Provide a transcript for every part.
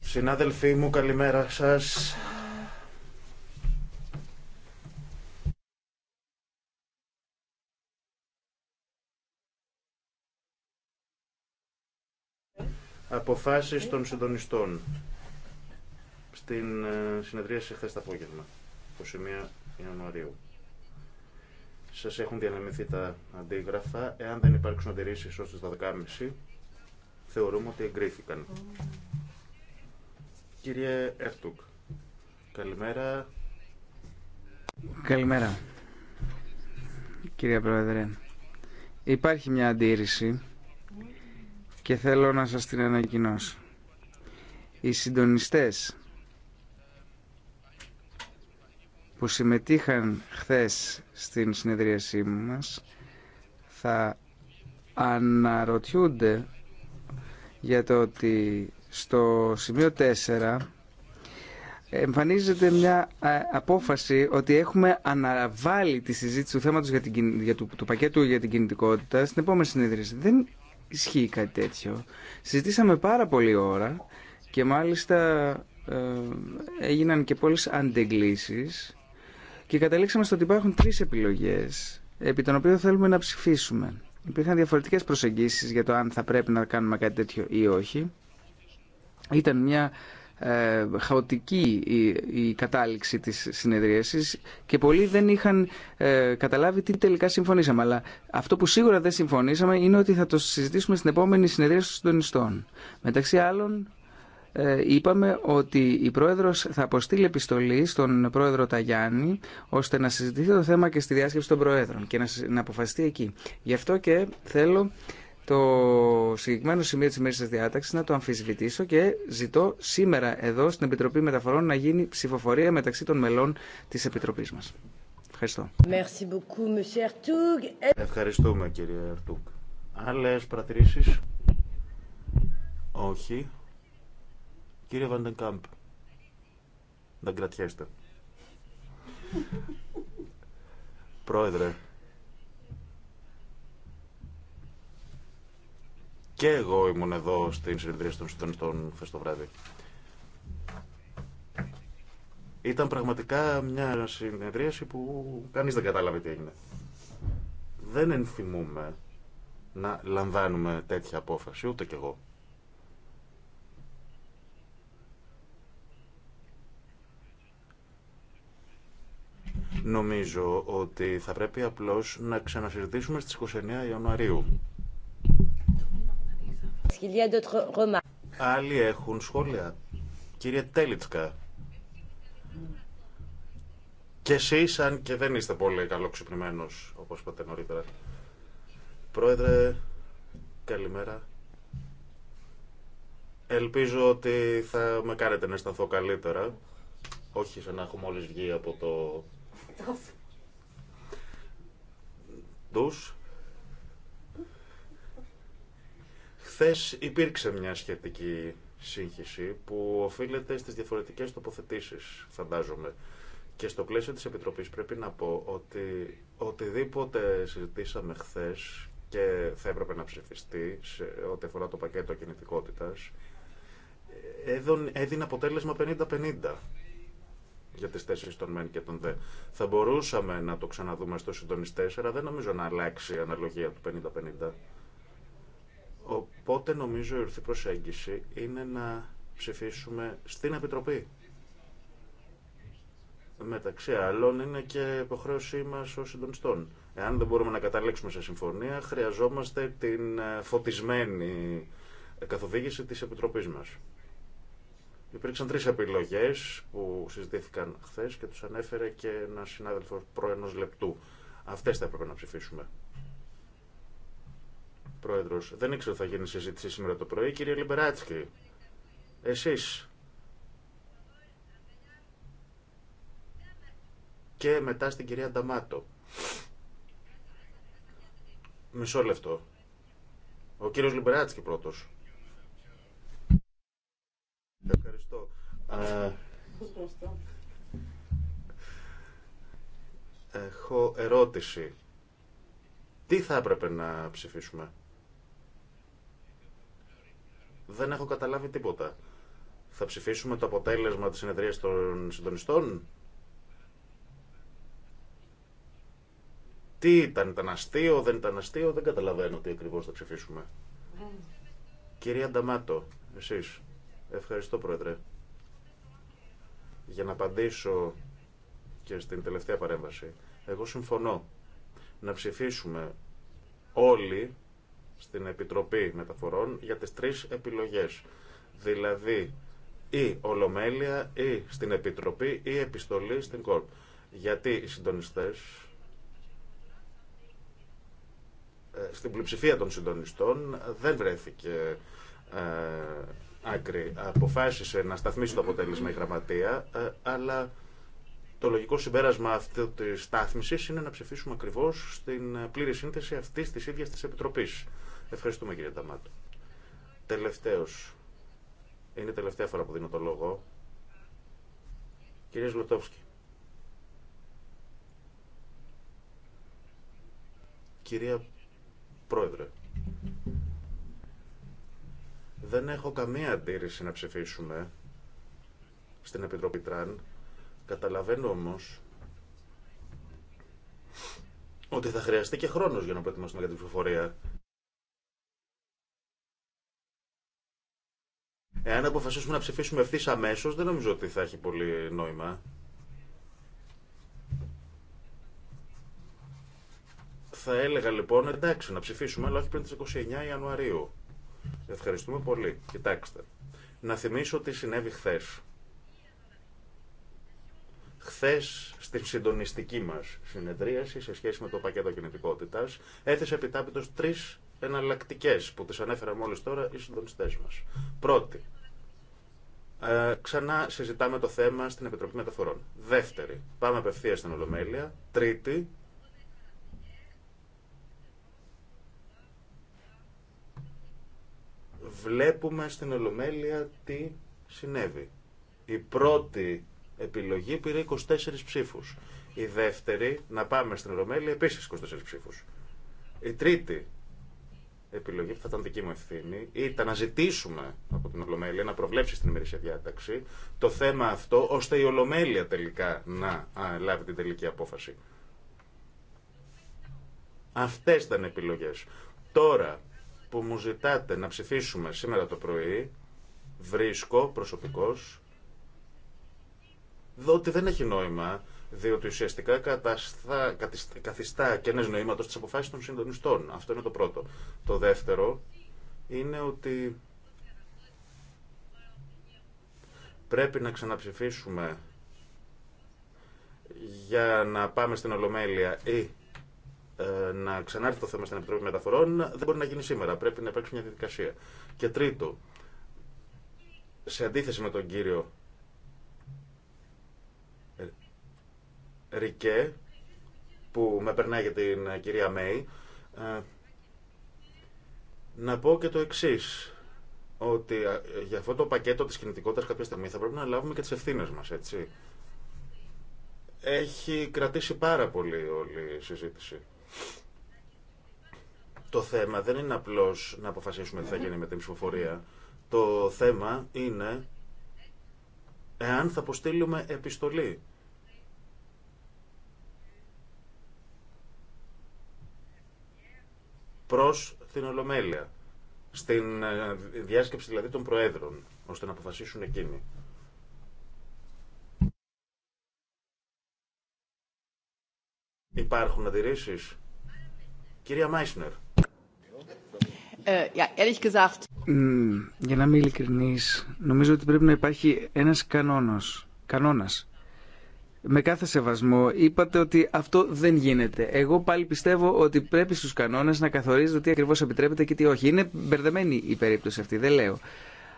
Συνάδελφοί μου, καλημέρα σας. Αποφάσεις των συντονιστών στην σε χθες το απόγευμα, 21 Ιανουαρίου. Σα έχουν διανεμηθεί τα αντίγραφα. Εάν δεν υπάρξουν αντιρρήσει ω τι 12.30, θεωρούμε ότι εγκρίθηκαν. Κύριε Ερτούκ, καλημέρα. Καλημέρα, κύριε Πρόεδρε. Υπάρχει μια αντίρρηση και θέλω να σας την ανακοινώσω. Οι συντονιστές που συμμετείχαν χθες στην συνεδρίασή μας θα αναρωτιούνται για το ότι στο σημείο 4 εμφανίζεται μια ε, απόφαση ότι έχουμε αναβάλει τη συζήτηση του θέματος για την, για του, του πακέτου για την κινητικότητα στην επόμενη συνεδρίαση. Δεν ισχύει κάτι τέτοιο. Συζητήσαμε πάρα πολλή ώρα και μάλιστα ε, έγιναν και πολλές αντεγκλήσεις και καταλήξαμε στο ότι υπάρχουν τρεις επιλογές επί των οποίων θέλουμε να ψηφίσουμε. Υπήρχαν διαφορετικές προσεγγίσεις για το αν θα πρέπει να κάνουμε κάτι τέτοιο ή όχι. Ήταν μια ε, χαοτική η, η κατάληξη της συνεδρίασης και πολλοί δεν είχαν ε, καταλάβει τι τελικά συμφωνήσαμε. Αλλά αυτό που σίγουρα δεν συμφωνήσαμε είναι ότι θα το συζητήσουμε στην επόμενη συνεδρίαση των συντονιστών. Μεταξύ άλλων ε, είπαμε ότι η Πρόεδρος θα αποστείλει επιστολή στον Πρόεδρο Ταγιάννη ώστε να συζητηθεί το θέμα και στη διάσκεψη των Προέδρων και να αποφασιστεί εκεί. Γι' αυτό και θέλω το συγκεκριμένο σημείο της ημέρης της διάταξης να το αμφισβητήσω και ζητώ σήμερα εδώ στην Επιτροπή Μεταφορών να γίνει ψηφοφορία μεταξύ των μελών της Επιτροπής μας. Ευχαριστώ. Ευχαριστούμε κύριε Αρτούκ. Άλλες πρατηρήσεις? Όχι. Κύριε Βαντεγκάμπ, να κρατιέστε. Πρόεδρε, και εγώ ήμουν εδώ στην συνεδρία των συντονιστών χθε το βράδυ. Ήταν πραγματικά μια συνεδρίαση που κανείς δεν κατάλαβε τι έγινε. Δεν ενθυμούμε να λαμβάνουμε τέτοια απόφαση, ούτε κι εγώ. Νομίζω ότι θα πρέπει απλώς να ξανασυζητήσουμε στις 29 Ιανουαρίου. Άλλοι έχουν σχόλια. Κύριε Τέλιτσκα, και εσείς αν και δεν είστε πολύ καλοξυπνημένος, όπως είπατε νωρίτερα. Πρόεδρε, καλημέρα. Ελπίζω ότι θα με κάνετε να αισθανθώ καλύτερα. Όχι σαν να έχουμε όλες βγει από το τους. Χθες υπήρξε μια σχετική σύγχυση που οφείλεται στις διαφορετικές τοποθετήσεις, φαντάζομαι. Και στο πλαίσιο της Επιτροπής πρέπει να πω ότι οτιδήποτε συζητήσαμε χθες και θα έπρεπε να ψηφιστεί σε ό,τι αφορά το πακέτο κινητικότητας, έδινε αποτέλεσμα 50-50 για τις θέσεις των μεν και των δε. Θα μπορούσαμε να το ξαναδούμε στο συντονιστέ, αλλά δεν νομίζω να αλλάξει η αναλογία του 50-50. Οπότε νομίζω η ορθή προσέγγιση είναι να ψηφίσουμε στην Επιτροπή. Μεταξύ άλλων είναι και υποχρέωσή μας ως συντονιστών. Εάν δεν μπορούμε να καταλήξουμε σε συμφωνία, χρειαζόμαστε την ε, φωτισμένη καθοδήγηση της Επιτροπής μας. Υπήρξαν τρεις επιλογές που συζητήθηκαν χθε και τους ανέφερε και ένα συνάδελφο προένος λεπτού. Αυτές θα έπρεπε να ψηφίσουμε. Πρόεδρος, δεν ήξερα ότι θα γίνει συζήτηση σήμερα το πρωί. Κύριε Λιμπεράτσκι, εσείς και μετά στην κυρία Νταμάτο. Μισό λεπτό. Ο κύριος Λιμπεράτσκι πρώτος. Ε, έχω ερώτηση. Τι θα έπρεπε να ψηφίσουμε. Δεν έχω καταλάβει τίποτα. Θα ψηφίσουμε το αποτέλεσμα της συνεδρίας των συντονιστών. Τι ήταν, ήταν αστείο, δεν ήταν αστείο, δεν καταλαβαίνω τι ακριβώς θα ψηφίσουμε. Ε. Κυρία Νταμάτο, εσείς. Ευχαριστώ, Πρόεδρε. Για να απαντήσω και στην τελευταία παρέμβαση, εγώ συμφωνώ να ψηφίσουμε όλοι στην Επιτροπή Μεταφορών για τις τρεις επιλογές. Δηλαδή, ή Ολομέλεια, ή στην Επιτροπή, ή Επιστολή στην ΚΟΡΠ. Γιατί οι συντονιστές, ε, στην πλειοψηφία των συντονιστών, δεν βρέθηκε ε, άκρη. Αποφάσισε να σταθμίσει το αποτέλεσμα η γραμματεία, ε, αλλά το λογικό συμπέρασμα αυτή τη στάθμιση είναι να ψηφίσουμε ακριβώ στην ε, πλήρη σύνθεση αυτή τη ίδια τη Επιτροπή. Ευχαριστούμε κύριε ταμάτο. Τελευταίο. Είναι η τελευταία φορά που δίνω το λόγο. Κύριε Ζλωτόφσκη. Κυρία Πρόεδρε, δεν έχω καμία αντίρρηση να ψηφίσουμε στην Επιτροπή Τραν. Καταλαβαίνω όμως ότι θα χρειαστεί και χρόνος για να προετοιμαστούμε για την ψηφοφορία. Εάν αποφασίσουμε να ψηφίσουμε ευθύ αμέσω, δεν νομίζω ότι θα έχει πολύ νόημα. Θα έλεγα λοιπόν εντάξει να ψηφίσουμε, αλλά όχι πριν τι 29 Ιανουαρίου. Ευχαριστούμε πολύ. Κοιτάξτε. Να θυμίσω τι συνέβη χθες. Χθες στην συντονιστική μας συνεδρίαση σε σχέση με το πακέτο κινητικότητας έθεσε επιτάπητος τρεις εναλλακτικέ που τις ανέφερα μόλις τώρα οι συντονιστέ μας. Πρώτη, ε, ξανά συζητάμε το θέμα στην Επιτροπή Μεταφορών. Δεύτερη, πάμε απευθεία στην Ολομέλεια. Τρίτη, βλέπουμε στην Ολομέλεια τι συνέβη. Η πρώτη επιλογή πήρε 24 ψήφους. Η δεύτερη, να πάμε στην Ολομέλεια, επίσης 24 ψήφους. Η τρίτη επιλογή, που θα ήταν δική μου ευθύνη, ήταν να ζητήσουμε από την Ολομέλεια να προβλέψει στην ημερήσια διάταξη το θέμα αυτό, ώστε η Ολομέλεια τελικά να λάβει την τελική απόφαση. Αυτές ήταν επιλογές. Τώρα που μου ζητάτε να ψηφίσουμε σήμερα το πρωί, βρίσκω προσωπικώς δω ότι δεν έχει νόημα, διότι ουσιαστικά καταστά, καθιστά κενές νοήματος τις αποφάσεις των συντονιστών. Αυτό είναι το πρώτο. Το δεύτερο είναι ότι πρέπει να ξαναψηφίσουμε για να πάμε στην Ολομέλεια ή ε, να ξανάρθει το θέμα στην Επιτροπή Μεταφορών δεν μπορεί να γίνει σήμερα. Πρέπει να υπάρξει μια διαδικασία. Και τρίτο, σε αντίθεση με τον κύριο Ρικέ, που με περνάει για την κυρία Μέη, ε, να πω και το εξή. Ότι ε, για αυτό το πακέτο της κινητικότητας κάποια στιγμή θα πρέπει να λάβουμε και τις ευθύνες μας, έτσι. Έχει κρατήσει πάρα πολύ όλη η συζήτηση. Το θέμα δεν είναι απλώς να αποφασίσουμε τι θα γίνει με την ψηφοφορία. Το θέμα είναι εάν θα αποστείλουμε επιστολή. προς την Ολομέλεια, στην ε, διάσκεψη δηλαδή των Προέδρων, ώστε να αποφασίσουν εκείνοι. Υπάρχουν αντιρρήσεις. Κυρία Μάισνερ. Ε, για να είμαι ειλικρινής, νομίζω ότι πρέπει να υπάρχει ένας κανόνος, κανόνας. Με κάθε σεβασμό είπατε ότι αυτό δεν γίνεται. Εγώ πάλι πιστεύω ότι πρέπει στους κανόνες να καθορίζεται τι ακριβώς επιτρέπεται και τι όχι. Είναι μπερδεμένη η περίπτωση αυτή, δεν λέω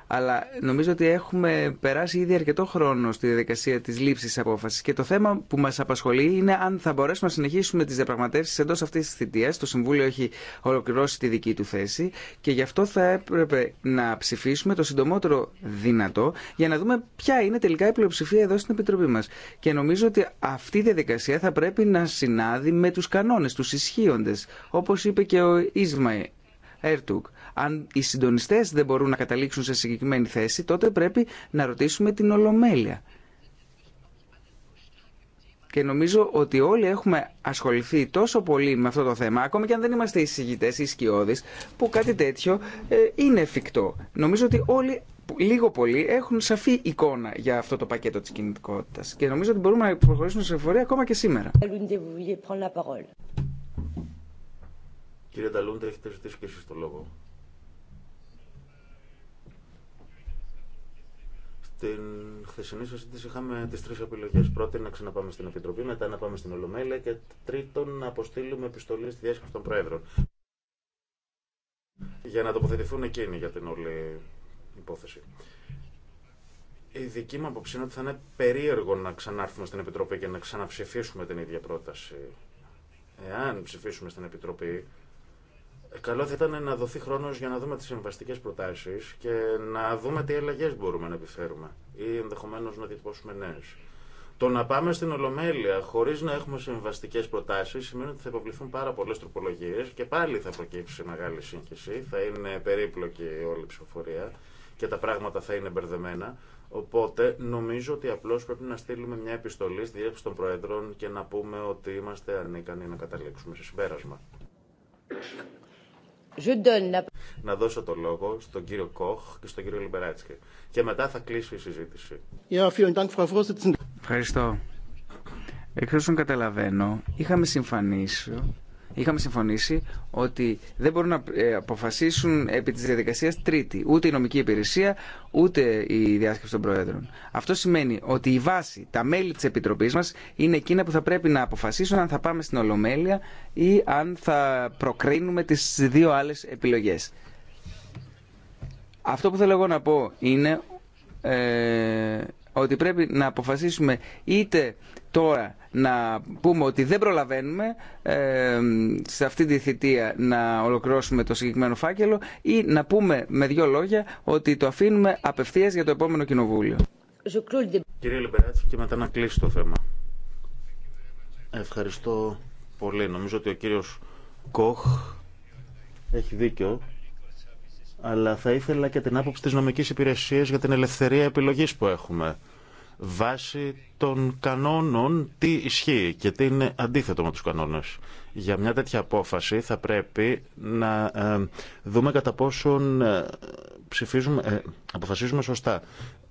αλλά νομίζω ότι έχουμε περάσει ήδη αρκετό χρόνο στη διαδικασία τη λήψη απόφαση. Και το θέμα που μα απασχολεί είναι αν θα μπορέσουμε να συνεχίσουμε τι διαπραγματεύσει εντό αυτή τη θητεία. Το Συμβούλιο έχει ολοκληρώσει τη δική του θέση και γι' αυτό θα έπρεπε να ψηφίσουμε το συντομότερο δυνατό για να δούμε ποια είναι τελικά η πλειοψηφία εδώ στην Επιτροπή μα. Και νομίζω ότι αυτή η διαδικασία θα πρέπει να συνάδει με του κανόνε, του ισχύοντε. Όπω είπε και ο Ισμαϊ αν οι συντονιστέ δεν μπορούν να καταλήξουν σε συγκεκριμένη θέση, τότε πρέπει να ρωτήσουμε την Ολομέλεια. Και νομίζω ότι όλοι έχουμε ασχοληθεί τόσο πολύ με αυτό το θέμα, ακόμη και αν δεν είμαστε εισηγητέ ή σκιώδει, που κάτι τέτοιο ε, είναι εφικτό. Νομίζω ότι όλοι λίγο πολύ έχουν σαφή εικόνα για αυτό το πακέτο τη κινητικότητας. Και νομίζω ότι μπορούμε να προχωρήσουμε σε εφορία ακόμα και σήμερα. Κύριε Ταλούντε, έχετε ζητήσει και εσεί το λόγο. την χθεσινή συζήτηση είχαμε τι τρει επιλογέ. Πρώτη, να ξαναπάμε στην Επιτροπή, μετά να πάμε στην Ολομέλεια και τρίτον, να αποστείλουμε επιστολή στη διάσκεψη των Προέδρων. Για να τοποθετηθούν εκείνοι για την όλη υπόθεση. Η δική μου αποψή είναι ότι θα είναι περίεργο να ξανάρθουμε στην Επιτροπή και να ξαναψηφίσουμε την ίδια πρόταση. Εάν ψηφίσουμε στην Επιτροπή, ε, καλό θα ήταν να δοθεί χρόνο για να δούμε τι συμβαστικέ προτάσει και να δούμε τι αλλαγέ μπορούμε να επιφέρουμε ή ενδεχομένω να διατυπώσουμε νέε. Το να πάμε στην Ολομέλεια χωρί να έχουμε συμβαστικέ προτάσει σημαίνει ότι θα υποβληθούν πάρα πολλέ τροπολογίε και πάλι θα προκύψει μεγάλη σύγχυση. Θα είναι περίπλοκη όλη η ψηφοφορία και τα πράγματα θα είναι μπερδεμένα. Οπότε νομίζω ότι απλώ πρέπει να στείλουμε μια επιστολή στη διεύθυνση των Προέδρων και να πούμε ότι είμαστε ανίκανοι να καταλήξουμε σε συμπέρασμα. Να δώσω το λόγο στον κύριο Κοχ και στον κύριο Λιμπεράτσκε Και μετά θα κλείσω η συζήτηση. Ευχαριστώ. Εκτό όσων καταλαβαίνω, είχαμε συμφανίσει είχαμε συμφωνήσει ότι δεν μπορούν να ε, αποφασίσουν επί της διαδικασίας τρίτη, ούτε η νομική υπηρεσία, ούτε η διάσκεψη των Προέδρων. Αυτό σημαίνει ότι η βάση, τα μέλη της Επιτροπής μας είναι εκείνα που θα πρέπει να αποφασίσουν αν θα πάμε στην Ολομέλεια ή αν θα προκρίνουμε τις δύο άλλες επιλογές. Αυτό που θέλω εγώ να πω είναι ε, ότι πρέπει να αποφασίσουμε είτε τώρα να πούμε ότι δεν προλαβαίνουμε ε, σε αυτή τη θητεία να ολοκληρώσουμε το συγκεκριμένο φάκελο ή να πούμε με δύο λόγια ότι το αφήνουμε απευθείας για το επόμενο κοινοβούλιο. Κύριε Λιμπεράτσι και μετά να κλείσει το θέμα. Ευχαριστώ πολύ. Νομίζω ότι ο κύριος Κοχ έχει δίκιο αλλά θα ήθελα και την άποψη της νομικής υπηρεσίας για την ελευθερία επιλογής που έχουμε βάσει των κανόνων τι ισχύει και τι είναι αντίθετο με τους κανόνες. Για μια τέτοια απόφαση θα πρέπει να ε, δούμε κατά πόσον ε, ψηφίζουμε, ε, αποφασίζουμε σωστά.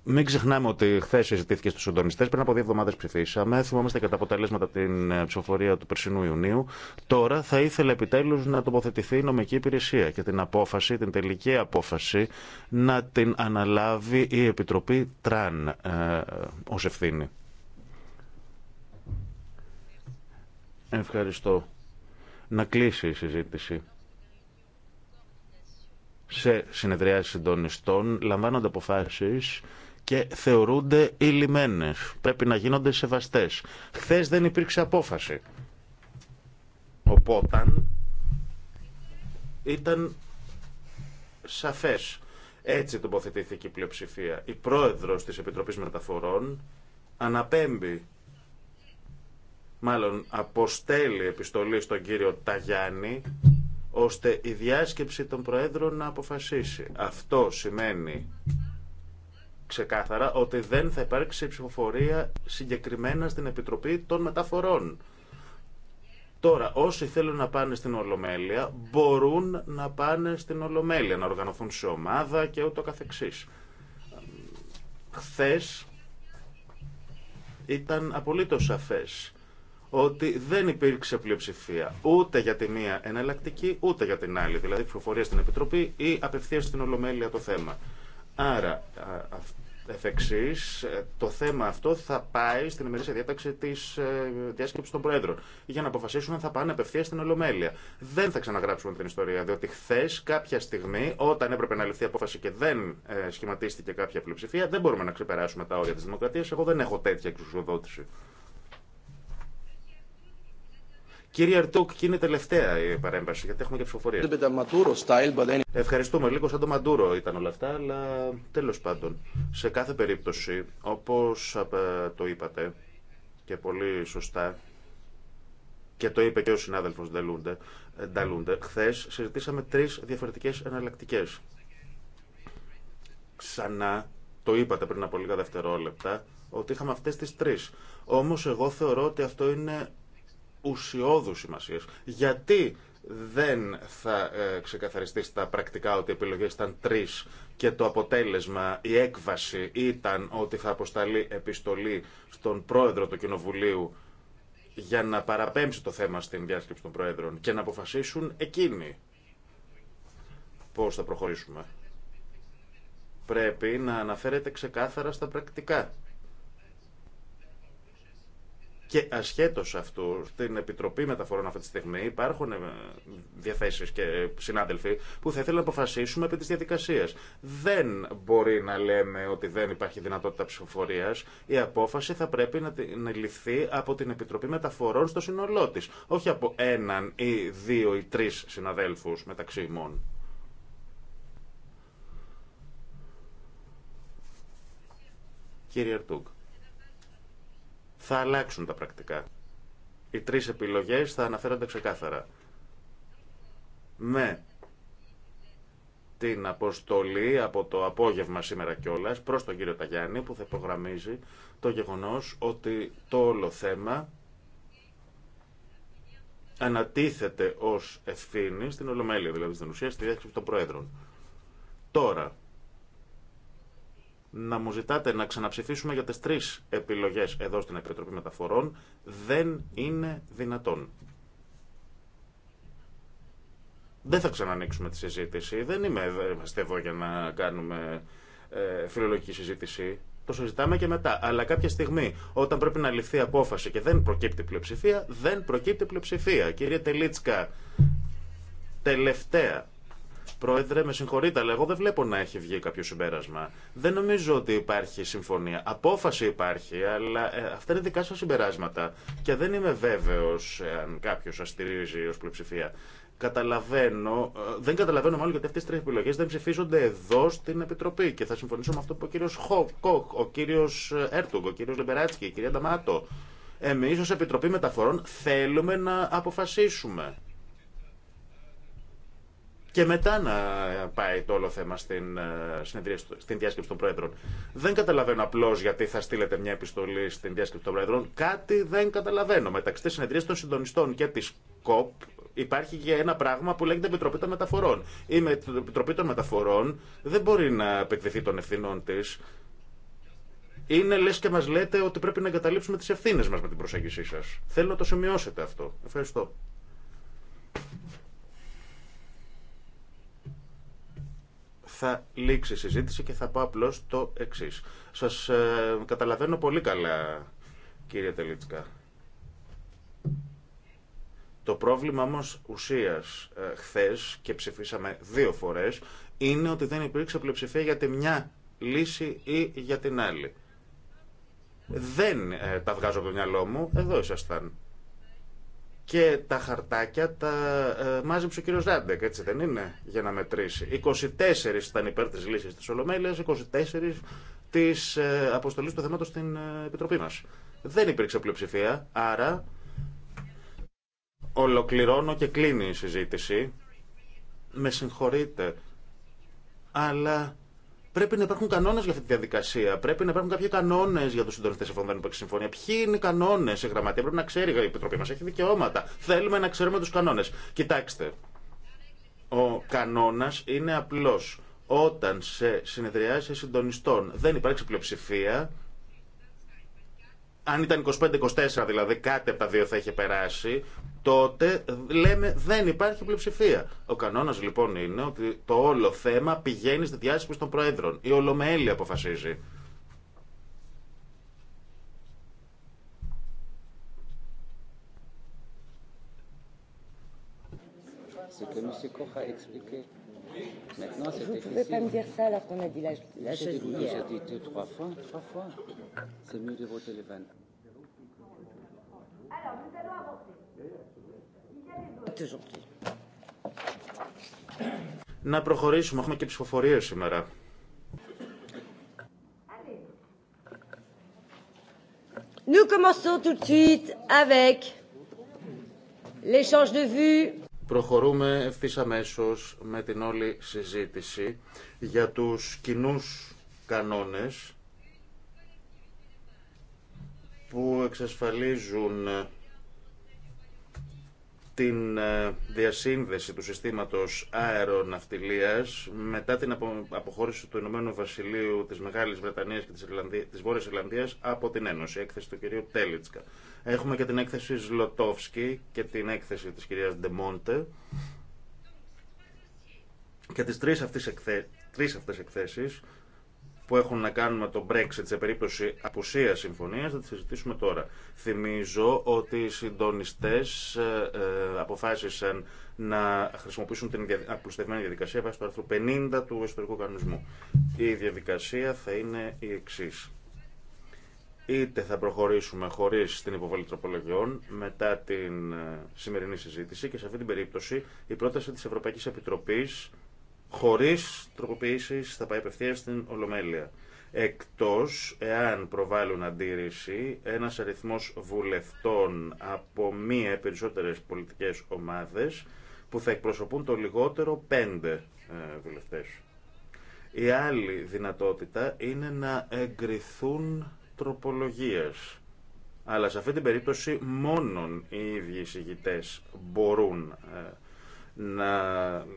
Μην ξεχνάμε ότι χθε συζητήθηκε στου συντονιστέ. Πριν από δύο εβδομάδε ψηφίσαμε. Θυμόμαστε και τα αποτελέσματα την ε, ψηφοφορία του περσινού Ιουνίου. Τώρα θα ήθελε επιτέλου να τοποθετηθεί η νομική υπηρεσία και την απόφαση, την τελική απόφαση, να την αναλάβει η Επιτροπή Τραν ε, ω ευθύνη. Ευχαριστώ. Να κλείσει η συζήτηση σε συνεδριάσεις συντονιστών λαμβάνονται αποφάσεις και θεωρούνται ηλυμένε. Πρέπει να γίνονται σεβαστές. Χθε δεν υπήρξε απόφαση. Οπότε ήταν σαφές. Έτσι τοποθετήθηκε η πλειοψηφία. Η πρόεδρος της Επιτροπής Μεταφορών αναπέμπει μάλλον αποστέλει επιστολή στον κύριο Ταγιάννη ώστε η διάσκεψη των Προέδρων να αποφασίσει. Αυτό σημαίνει ξεκάθαρα ότι δεν θα υπάρξει ψηφοφορία συγκεκριμένα στην Επιτροπή των Μεταφορών. Τώρα, όσοι θέλουν να πάνε στην Ολομέλεια, μπορούν να πάνε στην Ολομέλεια, να οργανωθούν σε ομάδα και ούτω καθεξής. Χθες ήταν απολύτως σαφές ότι δεν υπήρξε πλειοψηφία ούτε για τη μία εναλλακτική, ούτε για την άλλη. Δηλαδή, ψηφοφορία στην Επιτροπή ή απευθεία στην Ολομέλεια το θέμα. Άρα, εφ' εξής, ε, το θέμα αυτό θα πάει στην ημερήσια διάταξη τη ε, Διάσκεψης των Προέδρων για να αποφασίσουν αν θα πάνε απευθεία στην Ολομέλεια. Δεν θα ξαναγράψουμε την ιστορία, διότι χθε, κάποια στιγμή, όταν έπρεπε να ληφθεί απόφαση και δεν ε, σχηματίστηκε κάποια πλειοψηφία, δεν μπορούμε να ξεπεράσουμε τα όρια τη δημοκρατία. Εγώ δεν έχω τέτοια εξουσιοδότηση. Κύριε Αρτούκ, και είναι τελευταία η παρέμβαση, γιατί έχουμε και ψηφοφορία. Ευχαριστούμε. Λίγο σαν το Μαντούρο ήταν όλα αυτά, αλλά τέλο πάντων. Σε κάθε περίπτωση, όπω ε, το είπατε και πολύ σωστά, και το είπε και ο συνάδελφο Νταλούντε, χθε συζητήσαμε τρει διαφορετικέ εναλλακτικέ. Ξανά το είπατε πριν από λίγα δευτερόλεπτα, ότι είχαμε αυτέ τι τρει. Όμω εγώ θεωρώ ότι αυτό είναι ουσιώδου σημασία. Γιατί δεν θα ε, ξεκαθαριστεί στα πρακτικά ότι οι επιλογές ήταν τρεις και το αποτέλεσμα, η έκβαση ήταν ότι θα αποσταλεί επιστολή στον πρόεδρο του Κοινοβουλίου για να παραπέμψει το θέμα στην διάσκεψη των Προέδρων και να αποφασίσουν εκείνοι πώς θα προχωρήσουμε. Πρέπει να αναφέρεται ξεκάθαρα στα πρακτικά και ασχέτω αυτού, στην Επιτροπή Μεταφορών αυτή τη στιγμή υπάρχουν ε, διαθέσει και συνάδελφοι που θα ήθελαν να αποφασίσουμε επί τη διαδικασία. Δεν μπορεί να λέμε ότι δεν υπάρχει δυνατότητα ψηφοφορία. Η απόφαση θα πρέπει να ληφθεί από την Επιτροπή Μεταφορών στο σύνολό τη. Όχι από έναν ή δύο ή τρει συναδέλφου μεταξύ ημών. Κύριε Αρτούγκ θα αλλάξουν τα πρακτικά. Οι τρεις επιλογές θα αναφέρονται ξεκάθαρα. Με την αποστολή από το απόγευμα σήμερα κιόλα προς τον κύριο Ταγιάννη που θα υπογραμμίζει το γεγονός ότι το όλο θέμα ανατίθεται ως ευθύνη στην Ολομέλεια, δηλαδή στην ουσία στη διάθεση των Προέδρων. Τώρα, να μου ζητάτε να ξαναψηφίσουμε για τις τρεις επιλογές εδώ στην Επιτροπή Μεταφορών δεν είναι δυνατόν. Δεν θα ξανανοίξουμε τη συζήτηση. Δεν είμαι εδώ για να κάνουμε ε, φιλολογική συζήτηση. Το συζητάμε και μετά. Αλλά κάποια στιγμή, όταν πρέπει να ληφθεί απόφαση και δεν προκύπτει πλειοψηφία, δεν προκύπτει πλειοψηφία. Κύριε Τελίτσκα, τελευταία Πρόεδρε, με συγχωρείτε, αλλά εγώ δεν βλέπω να έχει βγει κάποιο συμπέρασμα. Δεν νομίζω ότι υπάρχει συμφωνία. Απόφαση υπάρχει, αλλά ε, αυτά είναι δικά σα συμπεράσματα. Και δεν είμαι βέβαιο αν κάποιο σα στηρίζει ω πλειοψηφία. Καταλαβαίνω, ε, δεν καταλαβαίνω μάλλον γιατί αυτέ τι τρει επιλογέ δεν ψηφίζονται εδώ στην Επιτροπή. Και θα συμφωνήσω με αυτό που ο κύριο Κοκ, ο κύριο Έρτουγκ, ο κύριο Λεμπεράτσκι, η κυρία Νταμάτο. Εμεί ω Επιτροπή Μεταφορών θέλουμε να αποφασίσουμε και μετά να πάει το όλο θέμα στην, ε, στην διάσκεψη των Πρόεδρων. Δεν καταλαβαίνω απλώ γιατί θα στείλετε μια επιστολή στην διάσκεψη των Πρόεδρων. Κάτι δεν καταλαβαίνω. Μεταξύ τη συνεδρία των συντονιστών και τη ΚΟΠ υπάρχει και ένα πράγμα που λέγεται Επιτροπή των Μεταφορών. Η Επιτροπή των Μεταφορών δεν μπορεί να επεκδεθεί των ευθυνών τη. Είναι λε και μα λέτε ότι πρέπει να εγκαταλείψουμε τι ευθύνε μα με την προσέγγιση σα. Θέλω να το σημειώσετε αυτό. Ευχαριστώ. θα λήξει η συζήτηση και θα πω απλώ το εξή. Σα ε, καταλαβαίνω πολύ καλά, κύριε Τελίτσκα. Το πρόβλημα όμω ουσία ε, χθε και ψηφίσαμε δύο φορέ είναι ότι δεν υπήρξε πλειοψηφία για τη μια λύση ή για την άλλη. Δεν ε, τα βγάζω από το μυαλό μου, εδώ ήσασταν και τα χαρτάκια τα ε, μάζεψε ο κύριο Ράντεκ, έτσι δεν είναι, για να μετρήσει. 24 ήταν υπέρ τη λύση τη Ολομέλεια, 24 τη ε, αποστολή του θέματο στην ε, Επιτροπή μα. Δεν υπήρξε πλειοψηφία, άρα ολοκληρώνω και κλείνει η συζήτηση. Με συγχωρείτε, αλλά Πρέπει να υπάρχουν κανόνε για αυτή τη διαδικασία. Πρέπει να υπάρχουν κάποιοι κανόνε για του συντονιστέ εφόσον δεν υπάρχει συμφωνία. Ποιοι είναι οι κανόνε, η γραμματεία πρέπει να ξέρει, η Επιτροπή μα έχει δικαιώματα. Θέλουμε να ξέρουμε του κανόνε. Κοιτάξτε, ο κανόνα είναι απλό. Όταν σε συνεδριάσει συντονιστών δεν υπάρχει πλειοψηφία, αν ήταν 25-24 δηλαδή κάτι από τα δύο θα είχε περάσει, τότε λέμε δεν υπάρχει πλειοψηφία. Ο κανόνα λοιπόν είναι ότι το όλο θέμα πηγαίνει στη διάσκεψη των Προέδρων. Η Ολομέλη αποφασίζει. Maintenant, Vous ne pouvez pas me dire ça alors qu'on a dit la, la chose hier. J'ai dit deux, trois fois, trois fois. C'est mieux de voter les vannes. Alors, nous allons avancer. Il y a des votes Να προχωρήσουμε. Έχουμε και ψηφοφορίες σήμερα. Nous commençons tout de suite avec l'échange de vues Προχωρούμε ευθύ αμέσω με την όλη συζήτηση για τους κοινού κανόνες που εξασφαλίζουν την ε, διασύνδεση του συστήματος αεροναυτιλίας μετά την αποχώρηση του Ηνωμένου Βασιλείου της Μεγάλης Βρετανίας και της, της Βόρειας Ιρλανδίας από την Ένωση, έκθεση του κυρίου Τέλιτσκα. Έχουμε και την έκθεση Ζλοτόφσκι και την έκθεση της κυρίας Ντεμόντε. Και τις τρεις αυτές, εκθε... τρεις αυτές εκθέσεις που έχουν να κάνουν με το Brexit σε περίπτωση απουσία συμφωνίας θα τις συζητήσουμε τώρα. Θυμίζω ότι οι συντονιστές ε, ε, αποφάσισαν να χρησιμοποιήσουν την απλουστευμένη διαδικασία βάσει του άρθρου 50 του ιστορικού κανονισμού. Η διαδικασία θα είναι η εξής είτε θα προχωρήσουμε χωρίς την υποβολή τροπολογιών μετά την ε, σημερινή συζήτηση και σε αυτή την περίπτωση η πρόταση της Ευρωπαϊκής Επιτροπής χωρίς τροποποιήσεις θα πάει απευθεία στην Ολομέλεια. Εκτός εάν προβάλλουν αντίρρηση ένας αριθμός βουλευτών από μία ή περισσότερες πολιτικές ομάδες που θα εκπροσωπούν το λιγότερο πέντε ε, βουλευτές. Η άλλη δυνατότητα είναι να εγκριθούν τροπολογίες. Αλλά σε αυτή την περίπτωση μόνον οι ίδιοι εισηγητές μπορούν ε, να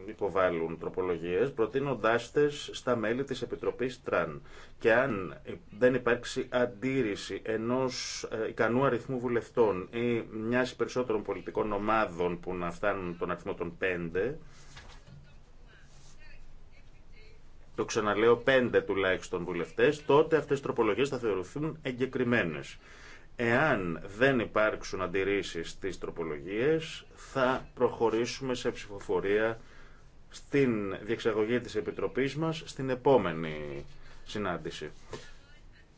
υποβάλουν τροπολογίες προτείνοντάς τες στα μέλη της Επιτροπής Τραν. Και αν δεν υπάρξει αντίρρηση ενός ε, ικανού αριθμού βουλευτών ή μιας περισσότερων πολιτικών ομάδων που να φτάνουν τον αριθμό των πέντε, το ξαναλέω πέντε τουλάχιστον βουλευτέ. τότε αυτές οι τροπολογίε θα θεωρηθούν εγκεκριμένε. Εάν δεν υπάρξουν αντιρρήσει στις τροπολογίε θα προχωρήσουμε σε ψηφοφορία στην διεξαγωγή της Επιτροπής μας στην επόμενη συνάντηση.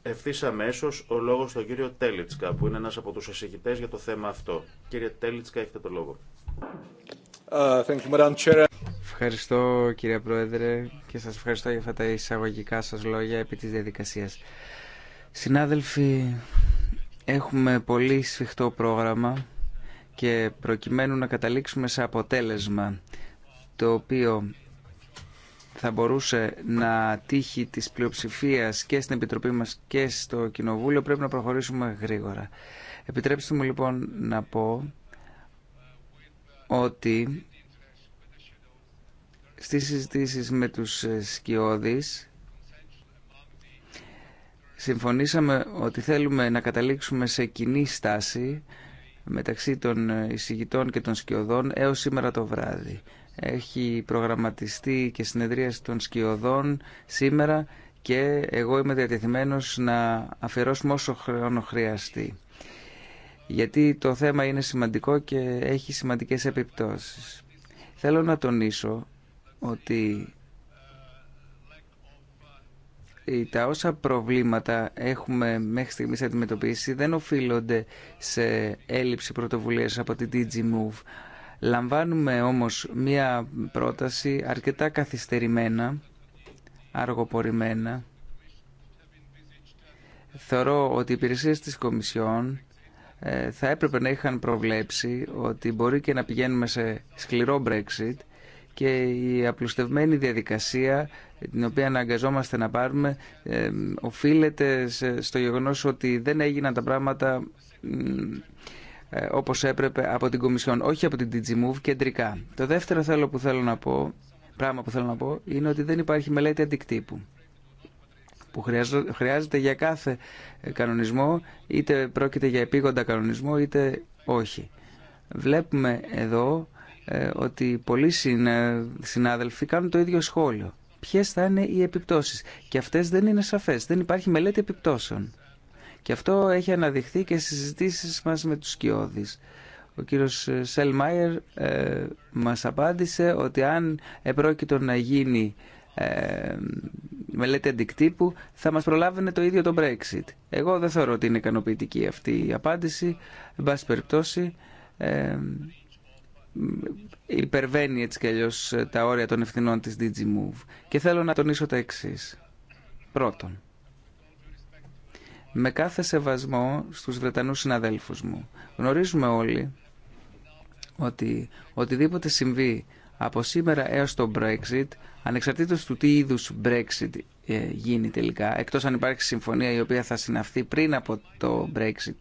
Ευθύ αμέσω ο λόγο στον κύριο Τέλιτσκα, που είναι ένα από του εισηγητέ για το θέμα αυτό. Κύριε Τέλιτσκα, έχετε το λόγο. Uh, thank you, Ευχαριστώ κύριε Πρόεδρε και σας ευχαριστώ για αυτά τα εισαγωγικά σας λόγια επί της διαδικασίας. Συνάδελφοι, έχουμε πολύ σφιχτό πρόγραμμα και προκειμένου να καταλήξουμε σε αποτέλεσμα το οποίο θα μπορούσε να τύχει της πλειοψηφίας και στην Επιτροπή μας και στο Κοινοβούλιο πρέπει να προχωρήσουμε γρήγορα. Επιτρέψτε μου λοιπόν να πω ότι στις συζητήσεις με τους ε, σκιώδεις συμφωνήσαμε ότι θέλουμε να καταλήξουμε σε κοινή στάση μεταξύ των ε, εισηγητών και των σκιωδών έως σήμερα το βράδυ. Έχει προγραμματιστεί και συνεδρίαση των σκιωδών σήμερα και εγώ είμαι διατεθειμένος να αφιερώσουμε όσο χρόνο χρειαστεί. Γιατί το θέμα είναι σημαντικό και έχει σημαντικές επιπτώσεις. Θέλω να τονίσω ότι τα όσα προβλήματα έχουμε μέχρι στιγμής αντιμετωπίσει δεν οφείλονται σε έλλειψη πρωτοβουλίας από την DG Move. Λαμβάνουμε όμως μία πρόταση αρκετά καθυστερημένα, αργοπορημένα. Θεωρώ ότι οι υπηρεσίες της Κομισιόν ε, θα έπρεπε να είχαν προβλέψει ότι μπορεί και να πηγαίνουμε σε σκληρό Brexit και η απλουστευμένη διαδικασία την οποία αναγκαζόμαστε να πάρουμε οφείλεται στο γεγονός ότι δεν έγιναν τα πράγματα ε, όπως έπρεπε από την Κομισιόν, όχι από την DigiMove κεντρικά. Το δεύτερο θέλω που θέλω να πω, πράγμα που θέλω να πω είναι ότι δεν υπάρχει μελέτη αντικτύπου που χρειάζεται για κάθε ε, κανονισμό, είτε πρόκειται για επίγοντα κανονισμό, είτε όχι. Βλέπουμε εδώ ε, ότι πολλοί ε, συνάδελφοι κάνουν το ίδιο σχόλιο. Ποιες θα είναι οι επιπτώσεις. Και αυτές δεν είναι σαφές. Δεν υπάρχει μελέτη επιπτώσεων. Και αυτό έχει αναδειχθεί και στις συζητήσεις μας με τους σκιώδεις. Ο κύριος Σελμάιερ ε, μας απάντησε ότι αν επρόκειτο να γίνει ε, μελέτη αντικτύπου θα μας προλάβαινε το ίδιο το Brexit. Εγώ δεν θεωρώ ότι είναι ικανοποιητική αυτή η απάντηση. Εν πάση περιπτώσει, ε, υπερβαίνει έτσι κι τα όρια των ευθυνών της Digimove. Και θέλω να τονίσω τα εξή. Πρώτον, με κάθε σεβασμό στους Βρετανούς συναδέλφους μου, γνωρίζουμε όλοι ότι οτιδήποτε συμβεί από σήμερα έως το Brexit, ανεξαρτήτως του τι είδους Brexit ε, γίνει τελικά, εκτός αν υπάρχει συμφωνία η οποία θα συναυθεί πριν από το Brexit,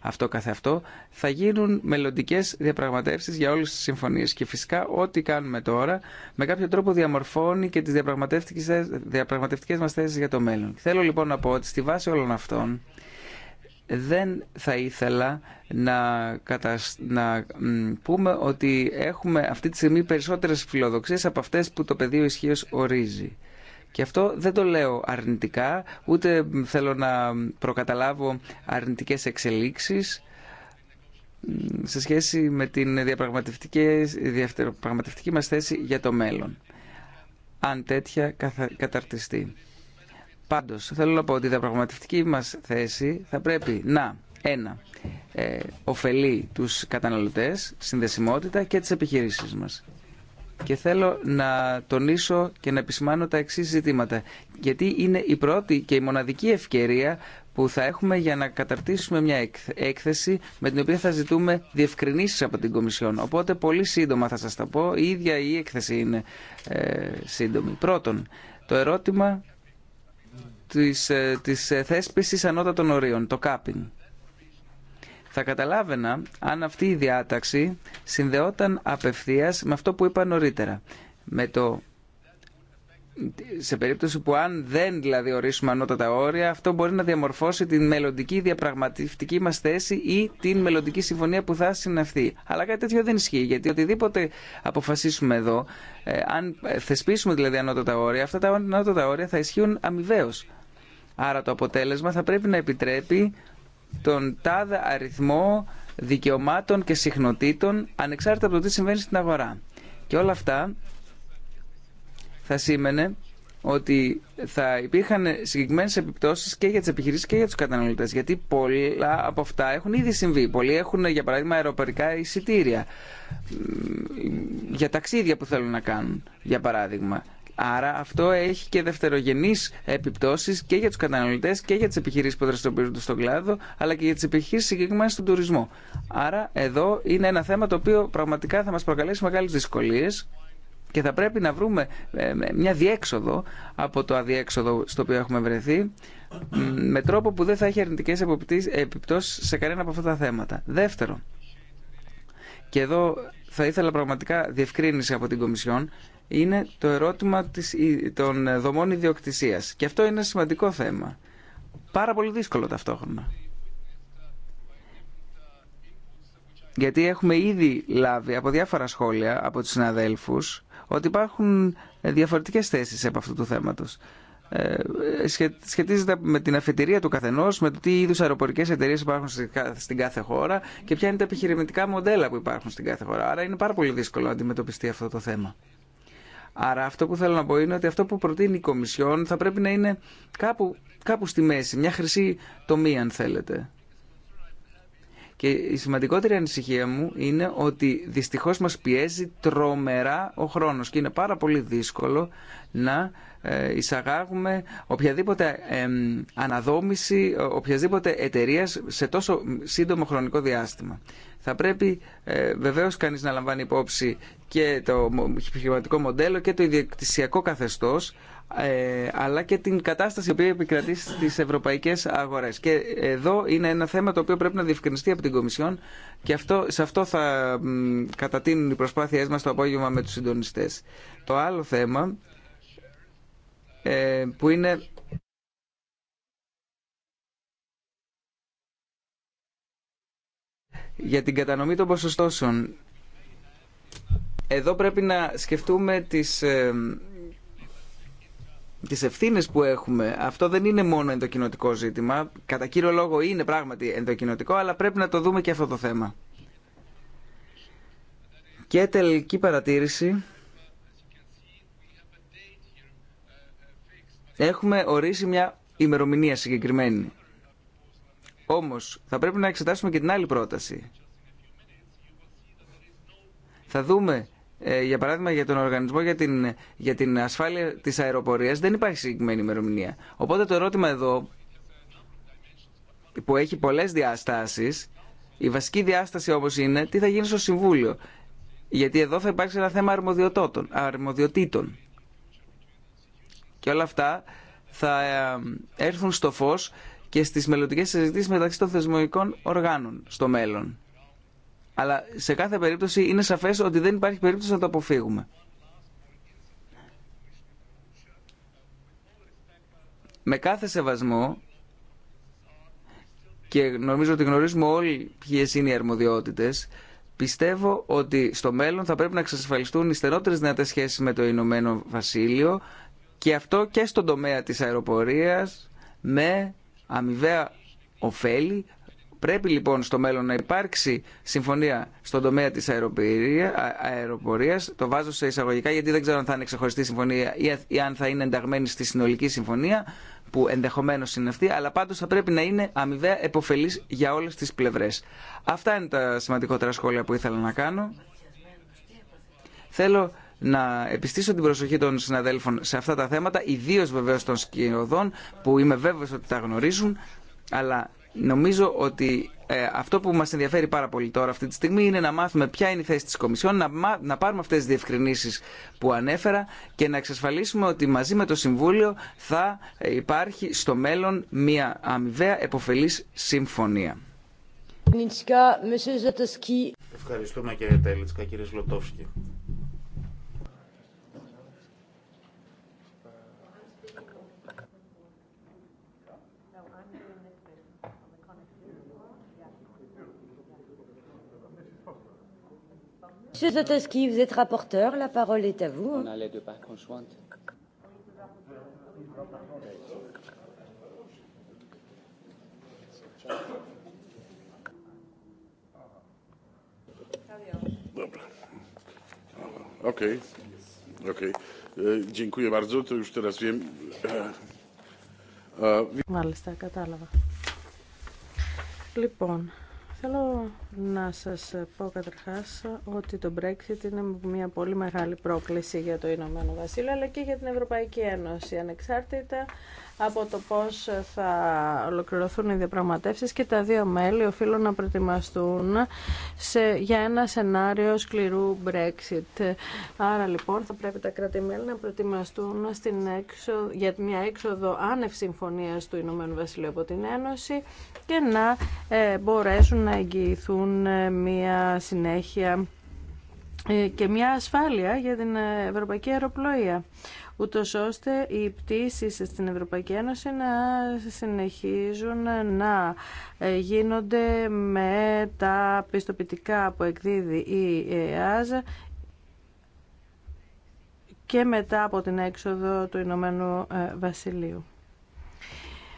αυτό καθε αυτό, θα γίνουν μελλοντικέ διαπραγματεύσει για όλε τι συμφωνίε. Και φυσικά ό,τι κάνουμε τώρα με κάποιο τρόπο διαμορφώνει και τι διαπραγματευτικέ μα θέσει για το μέλλον. Θέλω λοιπόν να πω ότι στη βάση όλων αυτών δεν θα ήθελα να, να πούμε ότι έχουμε αυτή τη στιγμή περισσότερες φιλοδοξίες από αυτές που το πεδίο ισχύω ορίζει. Και αυτό δεν το λέω αρνητικά, ούτε θέλω να προκαταλάβω αρνητικές εξελίξεις σε σχέση με την διαπραγματευτική, διαπραγματευτική μας θέση για το μέλλον, αν τέτοια καταρτιστεί. Πάντως, θέλω να πω ότι η διαπραγματευτική μας θέση θα πρέπει να, ένα, ε, ωφελεί τους καταναλωτές, συνδεσιμότητα και τις επιχειρήσεις μας και θέλω να τονίσω και να επισημάνω τα εξή ζητήματα. Γιατί είναι η πρώτη και η μοναδική ευκαιρία που θα έχουμε για να καταρτήσουμε μια έκθεση με την οποία θα ζητούμε διευκρινήσεις από την Κομισιόν. Οπότε πολύ σύντομα θα σας τα πω. Η ίδια η έκθεση είναι ε, σύντομη. Πρώτον, το ερώτημα της, ε, της ε, θέσπισης ανώτατων ορίων, το κάπιν. Θα καταλάβαινα αν αυτή η διάταξη συνδεόταν απευθείας με αυτό που είπα νωρίτερα. Με το σε περίπτωση που αν δεν δηλαδή ορίσουμε ανώτατα όρια, αυτό μπορεί να διαμορφώσει την μελλοντική διαπραγματευτική μας θέση ή την μελλοντική συμφωνία που θα συναυθεί. Αλλά κάτι τέτοιο δεν ισχύει, γιατί οτιδήποτε αποφασίσουμε εδώ, ε, αν ε, θεσπίσουμε δηλαδή ανώτατα όρια, αυτά τα ανώτατα όρια θα ισχύουν αμοιβαίως. Άρα το αποτέλεσμα θα πρέπει να επιτρέπει τον τάδε αριθμό δικαιωμάτων και συχνοτήτων ανεξάρτητα από το τι συμβαίνει στην αγορά. Και όλα αυτά θα σήμαινε ότι θα υπήρχαν συγκεκριμένε επιπτώσεις και για τις επιχειρήσεις και για τους καταναλωτές γιατί πολλά από αυτά έχουν ήδη συμβεί. Πολλοί έχουν για παράδειγμα αεροπορικά εισιτήρια για ταξίδια που θέλουν να κάνουν για παράδειγμα Άρα αυτό έχει και δευτερογενεί επιπτώσει και για του καταναλωτέ και για τι επιχειρήσει που δραστηριοποιούνται στον κλάδο, αλλά και για τι επιχειρήσει συγκεκριμένα στον τουρισμό. Άρα εδώ είναι ένα θέμα το οποίο πραγματικά θα μα προκαλέσει μεγάλε δυσκολίε και θα πρέπει να βρούμε ε, μια διέξοδο από το αδιέξοδο στο οποίο έχουμε βρεθεί με τρόπο που δεν θα έχει αρνητικέ επιπτώσει σε κανένα από αυτά τα θέματα. Δεύτερο, και εδώ θα ήθελα πραγματικά διευκρίνηση από την Κομισιόν είναι το ερώτημα της, των δομών ιδιοκτησία. Και αυτό είναι σημαντικό θέμα. Πάρα πολύ δύσκολο ταυτόχρονα. Γιατί έχουμε ήδη λάβει από διάφορα σχόλια από τους συναδέλφους ότι υπάρχουν διαφορετικές θέσεις από αυτού του θέματος. Ε, σχετίζεται με την αφετηρία του καθενός, με το τι είδους αεροπορικές εταιρείες υπάρχουν στην κάθε χώρα και ποια είναι τα επιχειρηματικά μοντέλα που υπάρχουν στην κάθε χώρα. Άρα είναι πάρα πολύ δύσκολο να αντιμετωπιστεί αυτό το θέμα. Άρα αυτό που θέλω να πω είναι ότι αυτό που προτείνει η Κομισιόν θα πρέπει να είναι κάπου, κάπου στη μέση, μια χρυσή τομή αν θέλετε. Και η σημαντικότερη ανησυχία μου είναι ότι δυστυχώς μας πιέζει τρομερά ο χρόνος και είναι πάρα πολύ δύσκολο να ε, εισαγάγουμε οποιαδήποτε αναδόμηση οποιασδήποτε εταιρεία σε τόσο σύντομο χρονικό διάστημα. Θα πρέπει ε, βεβαίως κανείς να λαμβάνει υπόψη και το επιχειρηματικό μοντέλο και το ιδιοκτησιακό καθεστώς ε, αλλά και την κατάσταση που επικρατεί στις ευρωπαϊκές αγορές. Και εδώ είναι ένα θέμα το οποίο πρέπει να διευκρινιστεί από την Κομισιόν και αυτό, σε αυτό θα κατατείνουν οι προσπάθειές μας το απόγευμα με τους συντονιστές. Το άλλο θέμα ε, που είναι... Για την κατανομή των ποσοστώσεων. Εδώ πρέπει να σκεφτούμε τις ε, τι ευθύνε που έχουμε, αυτό δεν είναι μόνο ενδοκινοτικό ζήτημα. Κατά κύριο λόγο είναι πράγματι ενδοκινοτικό, αλλά πρέπει να το δούμε και αυτό το θέμα. Και τελική παρατήρηση. Έχουμε ορίσει μια ημερομηνία συγκεκριμένη. Όμως, θα πρέπει να εξετάσουμε και την άλλη πρόταση. Θα δούμε ε, για παράδειγμα για τον Οργανισμό για την, για την Ασφάλεια της Αεροπορίας δεν υπάρχει συγκεκριμένη ημερομηνία. Οπότε το ερώτημα εδώ που έχει πολλές διαστάσεις, η βασική διάσταση όπως είναι τι θα γίνει στο Συμβούλιο. Γιατί εδώ θα υπάρξει ένα θέμα αρμοδιοτήτων. Και όλα αυτά θα ε, έρθουν στο φως και στις μελλοντικές συζητήσεις μεταξύ των θεσμοϊκών οργάνων στο μέλλον. Αλλά σε κάθε περίπτωση είναι σαφές ότι δεν υπάρχει περίπτωση να το αποφύγουμε. Με κάθε σεβασμό και νομίζω ότι γνωρίζουμε όλοι ποιε είναι οι αρμοδιότητες, πιστεύω ότι στο μέλλον θα πρέπει να εξασφαλιστούν οι στενότερες δυνατές σχέσεις με το Ηνωμένο Βασίλειο και αυτό και στον τομέα της αεροπορίας με αμοιβαία ωφέλη Πρέπει λοιπόν στο μέλλον να υπάρξει συμφωνία στον τομέα τη αεροπορία, το βάζω σε εισαγωγικά γιατί δεν ξέρω αν θα είναι ξεχωριστή συμφωνία ή αν θα είναι ενταγμένη στη συνολική συμφωνία που ενδεχομένω είναι αυτή, αλλά πάντως θα πρέπει να είναι αμοιβαία επωφελή για όλε τι πλευρέ. Αυτά είναι τα σημαντικότερα σχόλια που ήθελα να κάνω. Θέλω να επιστήσω την προσοχή των συναδέλφων σε αυτά τα θέματα, ιδίω βεβαίω των σκιωδών που είμαι βέβαιο ότι τα γνωρίζουν, αλλά Νομίζω ότι ε, αυτό που μας ενδιαφέρει πάρα πολύ τώρα αυτή τη στιγμή είναι να μάθουμε ποια είναι η θέση τη Κομισιόν, να, να πάρουμε αυτές τις διευκρινήσει που ανέφερα και να εξασφαλίσουμε ότι μαζί με το Συμβούλιο θα ε, υπάρχει στο μέλλον μια αμοιβαία εποφελής συμφωνία. Ευχαριστούμε κύριε Τέλητσκα, κύριε Monsieur Zotowski, vous êtes rapporteur, la parole est à vous. On a les deux pas conjointes. Dobra. Okej. Okej. Dziękuję bardzo. To już teraz wiem. Μάλιστα, κατάλαβα. Λοιπόν, θέλω να σας πω καταρχάς ότι το Brexit είναι μια πολύ μεγάλη πρόκληση για το Ηνωμένο Βασίλειο αλλά και για την Ευρωπαϊκή Ένωση ανεξάρτητα από το πώς θα ολοκληρωθούν οι διαπραγματεύσεις και τα δύο μέλη οφείλουν να προετοιμαστούν σε, για ένα σενάριο σκληρού Brexit. Άρα λοιπόν θα πρέπει τα κράτη-μέλη να προετοιμαστούν για μια έξοδο άνευ συμφωνίας του Ηνωμένου Βασιλείου από την Ένωση και να ε, μπορέσουν να εγγυηθούν ε, μια συνέχεια ε, και μια ασφάλεια για την ε, ευρωπαϊκή αεροπλοεία, ούτως ώστε οι πτήσεις στην Ευρωπαϊκή Ένωση να συνεχίζουν να γίνονται με τα πιστοποιητικά που εκδίδει η ΕΑΖΑ και μετά από την έξοδο του Ηνωμένου Βασιλείου.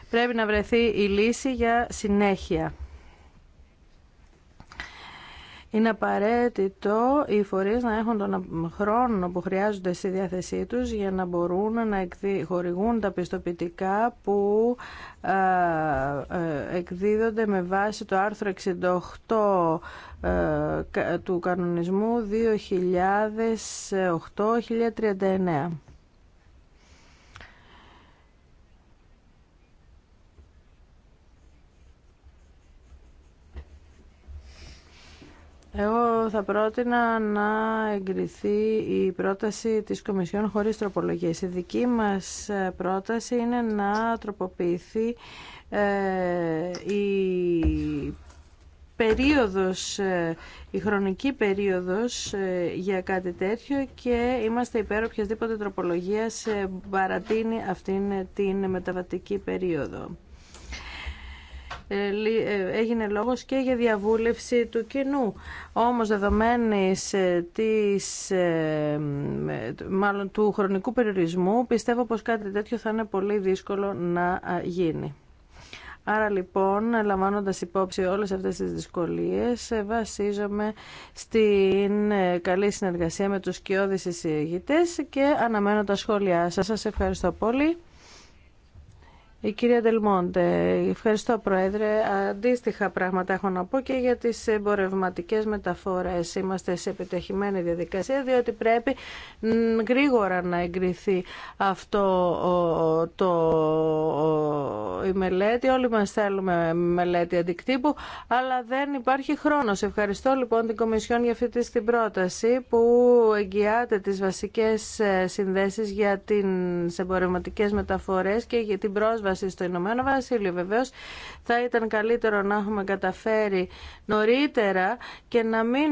Πρέπει να βρεθεί η λύση για συνέχεια. Είναι απαραίτητο οι φορείς να έχουν τον χρόνο που χρειάζονται στη διάθεσή τους για να μπορούν να χορηγούν τα πιστοποιητικά που ε, εκδίδονται με βάση το άρθρο 68 ε, του κανονισμού 2008-1039. Εγώ θα πρότεινα να εγκριθεί η πρόταση της Κομισιόν χωρίς τροπολογίες. Η δική μας ε, πρόταση είναι να τροποποιηθεί ε, η περίοδος, ε, η χρονική περίοδος για κάτι τέτοιο και είμαστε υπέρ οποιασδήποτε τροπολογίας παρατείνει αυτήν την μεταβατική περίοδο. Ε, ε, έγινε λόγος και για διαβούλευση του κοινού. Όμως δεδομένης ε, της, μάλλον του χρονικού περιορισμού πιστεύω πως κάτι τέτοιο θα είναι πολύ δύσκολο να γίνει. Άρα λοιπόν, λαμβάνοντας υπόψη όλες αυτές τις δυσκολίες, βασίζομαι στην καλή συνεργασία με τους κοιόδης εισηγητές και αναμένω τα σχόλιά σας. Σας ευχαριστώ πολύ. Η κυρία Ντελμόντε, ευχαριστώ Πρόεδρε. Αντίστοιχα πράγματα έχω να πω και για τις εμπορευματικέ μεταφορές. Είμαστε σε επιτυχημένη διαδικασία διότι πρέπει γρήγορα να εγκριθεί αυτό το, η μελέτη. Όλοι μας θέλουμε μελέτη αντικτύπου, αλλά δεν υπάρχει χρόνος. Ευχαριστώ λοιπόν την Κομισιόν για αυτή την πρόταση που εγγυάται τις βασικές ε, συνδέσεις για τις εμπορευματικέ μεταφορές και για την πρόσβαση στο Ηνωμένο Βασίλειο. Βεβαίω, θα ήταν καλύτερο να έχουμε καταφέρει νωρίτερα και να μην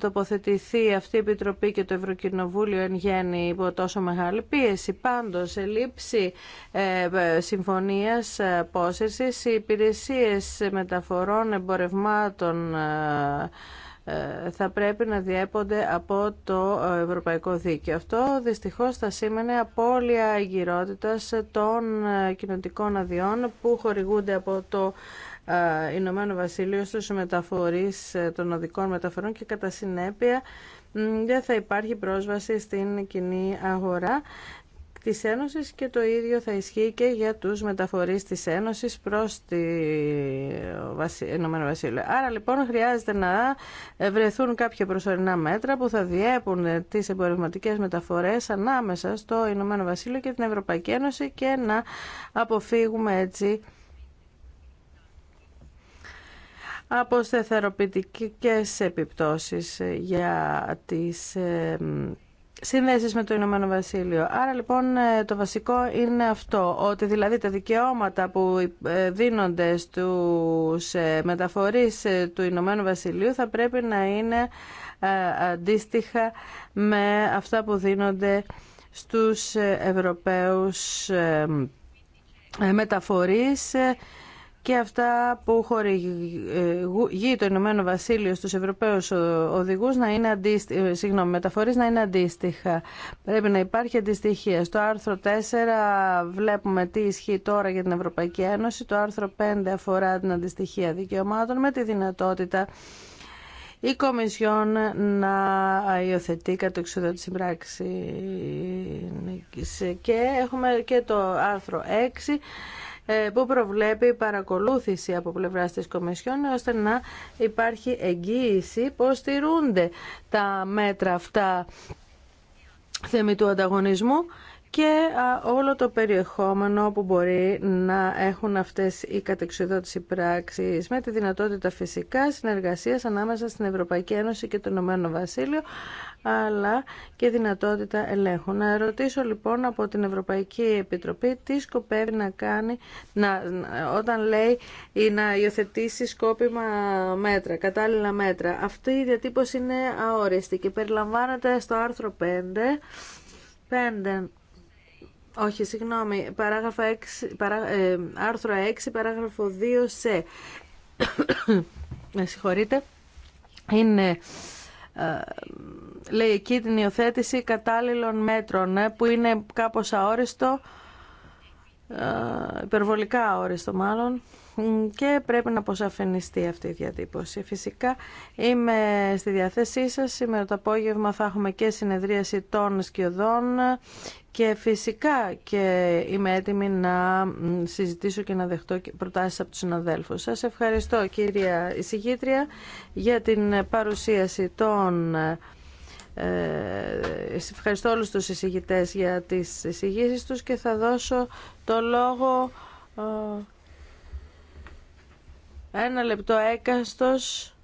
τοποθετηθεί αυτή η Επιτροπή και το Ευρωκοινοβούλιο εν γέννη υπό τόσο μεγάλη πίεση. Πάντως, λήψη ε, συμφωνίας ε, πόσεση, οι υπηρεσίε μεταφορών εμπορευμάτων ε, ε, θα πρέπει να διέπονται από το ε, ευρωπαϊκό δίκαιο. Αυτό δυστυχώς θα σήμαινε απώλεια γυρότητας των ε, κοινωνικών αδειών που χορηγούνται από το Ηνωμένο Βασίλειο στους μεταφορείς των οδικών μεταφορών και κατά συνέπεια δεν θα υπάρχει πρόσβαση στην κοινή αγορά της και το ίδιο θα ισχύει και για τους μεταφορείς της Ένωσης προς τη Ηνωμένο Βασίλειο. Άρα λοιπόν χρειάζεται να βρεθούν κάποια προσωρινά μέτρα που θα διέπουν τις εμπορευματικές μεταφορές ανάμεσα στο Ηνωμένο Βασίλειο και την Ευρωπαϊκή Ένωση και να αποφύγουμε έτσι από επιπτώσεις για τις Σύνδεσης με το Ηνωμένο Βασίλειο. Άρα λοιπόν ε, το βασικό είναι αυτό, ότι δηλαδή τα δικαιώματα που ε, δίνονται στους ε, μεταφορείς του Ηνωμένου Βασιλείου θα πρέπει να είναι αντίστοιχα με αυτά που δίνονται στους Ευρωπαίους μεταφορείς και αυτά που χορηγεί ε, το Ηνωμένο Βασίλειο στους Ευρωπαίους οδηγούς να είναι αντίστοιχα, ε, συγγνώμη, μεταφορείς να είναι αντίστοιχα. Πρέπει να υπάρχει αντιστοιχεία. Στο άρθρο 4 βλέπουμε τι ισχύει τώρα για την Ευρωπαϊκή Ένωση. Το άρθρο 5 αφορά την αντιστοιχεία δικαιωμάτων με τη δυνατότητα η Κομισιόν να υιοθετεί κατ' εξοδότηση Και έχουμε και το άρθρο 6 ε, που προβλέπει παρακολούθηση από πλευρά τη Κομισιόν ώστε να υπάρχει εγγύηση πώς στηρούνται τα μέτρα αυτά θέμη του ανταγωνισμού και όλο το περιεχόμενο που μπορεί να έχουν αυτές οι κατεξοδότηση πράξεις με τη δυνατότητα φυσικά συνεργασίας ανάμεσα στην Ευρωπαϊκή Ένωση και το Ηνωμένο Βασίλειο αλλά και δυνατότητα ελέγχου. Να ρωτήσω λοιπόν από την Ευρωπαϊκή Επιτροπή τι σκοπεύει να κάνει να, όταν λέει ή να υιοθετήσει σκόπιμα μέτρα, κατάλληλα μέτρα. Αυτή η διατύπωση είναι αόριστη και περιλαμβάνεται στο άρθρο 5, 5 όχι, συγγνώμη, παράγραφος 6, παρά, ε, άρθρο 6, παράγραφο 2 σε. Με συγχωρείτε. Είναι ε, λέει εκεί την υιοθέτηση κατάλληλων μέτρων ε, που είναι κάπως αόριστο, ε, υπερβολικά αόριστο μάλλον και πρέπει να αποσαφενιστεί αυτή η διατύπωση. Φυσικά είμαι στη διάθεσή σας. Σήμερα το απόγευμα θα έχουμε και συνεδρίαση των σκιωδών και φυσικά και είμαι έτοιμη να συζητήσω και να δεχτώ προτάσεις από τους συναδέλφους. Σας ευχαριστώ κυρία εισηγήτρια για την παρουσίαση των ε, ευχαριστώ όλους τους εισηγητές για τις εισηγήσεις τους και θα δώσω το λόγο ε, ένα λεπτό έκαστος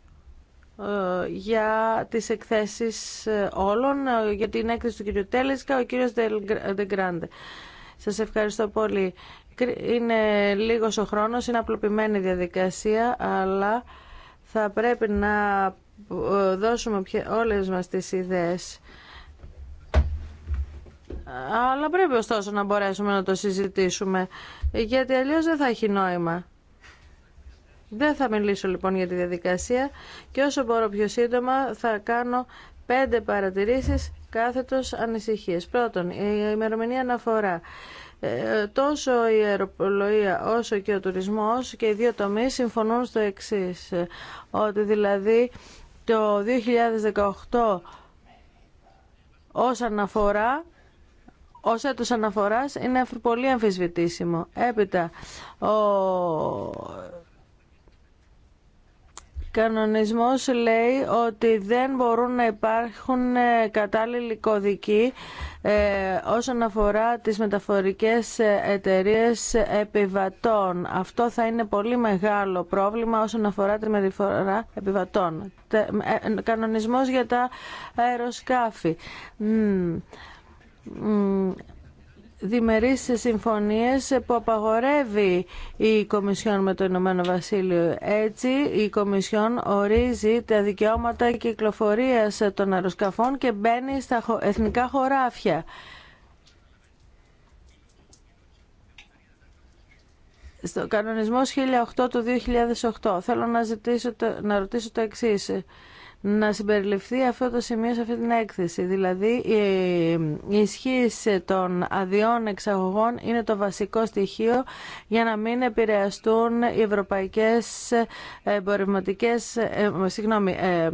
ε, για τις εκθέσεις ε, όλων, ε, για την έκθεση του κ. Τέλεσκα, ο κ. Δεγκράντε. Σας ευχαριστώ πολύ. Είναι λίγος ο χρόνος, είναι απλοποιημένη διαδικασία, αλλά θα πρέπει να δώσουμε όλες μας τις ιδέες. Αλλά πρέπει ωστόσο να μπορέσουμε να το συζητήσουμε, γιατί αλλιώς δεν θα έχει νόημα. Δεν θα μιλήσω λοιπόν για τη διαδικασία και όσο μπορώ πιο σύντομα θα κάνω πέντε παρατηρήσεις κάθετος ανησυχίες. Πρώτον, η ημερομηνία αναφορά. Ε, τόσο η αεροπλοεία όσο και ο τουρισμός και οι δύο τομείς συμφωνούν στο εξής, ότι δηλαδή το 2018 ως αναφορά ως έτος αναφοράς είναι πολύ αμφισβητήσιμο. Έπειτα, ο κανονισμός λέει ότι δεν μπορούν να υπάρχουν ε, κατάλληλοι κωδικοί ε, όσον αφορά τις μεταφορικές ε, εταιρείες επιβατών. Αυτό θα είναι πολύ μεγάλο πρόβλημα όσον αφορά τη μεταφορά επιβατών. Κανονισμός για τα αεροσκάφη διμερείς συμφωνίες που απαγορεύει η Κομισιόν με το Ηνωμένο Βασίλειο. Έτσι, η Κομισιόν ορίζει τα δικαιώματα κυκλοφορίας των αεροσκαφών και μπαίνει στα εθνικά χωράφια. Στο κανονισμό 1008 του 2008 θέλω να, ζητήσω, να ρωτήσω το εξής να συμπεριληφθεί αυτό το σημείο σε αυτή την έκθεση. Δηλαδή, η ισχύ των αδειών εξαγωγών είναι το βασικό στοιχείο για να μην επηρεαστούν οι ευρωπαϊκές εμπορευματικές, ε, ε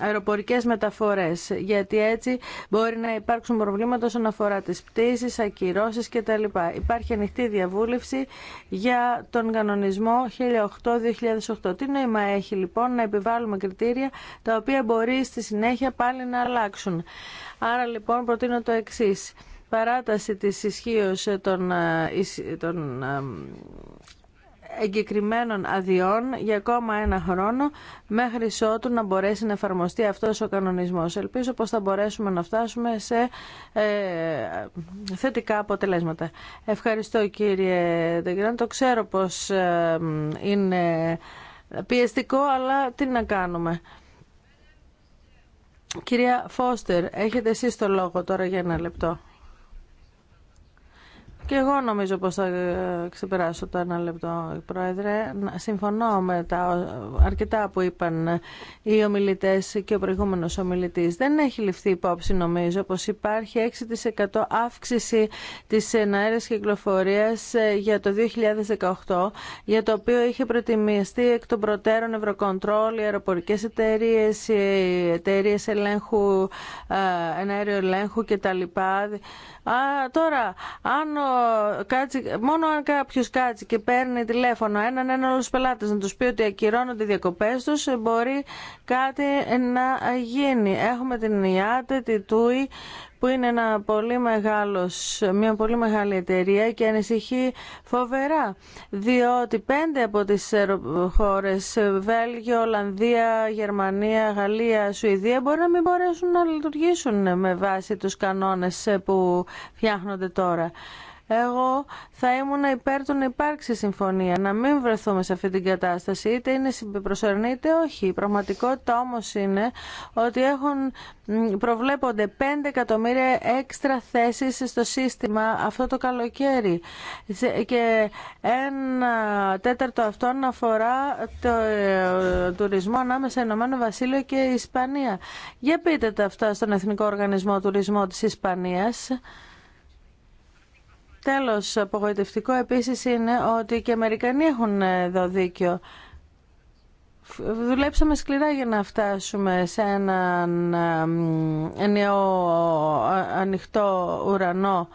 αεροπορικές μεταφορές, γιατί έτσι μπορεί να υπάρξουν προβλήματα όσον αφορά τις πτήσεις, ακυρώσεις κτλ. Υπάρχει ανοιχτή διαβούλευση για τον κανονισμό 1008-2008. Τι νόημα έχει λοιπόν να επιβάλλουμε κριτήρια τα οποία μπορεί στη συνέχεια πάλι να αλλάξουν. Άρα λοιπόν προτείνω το εξή. Παράταση της ισχύω των, ε, των ε, εγκεκριμένων αδειών για ακόμα ένα χρόνο μέχρι ότου να μπορέσει να εφαρμοστεί αυτός ο κανονισμός. Ελπίζω πως θα μπορέσουμε να φτάσουμε σε ε, θετικά αποτελέσματα. Ευχαριστώ κύριε Δεγκράν. Το ξέρω πως ε, είναι πιεστικό αλλά τι να κάνουμε. Κυρία Φώστερ, έχετε εσείς το λόγο τώρα για ένα λεπτό. Και εγώ νομίζω πως θα ε, ξεπεράσω το ένα λεπτό, Πρόεδρε. Συμφωνώ με τα αρκετά που είπαν ε, οι ομιλητές και ο προηγούμενος ομιλητής. Δεν έχει ληφθεί υπόψη, νομίζω, πως υπάρχει 6% αύξηση της και κυκλοφορίας ε, για το 2018, για το οποίο είχε προτιμιστεί εκ των προτέρων Ευρωκοντρόλ, οι αεροπορικές εταιρείες, οι εταιρείες ελέγχου, ελέγχου κτλ. Α, τώρα, αν μόνο αν κάποιο κάτσει και παίρνει τηλέφωνο έναν έναν όλους του πελάτε να του πει ότι ακυρώνονται οι διακοπέ του, μπορεί κάτι να γίνει. Έχουμε την ΙΑΤΕ, τη ΤΟΥΗ που είναι ένα πολύ μεγάλος, μια πολύ μεγάλη εταιρεία και ανησυχεί φοβερά, διότι πέντε από τις χώρες, Βέλγιο, Ολλανδία, Γερμανία, Γαλλία, Σουηδία, μπορεί να μην μπορέσουν να λειτουργήσουν με βάση τους κανόνες που φτιάχνονται τώρα. Εγώ θα ήμουν υπέρ του να υπάρξει συμφωνία, να μην βρεθούμε σε αυτή την κατάσταση, είτε είναι προσωρινή είτε όχι. Η πραγματικότητα όμω είναι ότι έχουν, προβλέπονται 5 εκατομμύρια έξτρα θέσει στο σύστημα αυτό το καλοκαίρι και ένα τέταρτο αυτών αφορά το ε, τουρισμό ανάμεσα Ηνωμένο Βασίλειο και Ισπανία. Για πείτε τα αυτά στον Εθνικό Οργανισμό Τουρισμό της Ισπανίας. Τέλος, απογοητευτικό επίσης είναι ότι και οι Αμερικανοί έχουν ε, εδώ δίκιο. Δουλέψαμε σκληρά για να φτάσουμε σε έναν ε, νέο ε, ανοιχτό ουρανό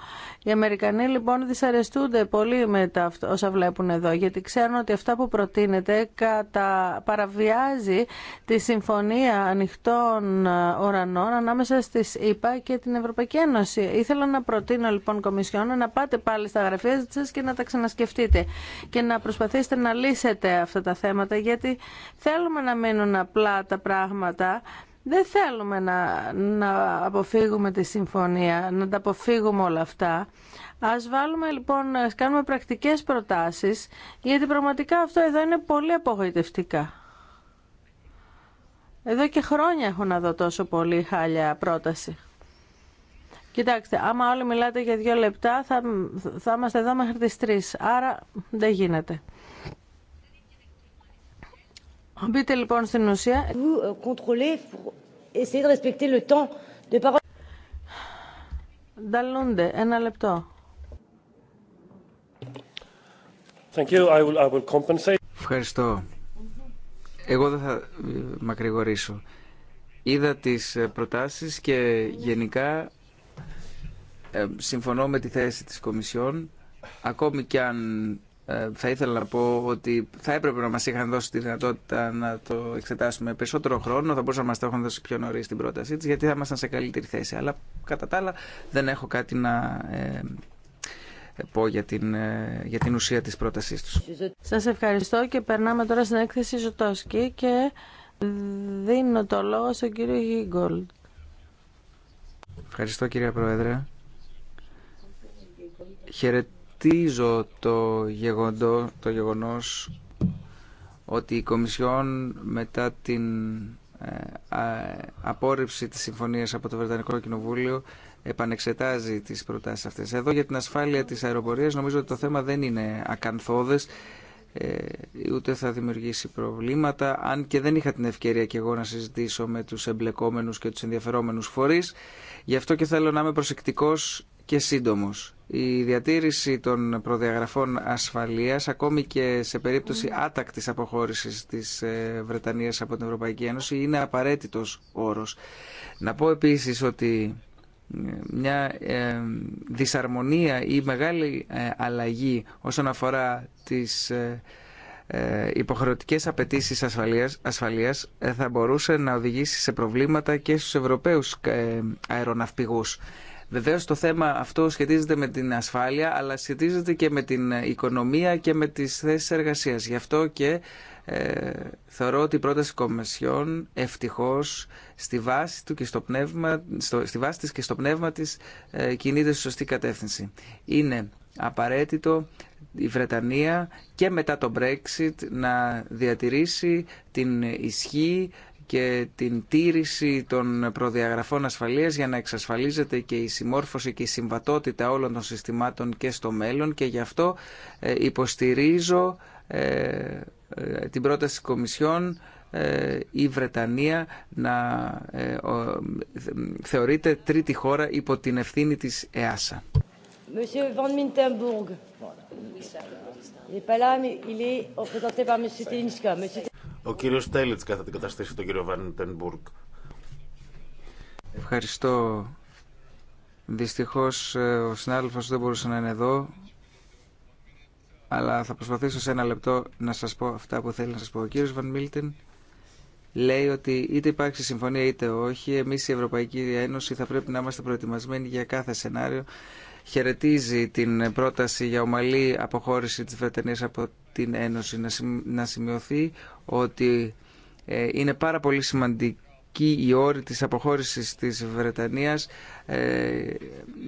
οι Αμερικανοί λοιπόν δυσαρεστούνται πολύ με τα όσα βλέπουν εδώ, γιατί ξέρουν ότι αυτά που προτείνεται κατα... παραβιάζει τη συμφωνία ανοιχτών ε, ουρανών ανάμεσα στι ΗΠΑ και την Ευρωπαϊκή Ένωση. Ήθελα να προτείνω λοιπόν Κομισιόν να πάτε πάλι στα γραφεία σας και να τα ξανασκεφτείτε και να προσπαθήσετε να λύσετε αυτά τα θέματα, γιατί θέλουμε να μείνουν απλά τα πράγματα δεν θέλουμε να, να αποφύγουμε τη συμφωνία, να τα αποφύγουμε όλα αυτά. Ας βάλουμε λοιπόν, ας κάνουμε πρακτικές προτάσεις, γιατί πραγματικά αυτό εδώ είναι πολύ απογοητευτικά. Εδώ και χρόνια έχω να δω τόσο πολύ χάλια πρόταση. Κοιτάξτε, άμα όλοι μιλάτε για δύο λεπτά θα, θα είμαστε εδώ μέχρι τις τρεις, άρα δεν γίνεται. Μπείτε λοιπόν στην ουσία. Euh, Νταλούνται, ένα λεπτό. Ευχαριστώ. Εγώ δεν θα ε, μακρηγορήσω. Είδα τις ε, προτάσεις και γενικά ε, συμφωνώ με τη θέση της Κομισιόν ακόμη και αν ε, θα ήθελα να πω ότι θα έπρεπε να μας είχαν δώσει τη δυνατότητα να το εξετάσουμε περισσότερο χρόνο, θα μπορούσαμε να μα το έχουν δώσει πιο νωρί την πρότασή τη γιατί θα ήμασταν σε καλύτερη θέση. Αλλά κατά τα άλλα δεν έχω κάτι να ε, πω για την, ε, για την ουσία της πρότασή του. Σας ευχαριστώ και περνάμε τώρα στην έκθεση Ζωτόσκη και δίνω το λόγο στον κύριο Γίγκολ. Ευχαριστώ κύριε Πρόεδρε στηρίζω το, γεγοντό, το γεγονός ότι η Κομισιόν μετά την ε, απόρριψη της συμφωνίας από το Βρετανικό Κοινοβούλιο επανεξετάζει τις προτάσεις αυτές. Εδώ για την ασφάλεια της αεροπορίας νομίζω ότι το θέμα δεν είναι ακανθόδες ε, ούτε θα δημιουργήσει προβλήματα αν και δεν είχα την ευκαιρία και εγώ να συζητήσω με τους εμπλεκόμενους και τους ενδιαφερόμενους φορείς γι' αυτό και θέλω να είμαι προσεκτικός και σύντομος. Η διατήρηση των προδιαγραφών ασφαλείας, ακόμη και σε περίπτωση άτακτης αποχώρησης της ε, Βρετανίας από την Ευρωπαϊκή Ένωση, είναι απαραίτητος όρος. Να πω επίσης ότι ε, μια ε, δυσαρμονία ή μεγάλη αλλαγή όσον αφορά τις υποχρεωτικές απαιτήσει ασφαλείας, ασφαλείας θα μπορούσε να οδηγήσει σε προβλήματα και στους Ευρωπαίους αεροναυπηγούς. Βεβαίως το θέμα αυτό σχετίζεται με την ασφάλεια αλλά σχετίζεται και με την οικονομία και με τις θέσεις εργασίας. Γι' αυτό και ε, θεωρώ ότι η πρόταση κομμεσιών ευτυχώς στη βάση, του και στο πνεύμα, στο, στη βάση της και στο πνεύμα της ε, κινείται στη σωστή κατεύθυνση. Είναι απαραίτητο η Βρετανία και μετά το Brexit να διατηρήσει την ισχύ και την τήρηση των προδιαγραφών ασφαλείας για να εξασφαλίζεται και η συμμόρφωση και η συμβατότητα όλων των συστημάτων και στο μέλλον και γι' αυτό ε, υποστηρίζω ε, ε, την πρόταση της Κομισιόν η Βρετανία να θεωρείται τρίτη χώρα υπό την ευθύνη της ΕΑΣΑ. Ο κύριος Τέλιτσκα θα την καταστήσει τον κύριο Βαντενμπουργκ. Ευχαριστώ. Δυστυχώς ε, ο συνάδελφος δεν μπορούσε να είναι εδώ, αλλά θα προσπαθήσω σε ένα λεπτό να σας πω αυτά που θέλει να σας πω. Ο κύριος Βαν Μίλτεν λέει ότι είτε υπάρξει συμφωνία είτε όχι, εμείς η Ευρωπαϊκή Ένωση θα πρέπει να είμαστε προετοιμασμένοι για κάθε σενάριο χαιρετίζει την πρόταση για ομαλή αποχώρηση της Βρετανίας από την Ένωση να σημειωθεί ότι ε, είναι πάρα πολύ σημαντικό και οι όροι της αποχώρησης της Βρετανίας ε,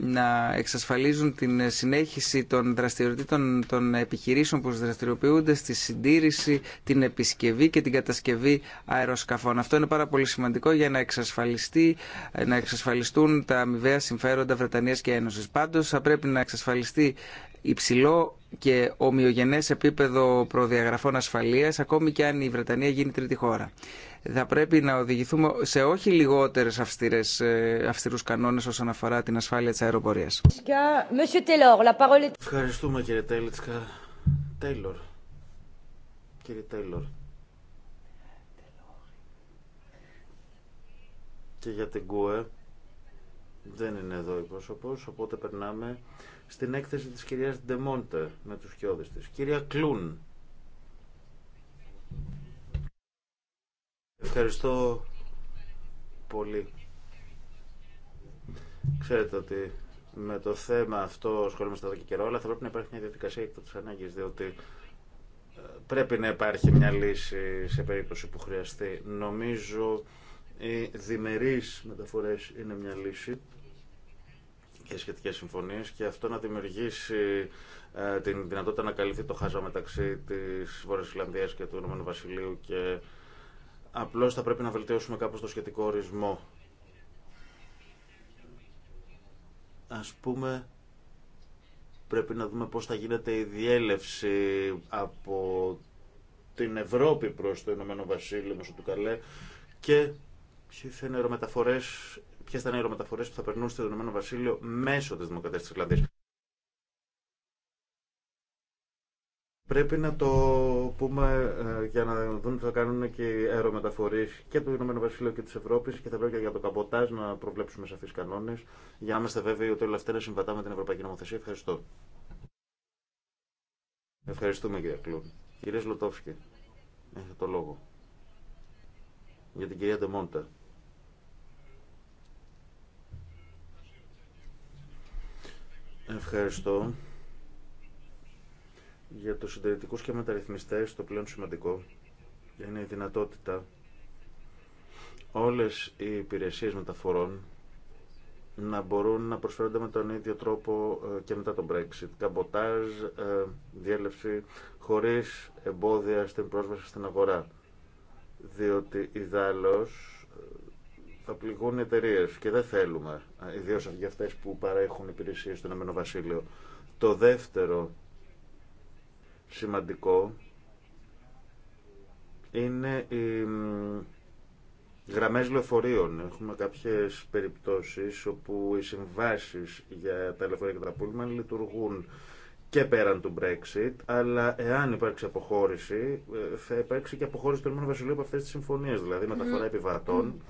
να εξασφαλίζουν την συνέχιση των δραστηριοτήτων των επιχειρήσεων που δραστηριοποιούνται στη συντήρηση, την επισκευή και την κατασκευή αεροσκαφών. Αυτό είναι πάρα πολύ σημαντικό για να, εξασφαλιστεί, ε, να εξασφαλιστούν τα αμοιβαία συμφέροντα Βρετανίας και Ένωσης. Πάντως θα πρέπει να εξασφαλιστεί υψηλό και ομοιογενές επίπεδο προδιαγραφών ασφαλείας, ακόμη και αν η Βρετανία γίνει τρίτη χώρα θα πρέπει να οδηγηθούμε σε όχι λιγότερες αυστηρές, ε, αυστηρούς κανόνες όσον αφορά την ασφάλεια της αεροπορίας. Ευχαριστούμε κύριε Τέλιτσκα. Τέιλορ. Κύριε Τέιλορ. Και για την ΚΟΕ δεν είναι εδώ η πρόσωπος, οπότε περνάμε στην έκθεση της κυρίας Ντεμόντε με τους κοιόδες της. Κυρία Κλούν. Ευχαριστώ πολύ. Ξέρετε ότι με το θέμα αυτό ασχολούμαστε εδώ και καιρό, αλλά θα πρέπει να υπάρχει μια διαδικασία εκτό ανάγκη, διότι ε, πρέπει να υπάρχει μια λύση σε περίπτωση που χρειαστεί. Νομίζω οι διμερείς μεταφορές είναι μια λύση και σχετικές συμφωνίες και αυτό να δημιουργήσει ε, την δυνατότητα να καλυφθεί το χάζα μεταξύ της Βόρειας Ισλανδίας και του Ηνωμένου Βασιλείου και Απλώς θα πρέπει να βελτιώσουμε κάπως το σχετικό ορισμό. Ας πούμε, πρέπει να δούμε πώς θα γίνεται η διέλευση από την Ευρώπη προς το Ηνωμένο Βασίλειο μέσω του Καλέ και ποιες θα είναι οι ρομεταφορές ποιες θα είναι οι που θα περνούν στο Ηνωμένο Βασίλειο μέσω της Δημοκρατίας της Ιρλανδίας. Πρέπει να το πούμε ε, για να δουν τι θα κάνουν και οι αερομεταφορεί και του Ηνωμένου Βασιλείου και τη Ευρώπη και θα πρέπει και για το καμποτάζ να προβλέψουμε σαφεί κανόνε για να είμαστε βέβαιοι ότι όλα αυτά είναι συμβατά με την Ευρωπαϊκή Νομοθεσία. Ευχαριστώ. Ευχαριστούμε κύριε Κλούν. Κύριε Σλοτόφσκι, έχετε το λόγο. Για την κυρία Ντεμόντα. Ευχαριστώ. Για τους συντηρητικούς και μεταρρυθμιστές το πλέον σημαντικό είναι η δυνατότητα όλες οι υπηρεσίες μεταφορών να μπορούν να προσφέρονται με τον ίδιο τρόπο ε, και μετά τον Brexit. Καμποτάζ, ε, διέλευση χωρίς εμπόδια στην πρόσβαση στην αγορά. Διότι ιδάλλως ε, θα πληγούν εταιρείε και δεν θέλουμε, ιδίως για αυτές που παρέχουν υπηρεσίε στον Ηνωμένο Βασίλειο. Το δεύτερο σημαντικό είναι οι γραμμές λεωφορείων. Έχουμε κάποιες περιπτώσεις όπου οι συμβάσεις για τα λεωφορεία και τα πούλμαν λειτουργούν και πέραν του Brexit, αλλά εάν υπάρξει αποχώρηση, ε, θα υπάρξει και αποχώρηση του Ηνωμένου Βασιλείου από αυτέ τι συμφωνίε. Δηλαδή, μεταφορά επιβατών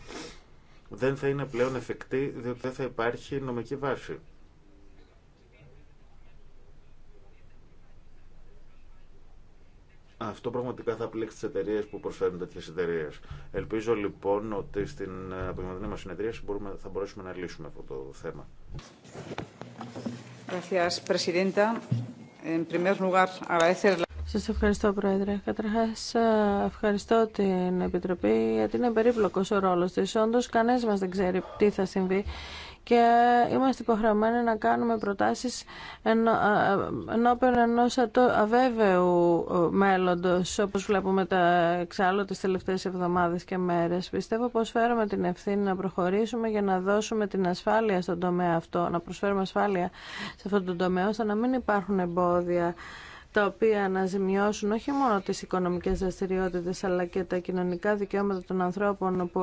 δεν θα είναι πλέον εφικτή, διότι δεν θα υπάρχει νομική βάση. Αυτό πραγματικά θα πλήξει τι εταιρείε που προσφέρουν τέτοιε εταιρείε. Ελπίζω λοιπόν ότι στην απογευματινή μα συνεδρία θα μπορέσουμε να λύσουμε αυτό το θέμα. Σα ευχαριστώ, Πρόεδρε. Καταρχά, ευχαριστώ την Επιτροπή γιατί είναι περίπλοκο ο ρόλο τη. Όντω, κανένα μα δεν ξέρει τι θα συμβεί και είμαστε υποχρεωμένοι να κάνουμε προτάσεις ενώ, ενώπιον ενός αβέβαιου ε, μέλλοντος όπως βλέπουμε τα εξάλλου τις τελευταίες εβδομάδες και μέρες. Πιστεύω πως φέρουμε την ευθύνη να προχωρήσουμε για να δώσουμε την ασφάλεια στον τομέα αυτό, να προσφέρουμε ασφάλεια σε αυτόν τον τομέα ώστε να μην υπάρχουν εμπόδια τα οποία να ζημιώσουν όχι μόνο τις οικονομικές δραστηριότητες αλλά και τα κοινωνικά δικαιώματα των ανθρώπων που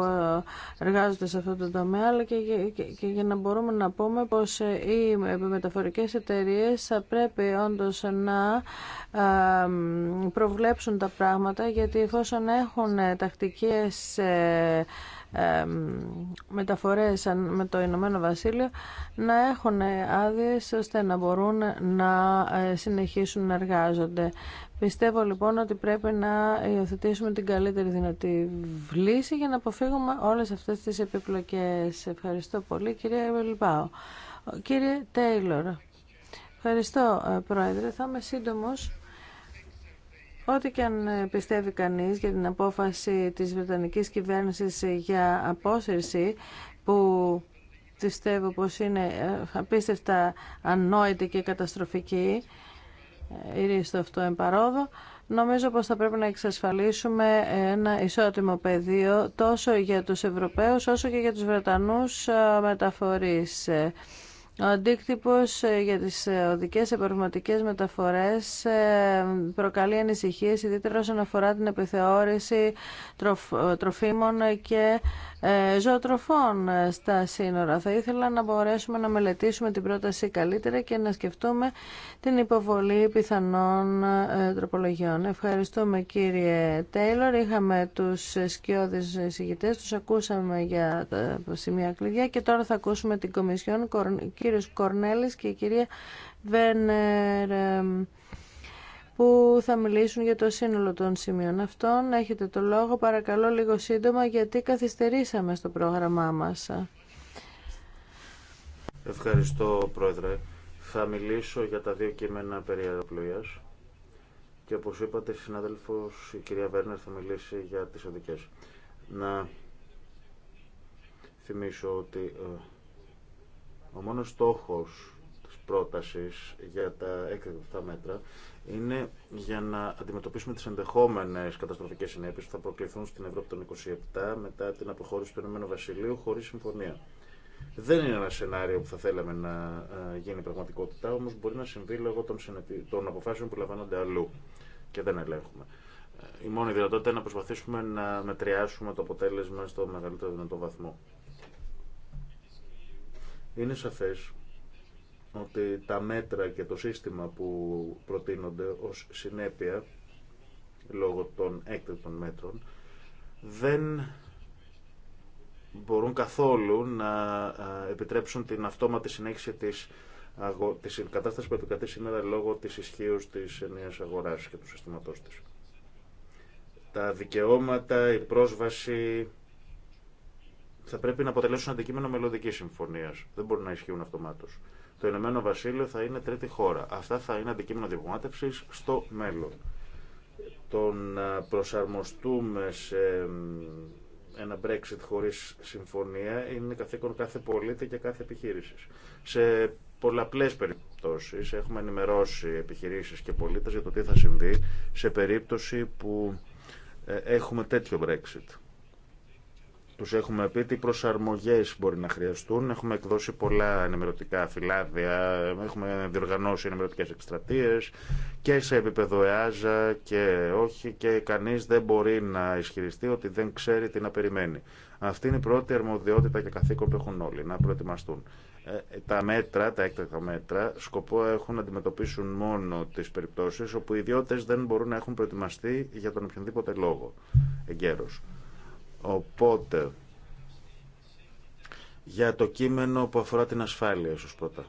εργάζονται σε αυτό το τομέα αλλά και, και, για να μπορούμε να πούμε πως οι μεταφορικές εταιρείες θα πρέπει όντως να προβλέψουν τα πράγματα γιατί εφόσον έχουν τακτικές ε, μεταφορές με το Ηνωμένο Βασίλειο να έχουν άδειε ώστε να μπορούν να ε, συνεχίσουν να εργάζονται. Πιστεύω λοιπόν ότι πρέπει να υιοθετήσουμε την καλύτερη δυνατή λύση για να αποφύγουμε όλες αυτές τις επιπλοκές. Ευχαριστώ πολύ κύριε Βελπάο. Κύριε Τέιλορ, ευχαριστώ ε, πρόεδρε. Θα είμαι σύντομος Ό,τι και αν πιστεύει κανείς για την απόφαση της Βρετανικής κυβέρνησης για απόσυρση που πιστεύω πως είναι απίστευτα ανόητη και καταστροφική, ήρθε αυτό εμπαρόδο, Νομίζω πως θα πρέπει να εξασφαλίσουμε ένα ισότιμο πεδίο τόσο για τους Ευρωπαίους όσο και για τους Βρετανούς μεταφορείς. Ο αντίκτυπος ε, για τις ε, οδικές επαγγελματικές μεταφορές ε, προκαλεί ανησυχίες, ιδιαίτερα όσον αφορά την επιθεώρηση τροφίμων και ε, ζωοτροφών ε, στα σύνορα. Θα ήθελα να μπορέσουμε να μελετήσουμε την πρόταση καλύτερα και να σκεφτούμε την υποβολή πιθανών ε, τροπολογιών. Ευχαριστούμε κύριε Τέιλορ. Είχαμε τους σκιώδεις συγητές, τους ακούσαμε για τα σημεία κλειδιά και τώρα θα ακούσουμε την Κομισιόν, κύριος Κορνέλης και η κυρία Βένερ που θα μιλήσουν για το σύνολο των σημείων αυτών. Έχετε το λόγο, παρακαλώ λίγο σύντομα, γιατί καθυστερήσαμε στο πρόγραμμά μας. Ευχαριστώ, Πρόεδρε. Θα μιλήσω για τα δύο κείμενα περί αεροπλοίας και όπως είπατε, η συνάδελφος, η κυρία Βέρνερ, θα μιλήσει για τις οδικές. Να θυμίσω ότι ε, ο μόνος στόχος της πρότασης για τα έκδοτα μέτρα είναι για να αντιμετωπίσουμε τις ενδεχόμενες καταστροφικές συνέπειες που θα προκληθούν στην Ευρώπη των 27 μετά την αποχώρηση του Ηνωμένου Βασιλείου χωρίς συμφωνία. Δεν είναι ένα σενάριο που θα θέλαμε να ε, γίνει πραγματικότητα, όμως μπορεί να συμβεί λόγω των, των αποφάσεων που λαμβάνονται αλλού και δεν ελέγχουμε. Ε, η μόνη δυνατότητα είναι να προσπαθήσουμε να μετριάσουμε το αποτέλεσμα στο μεγαλύτερο δυνατό βαθμό. Είναι σαφές ότι τα μέτρα και το σύστημα που προτείνονται ως συνέπεια λόγω των έκτακτων μέτρων δεν μπορούν καθόλου να επιτρέψουν την αυτόματη συνέχιση της, της κατάστασης που επικρατεί σήμερα λόγω της ισχύω της ενιαίας αγοράς και του συστήματός της. Τα δικαιώματα, η πρόσβαση θα πρέπει να αποτελέσουν αντικείμενο μελλοντική συμφωνίας. Δεν μπορούν να ισχύουν αυτομάτως το Ηνωμένο Βασίλειο θα είναι τρίτη χώρα. Αυτά θα είναι αντικείμενο διαπραγμάτευση στο μέλλον. Το να προσαρμοστούμε σε ένα Brexit χωρίς συμφωνία είναι καθήκον κάθε πολίτη και κάθε επιχείρηση. Σε πολλαπλές περιπτώσεις έχουμε ενημερώσει επιχειρήσεις και πολίτες για το τι θα συμβεί σε περίπτωση που ε, έχουμε τέτοιο Brexit. Τους έχουμε πει τι προσαρμογές μπορεί να χρειαστούν. Έχουμε εκδώσει πολλά ενημερωτικά φυλάδια, έχουμε διοργανώσει ενημερωτικέ εκστρατείες και σε επίπεδο ΕΑΖΑ και όχι και κανείς δεν μπορεί να ισχυριστεί ότι δεν ξέρει τι να περιμένει. Αυτή είναι η πρώτη αρμοδιότητα και καθήκον που έχουν όλοι, να προετοιμαστούν. Ε, τα μέτρα, τα έκτακτα μέτρα, σκοπό έχουν να αντιμετωπίσουν μόνο τι περιπτώσει όπου οι ιδιώτε δεν μπορούν να έχουν προετοιμαστεί για τον οποιονδήποτε λόγο εγκαίρω. Οπότε, για το κείμενο που αφορά την ασφάλεια, ίσως πρώτα.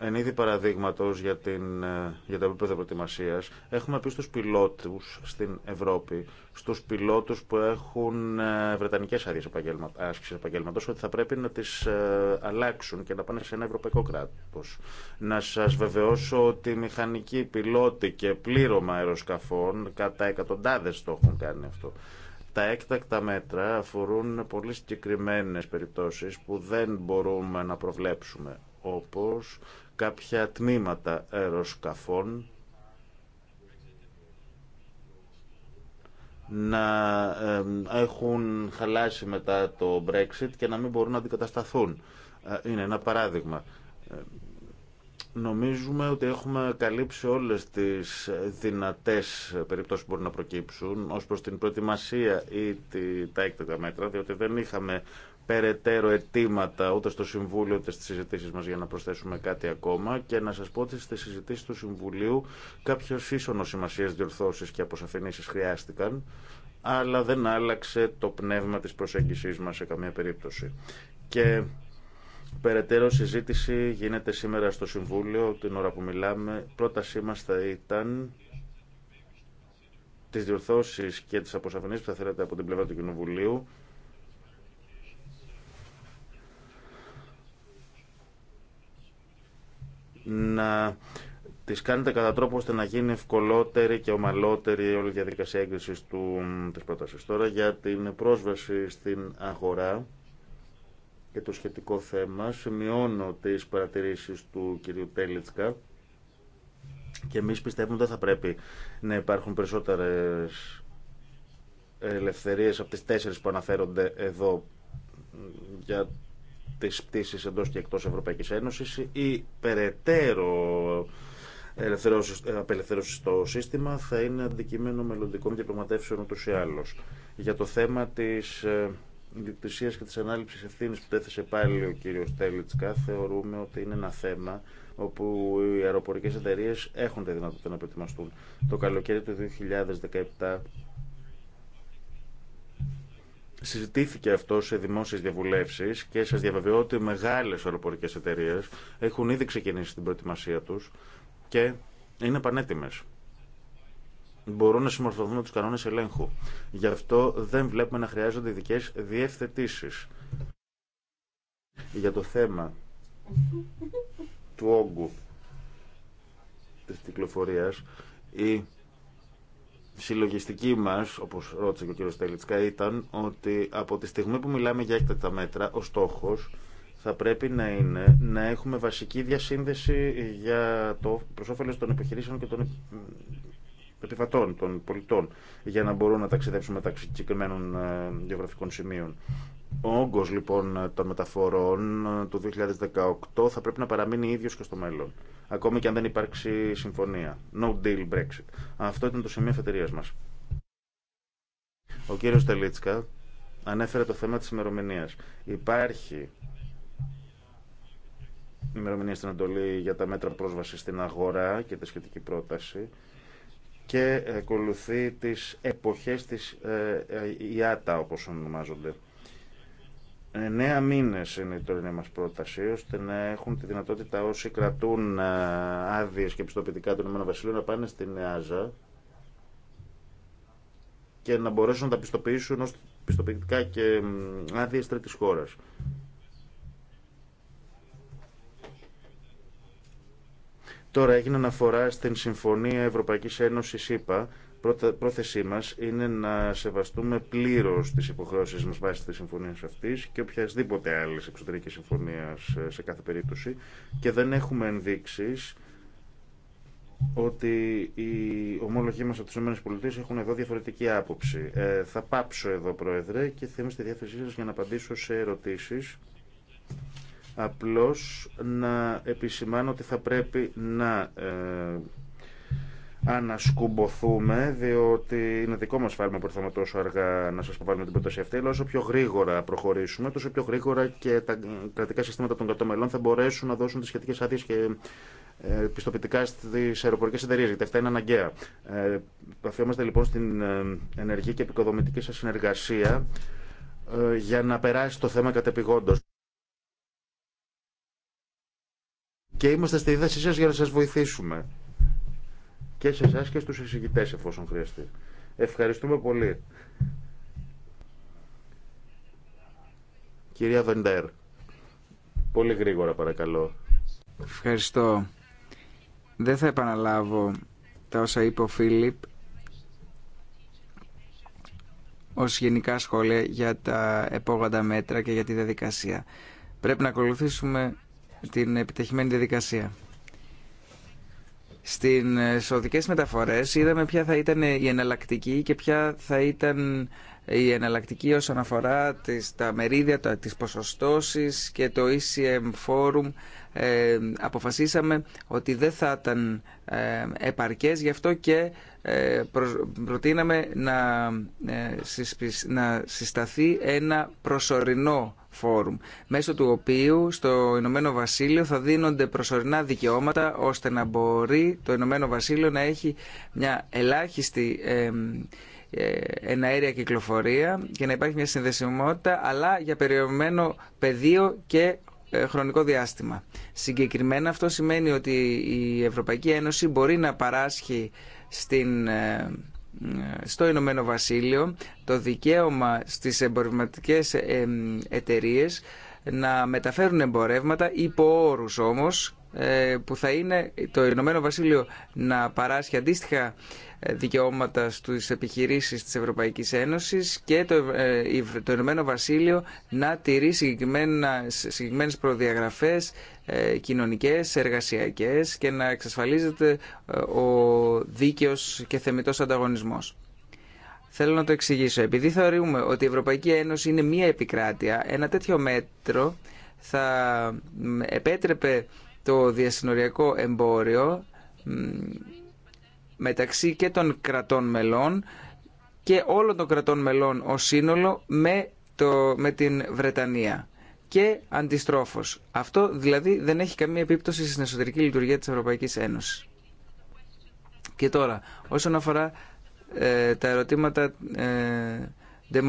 Εν είδη παραδείγματο για, την, ε, για τα επίπεδα προετοιμασία, έχουμε πει στου πιλότου στην Ευρώπη, στου πιλότου που έχουν ε, βρετανικέ άδειε άσκηση επαγγέλματο, ότι θα πρέπει να τι ε, αλλάξουν και να πάνε σε ένα ευρωπαϊκό κράτο. Να σα βεβαιώσω ότι μηχανικοί πιλότοι και πλήρωμα αεροσκαφών, κατά εκατοντάδε το έχουν κάνει αυτό. Τα έκτακτα μέτρα αφορούν πολύ συγκεκριμένες περιπτώσεις που δεν μπορούμε να προβλέψουμε, όπως κάποια τμήματα αεροσκαφών να έχουν χαλάσει μετά το Brexit και να μην μπορούν να αντικατασταθούν. Ε, είναι ένα παράδειγμα. Ε, Νομίζουμε ότι έχουμε καλύψει όλες τις δυνατές περιπτώσεις που μπορούν να προκύψουν ως προς την προετοιμασία ή τα έκτακτα μέτρα, διότι δεν είχαμε περαιτέρω αιτήματα ούτε στο Συμβούλιο ούτε στις συζητήσεις μας για να προσθέσουμε κάτι ακόμα και να σας πω ότι στις συζητήσεις του Συμβουλίου κάποιο ίσονο σημασίες διορθώσεις και αποσαφηνήσεις χρειάστηκαν αλλά δεν άλλαξε το πνεύμα της προσέγγισής μας σε καμία περίπτωση. Και Περαιτέρω συζήτηση γίνεται σήμερα στο Συμβούλιο την ώρα που μιλάμε. Πρότασή μας θα ήταν τις διορθώσεις και τις αποσαφηνίσεις που θα θέλετε από την πλευρά του Κοινοβουλίου να τι κάνετε κατά τρόπο ώστε να γίνει ευκολότερη και ομαλότερη όλη η διαδικασία έγκριση τη πρόταση Τώρα για την πρόσβαση στην αγορά και το σχετικό θέμα. Σημειώνω τις παρατηρήσεις του κυρίου Τέλιτσκα και εμείς πιστεύουμε ότι θα πρέπει να υπάρχουν περισσότερες ελευθερίες από τις τέσσερις που αναφέρονται εδώ για τις πτήσεις εντός και εκτός Ευρωπαϊκής Ένωσης ή περαιτέρω απελευθέρωση στο σύστημα θα είναι αντικείμενο μελλοντικών διαπραγματεύσεων ούτως ή άλλως. Για το θέμα της ε, ιδιοκτησία και τη ανάληψη ευθύνη που τέθεσε πάλι ο κύριο Τέλιτσκα, θεωρούμε ότι είναι ένα θέμα όπου οι αεροπορικέ εταιρείε έχουν τη δυνατότητα να προετοιμαστούν. Το καλοκαίρι του 2017 συζητήθηκε αυτό σε δημόσιες διαβουλεύσεις και σας διαβεβαιώ ότι μεγάλες αεροπορικές εταιρείες έχουν ήδη ξεκινήσει την προετοιμασία τους και είναι πανέτοιμες μπορούν να συμμορφωθούν με τους κανόνες ελέγχου. Γι' αυτό δεν βλέπουμε να χρειάζονται ειδικέ διευθετήσει. για το θέμα του όγκου της κυκλοφορίας η συλλογιστική μας, όπως ρώτησε και ο κ. Στέλιτσκα, ήταν ότι από τη στιγμή που μιλάμε για έκτακτα μέτρα, ο στόχος θα πρέπει να είναι να έχουμε βασική διασύνδεση για το προς των επιχειρήσεων και των επιβατών, των πολιτών, για να μπορούν να ταξιδέψουν μεταξύ συγκεκριμένων ε, γεωγραφικών σημείων. Ο όγκος λοιπόν των μεταφορών ε, του 2018 θα πρέπει να παραμείνει ίδιος και στο μέλλον. Ακόμη και αν δεν υπάρξει συμφωνία. No deal Brexit. Αυτό ήταν το σημείο εφετερία μας. Ο κύριο Τελίτσκα ανέφερε το θέμα της ημερομηνία. Υπάρχει ημερομηνία στην Αντολή για τα μέτρα πρόσβαση στην αγορά και τη σχετική πρόταση και ακολουθεί τις εποχές της ε, ε, ΙΑΤΑ όπως ονομάζονται. Νέα μήνες είναι η τωρινή μας πρόταση ώστε να έχουν τη δυνατότητα όσοι κρατούν ε, άδειες και πιστοποιητικά του Ηνωμένου Βασιλείου να πάνε στην ΕΑΖΑ και να μπορέσουν να τα πιστοποιήσουν ως πιστοποιητικά και άδειες τρίτης χώρας. Τώρα έγινε αναφορά στην Συμφωνία Ευρωπαϊκής Ένωσης είπα, Πρόθεσή μας είναι να σεβαστούμε πλήρως τις υποχρεώσεις μας βάσει της συμφωνίας αυτής και οποιασδήποτε άλλη εξωτερική συμφωνίας ε, σε κάθε περίπτωση και δεν έχουμε ενδείξεις ότι οι ομόλογοι μας από τις ΗΠΑ έχουν εδώ διαφορετική άποψη. Ε, θα πάψω εδώ, Πρόεδρε, και θα είμαι στη διάθεσή σας για να απαντήσω σε ερωτήσεις Απλώς να επισημάνω ότι θα πρέπει να ε, ανασκουμποθούμε, διότι είναι δικό μας φάρμα που ήρθαμε τόσο αργά να σας προβάλλουμε την πρόταση αυτή, αλλά όσο πιο γρήγορα προχωρήσουμε, τόσο πιο γρήγορα και τα κρατικά συστήματα των κατωμελών θα μπορέσουν να δώσουν τις σχετικές άδειες και ε, πιστοποιητικά στι αεροπορικέ εταιρείε, γιατί αυτά είναι αναγκαία. Ε, Παθιόμαστε λοιπόν στην ε, ενεργή και επικοδομητική σα συνεργασία ε, για να περάσει το θέμα κατεπηγόντω. Και είμαστε στη δίδασή σα για να σα βοηθήσουμε. Και σε εσά και στου εισηγητέ, εφόσον χρειαστεί. Ευχαριστούμε πολύ. Κυρία Βεντέρ, πολύ γρήγορα παρακαλώ. Ευχαριστώ. Δεν θα επαναλάβω τα όσα είπε ο Φίλιπ ως γενικά σχόλια για τα επόγοντα μέτρα και για τη διαδικασία. Πρέπει να ακολουθήσουμε την επιτυχημένη διαδικασία. Στην οδικέ ε, μεταφορές είδαμε ποια θα ήταν η εναλλακτική και ποια θα ήταν η εναλλακτική όσον αφορά τις, τα μερίδια, τα, τις και το ECM Forum ε, αποφασίσαμε ότι δεν θα ήταν ε, επαρκές, γι' αυτό και ε, προτείναμε να συσταθεί ένα προσωρινό φόρουμ, μέσω του οποίου στο Ηνωμένο Βασίλειο θα δίνονται προσωρινά δικαιώματα ώστε να μπορεί το Ηνωμένο Βασίλειο να έχει μια ελάχιστη εναέρια κυκλοφορία και να υπάρχει μια συνδεσιμότητα αλλά για περιορισμένο πεδίο και ε, χρονικό διάστημα. Συγκεκριμένα αυτό σημαίνει ότι η Ευρωπαϊκή Ένωση μπορεί να παράσχει στην ε, ε, στο Ηνωμένο Βασίλειο το δικαίωμα στις εμπορευματικές εταιρείες να μεταφέρουν εμπορεύματα υπό όρους όμως ε, που θα είναι το Ηνωμένο Βασίλειο να παράσχει αντίστοιχα ε, δικαιώματα στις επιχειρήσεις της Ευρωπαϊκής Ένωσης και το, ε, το Ηνωμένο Βασίλειο να τηρεί συγκεκριμένες προδιαγραφές κοινωνικές, εργασιακές και να εξασφαλίζεται ο δίκαιος και θεμητός ανταγωνισμός. Θέλω να το εξηγήσω. Επειδή θεωρούμε ότι η Ευρωπαϊκή Ένωση είναι μία επικράτεια, ένα τέτοιο μέτρο θα επέτρεπε το διασυνοριακό εμπόριο μεταξύ και των κρατών μελών και όλων των κρατών μελών ως σύνολο με, το, με την Βρετανία και αντιστρόφως. Αυτό δηλαδή δεν έχει καμία επίπτωση στην εσωτερική λειτουργία της Ευρωπαϊκής Ένωσης. Και τώρα, όσον αφορά ε, τα ερωτήματα ε, De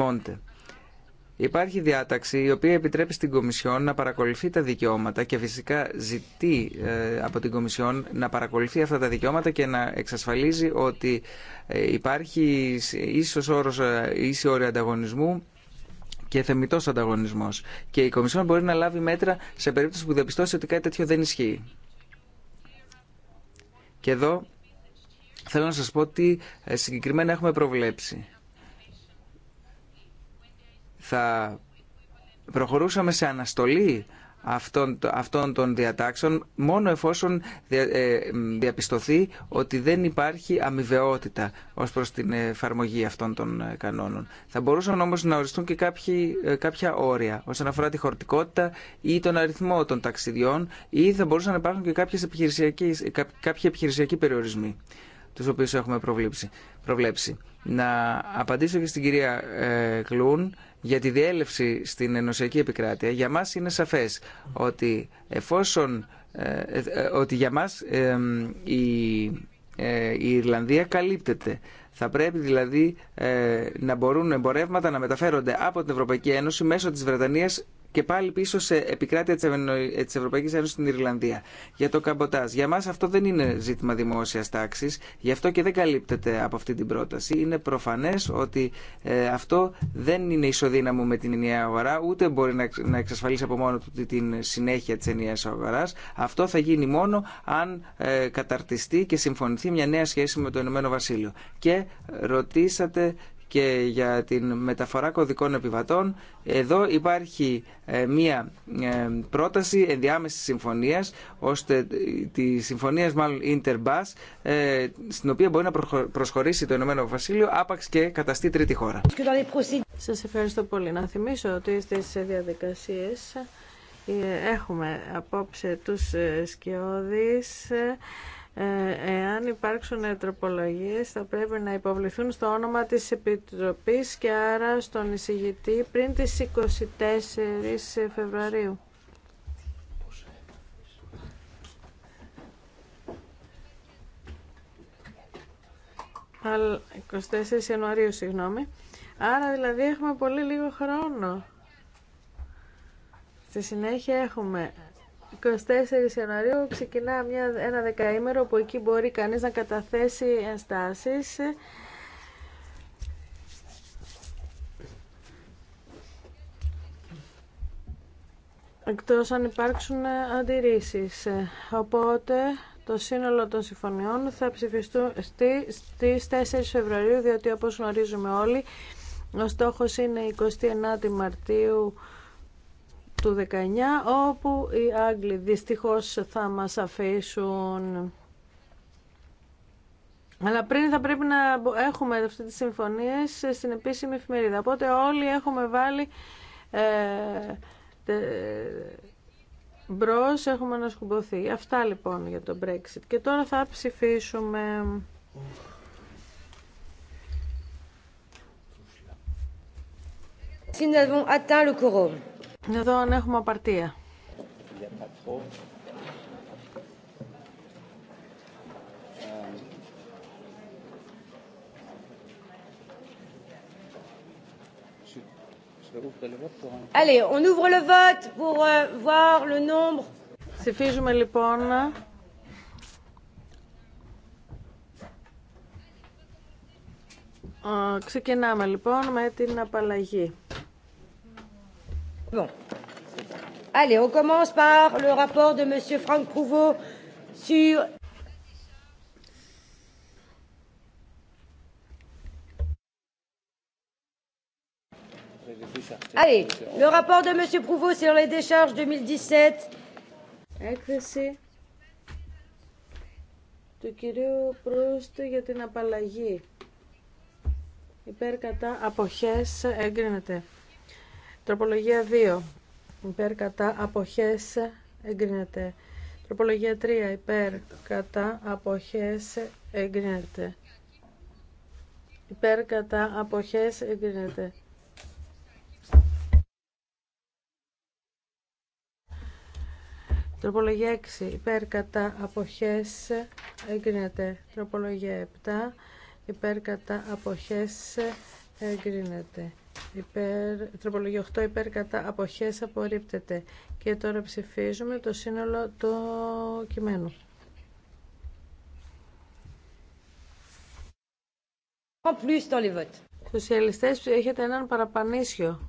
Υπάρχει διάταξη η οποία επιτρέπει στην Κομισιόν να παρακολουθεί τα δικαιώματα και φυσικά ζητεί ε, από την Κομισιόν να παρακολουθεί αυτά τα δικαιώματα και να εξασφαλίζει ότι ε, υπάρχει ίσως όρος, ε, ίση όρη ανταγωνισμού και θεμητό ανταγωνισμό. Και η Κομισιόν μπορεί να λάβει μέτρα σε περίπτωση που διαπιστώσει ότι κάτι τέτοιο δεν ισχύει. Και εδώ θέλω να σας πω ότι συγκεκριμένα έχουμε προβλέψει θα προχωρούσαμε σε αναστολή αυτών, των διατάξεων μόνο εφόσον ε, διαπιστωθεί ότι δεν υπάρχει αμοιβαιότητα ως προς την εφαρμογή αυτών των ε, κανόνων. Θα μπορούσαν όμως να οριστούν και ε, κάποια όρια όσον αφορά τη χορτικότητα ή τον αριθμό των ταξιδιών ή θα μπορούσαν να υπάρχουν και κάποιες επιχειρησιακοί περιορισμοί τους οποίους έχουμε προβλέψει. προβλέψει. Να απαντήσω και στην κυρία ε, Κλούν για τη διέλευση στην ενωσιακή επικράτεια, για μας είναι σαφές ότι εφόσον ε, ε, ε, ότι για μας η, η Ιρλανδία καλύπτεται. Θα πρέπει δηλαδή να μπορούν εμπορεύματα να μεταφέρονται από την Ευρωπαϊκή Ένωση μέσω της Βρετανίας και πάλι πίσω σε επικράτεια τη Ευρωπαϊκή Ένωση στην Ιρλανδία. Για το καμποτάζ. Για μα αυτό δεν είναι ζήτημα δημόσια τάξη, γι' αυτό και δεν καλύπτεται από αυτή την πρόταση. Είναι προφανέ ότι ε, αυτό δεν είναι ισοδύναμο με την ενιαία αγορά, ούτε μπορεί να εξασφαλίσει από μόνο του την συνέχεια τη ενιαία αγορά. Αυτό θα γίνει μόνο αν ε, καταρτιστεί και συμφωνηθεί μια νέα σχέση με το Ηνωμένο Βασίλειο. Και ε, ρωτήσατε και για την μεταφορά κωδικών επιβατών. Εδώ υπάρχει ε, μία ε, πρόταση ενδιάμεσης συμφωνίας, ώστε ε, τη συμφωνία μάλλον Interbus, στην οποία μπορεί να προσχωρήσει το Ηνωμένο Βασίλειο, άπαξ και καταστεί τρίτη χώρα. Σας ευχαριστώ πολύ. Να θυμίσω ότι στις διαδικασίες έχουμε απόψε τους σκιώδεις ε, εάν υπάρξουν τροπολογίες θα πρέπει να υποβληθούν στο όνομα της Επιτροπής και άρα στον εισηγητή πριν τις 24 Φεβρουαρίου. 24 Ιανουαρίου, συγγνώμη. Άρα δηλαδή έχουμε πολύ λίγο χρόνο. Στη συνέχεια έχουμε 24 Ιανουαρίου ξεκινά μια, ένα δεκαήμερο που εκεί μπορεί κανείς να καταθέσει ενστάσεις. εκτός αν υπάρξουν αντιρρήσεις. Οπότε το σύνολο των συμφωνιών θα ψηφιστούν στις 4 Φεβρουαρίου, διότι όπως γνωρίζουμε όλοι, ο στόχος είναι 29 Μαρτίου του 19 όπου οι Άγγλοι δυστυχώς θα μας αφήσουν. Αλλά πριν θα πρέπει να έχουμε αυτές τις συμφωνίες στην επίσημη εφημερίδα. Οπότε όλοι έχουμε βάλει ε, τε, μπρος, έχουμε ανασκουμποθεί. Αυτά λοιπόν για το Brexit. Και τώρα θα ψηφίσουμε... Si nous avons atteint le quorum. Εδώ αν έχουμε απαρτία. Allez, euh, λοιπόν. Ξεκινάμε λοιπόν με την απαλλαγή. Bon. Allez, on commence par le rapport de Monsieur Franck Prouveau sur... Allez, le rapport de Monsieur Prouveau sur les décharges 2017. Έκθεση του κυρίου Προύστου για την απαλλαγή. Υπέρ κατά αποχές έγκρινεται. Τροπολογία 2. Υπέρ κατά αποχές εγκρίνεται. Τροπολογία 3. Υπέρ κατά αποχές εγκρίνεται. Υπέρ κατά αποχές εγκρίνεται. Τροπολογία 6. Υπέρ κατά αποχές εγκρίνεται. Τροπολογία 7. Υπέρ κατά αποχές εγκρίνεται εγκρίνεται. Υπέρ, τροπολογία 8 υπέρ κατά αποχές απορρίπτεται. Και τώρα ψηφίζουμε το σύνολο του κειμένου. Σοσιαλιστές έχετε έναν παραπανίσιο.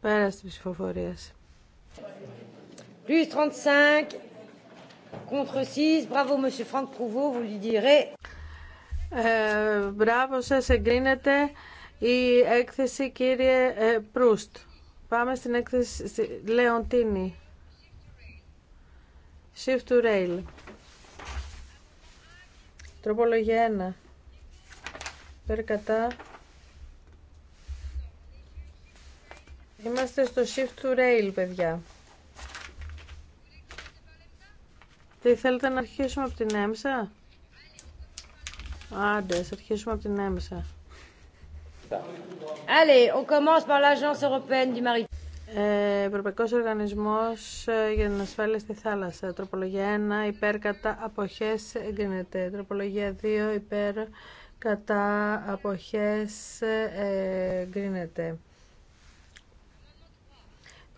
Πέρα στην ψηφοφορία. Plus 35, Contre 6. Bravo, monsieur Franck Prouveau, vous lui direz. Ε, μπράβο σας, εγκρίνεται η έκθεση κύριε ε, Προύστ. Πάμε στην έκθεση στη Λεοντίνη. Shift to Rail. Τροπολογία 1. Περ κατά. Είμαστε στο Shift to Rail, παιδιά. Τι θέλετε να αρχίσουμε από την έμσα. Άντε, ας αρχίσουμε από την έμψα Allez, on commence par l'Agence européenne du maritime. Ε, Ευρωπαϊκός για την Ασφάλεια στη Θάλασσα. Τροπολογία 1, υπέρ κατά αποχέ εγκρίνεται. Τροπολογία 2, υπέρ κατά αποχέ εγκρίνεται.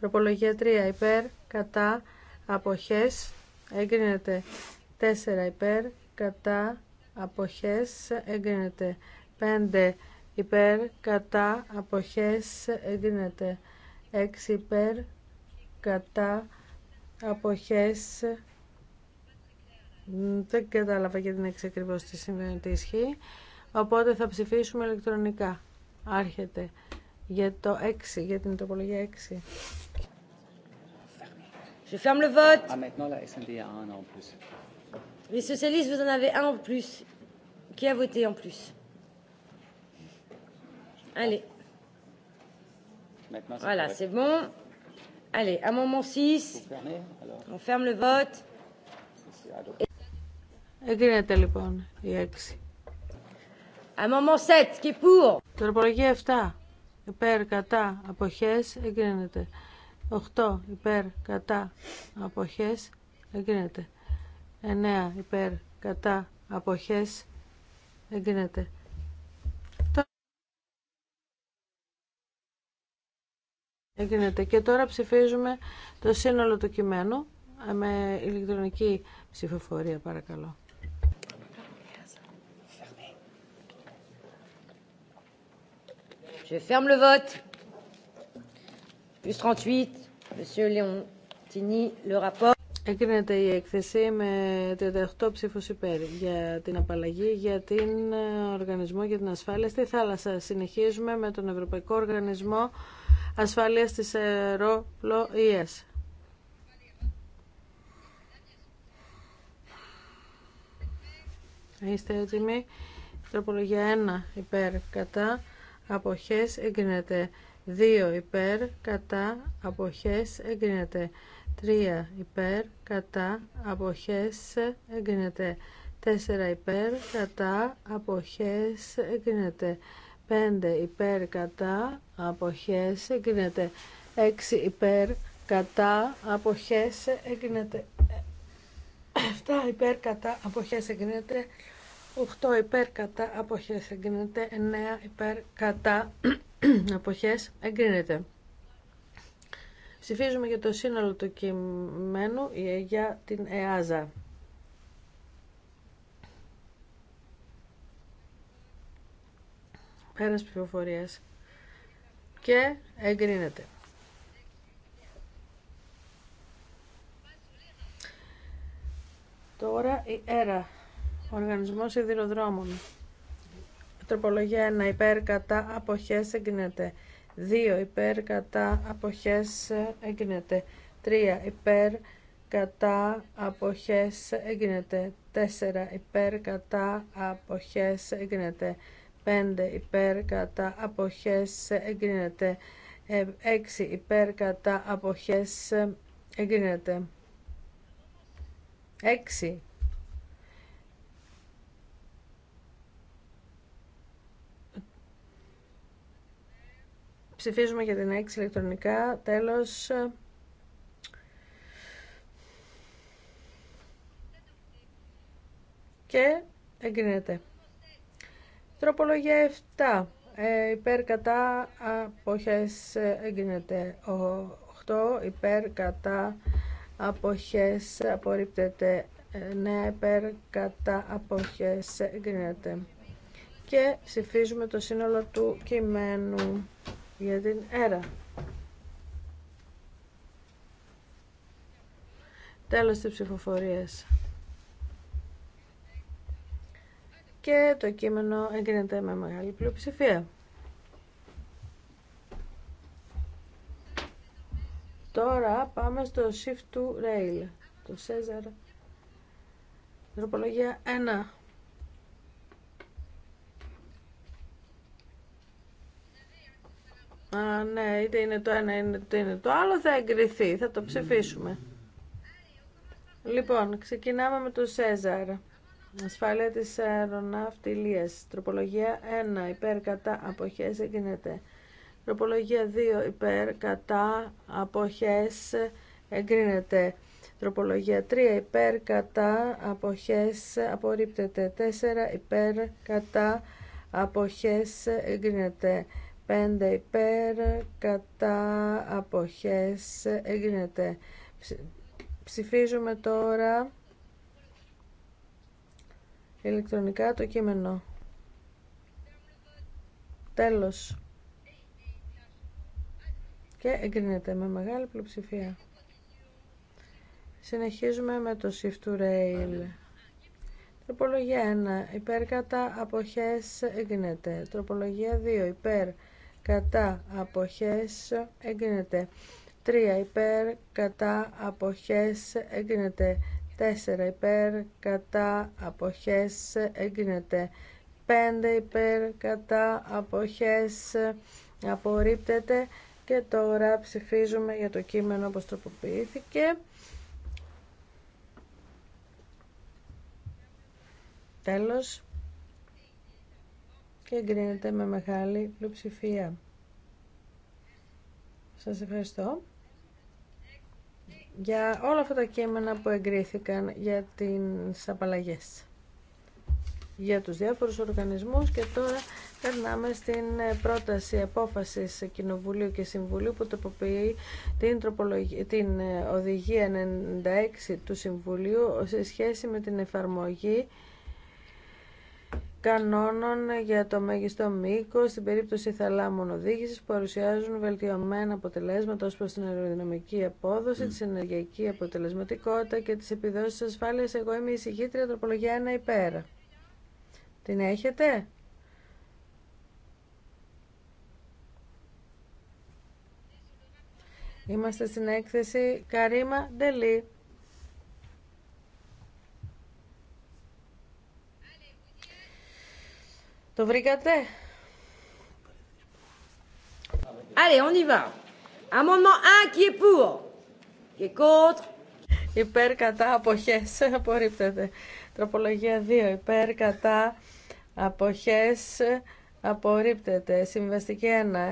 Τροπολογία 3, υπέρ κατά αποχές εγκρίνεται 4 υπέρ κατά αποχές εγκρίνεται 5 υπέρ κατά αποχές εγκρίνεται 6 υπέρ κατά αποχές δεν κατάλαβα γιατί είναι ακριβώς τι σημαίνει τι ισχύει οπότε θα ψηφίσουμε ηλεκτρονικά άρχεται για το 6 για την τροπολογία 6 Je ferme le vote. Ah, maintenant, la SND a un en plus. Les socialistes, vous en avez un en plus. Qui a voté en plus Allez. Maintenant, voilà, c'est bon. Allez, amendement 6. On ferme le vote. Εγκρίνεται λοιπόν η 6. Amendement 7, qui est pour. Τροπολογία 7. Υπέρ, κατά, αποχές, εγκρίνεται. 8 υπέρ κατά αποχές εγκρίνεται 9 υπέρ κατά αποχές εγκρίνεται Εγκρίνεται. Και τώρα ψηφίζουμε το σύνολο του κειμένου με ηλεκτρονική ψηφοφορία, παρακαλώ. Je ferme le vote. Plus 38, Monsieur Tini, le rapport. η έκθεση με 38 ψήφους υπέρ για την απαλλαγή για την ε, Οργανισμό για την Ασφάλεια στη Θάλασσα. Συνεχίζουμε με τον Ευρωπαϊκό Οργανισμό Ασφάλειας της Αεροπλοείας. Είστε έτοιμοι. Τροπολογία 1 υπέρ κατά αποχές εγκρίνεται. 2 υπέρ κατά αποχές εγκρίνεται 3 υπέρ κατά αποχές εγκρίνεται 4 υπέρ κατά αποχές εγκρίνεται 5 υπέρ κατά αποχές εγκρίνεται 6 υπέρ κατά αποχές εγκρίνεται 7 υπέρ κατά αποχές εγκρίνεται 8 υπέρ κατά αποχές εγκρίνεται, 9 υπέρ κατά αποχές εγκρίνεται. Ψηφίζουμε για το σύνολο του κειμένου ε, για την ΕΑΖΑ. Πέρας πληροφορίας και εγκρίνεται. Τώρα η ΕΡΑ. Οργανισμό Σιδηροδρόμων. Τροπολογία 1. Υπέρ κατά αποχέ εγκρίνεται. 2. Υπέρ κατά αποχέ εγκρίνεται. 3. Υπέρ κατά αποχέ εγκρίνεται. 4. Υπέρ κατά αποχέ εγκρίνεται. 5. Υπέρ κατά αποχέ εγκρίνεται. 6. Ε, υπέρ κατά αποχέ εγκρίνεται. 6. Ψηφίζουμε για την 6 ηλεκτρονικά. Τέλος. Και εγκρίνεται. Τροπολογία 7. Ε, υπέρ κατά αποχές ε, εγκρίνεται. 8. Υπέρ κατά αποχές απορρίπτεται. Ε, ναι Υπέρ κατά αποχές εγκρίνεται. Και ψηφίζουμε το σύνολο του κειμένου για την ΕΡΑ. Τέλος της ψηφοφορίας. Και το κείμενο εγκρίνεται με μεγάλη πλειοψηφία. Τώρα πάμε στο Shift to Rail, το Cesar. Τροπολογία 1. Α, ναι, είτε είναι το ένα είτε είναι το άλλο, θα εγκριθεί, θα το ψηφίσουμε. Λοιπόν, ξεκινάμε με το Σέζαρ. Ασφάλεια της αεροναυτιλίας. Τροπολογία 1. Υπέρ κατά αποχές εγκρίνεται. Τροπολογία 2. Υπέρ κατά αποχές εγκρίνεται. Τροπολογία 3. Υπέρ κατά αποχές απορρίπτεται. 4. Υπέρ κατά αποχές εγκρίνεται. Πέντε υπέρ κατά αποχές εγκρίνεται. Ψηφίζουμε τώρα ηλεκτρονικά το κείμενο. Τέλος. Και εγκρίνεται με μεγάλη πλειοψηφία. Συνεχίζουμε με το Shift to Rail. Τροπολογία 1. Υπέρ κατά αποχές εγκρίνεται. Τροπολογία 2. Υπέρ κατά αποχές εγκρίνεται 3 υπέρ κατά αποχές εγκρίνεται τέσσερα υπέρ κατά αποχές εγκρίνεται πέντε υπέρ κατά αποχές απορρίπτεται και τώρα ψηφίζουμε για το κείμενο όπως τροποποιήθηκε τέλος και εγκρίνεται με μεγάλη πλειοψηφία. Σας ευχαριστώ για όλα αυτά τα κείμενα που εγκρίθηκαν για τις απαλλαγές για τους διάφορους οργανισμούς και τώρα περνάμε στην πρόταση απόφασης Κοινοβουλίου και Συμβουλίου που τοποποιεί την, την ε, Οδηγία 96 του Συμβουλίου σε σχέση με την εφαρμογή κανόνων για το μέγιστο μήκο στην περίπτωση θαλάμων οδήγηση που παρουσιάζουν βελτιωμένα αποτελέσματα ω προ την αεροδυναμική απόδοση, mm. τη ενεργειακή αποτελεσματικότητα και τι επιδόσει ασφάλεια. Εγώ είμαι η συγχύτρια τροπολογία 1 υπέρ. Την έχετε? Είμαστε στην έκθεση Καρίμα Ντελή. Το βρήκατε. Allez, on y va. 1 qui est pour. Qui est Υπέρ κατά αποχές. Απορρίπτεται. Τροπολογία 2. Υπέρ κατά αποχές. Απορρίπτεται. Συμβαστική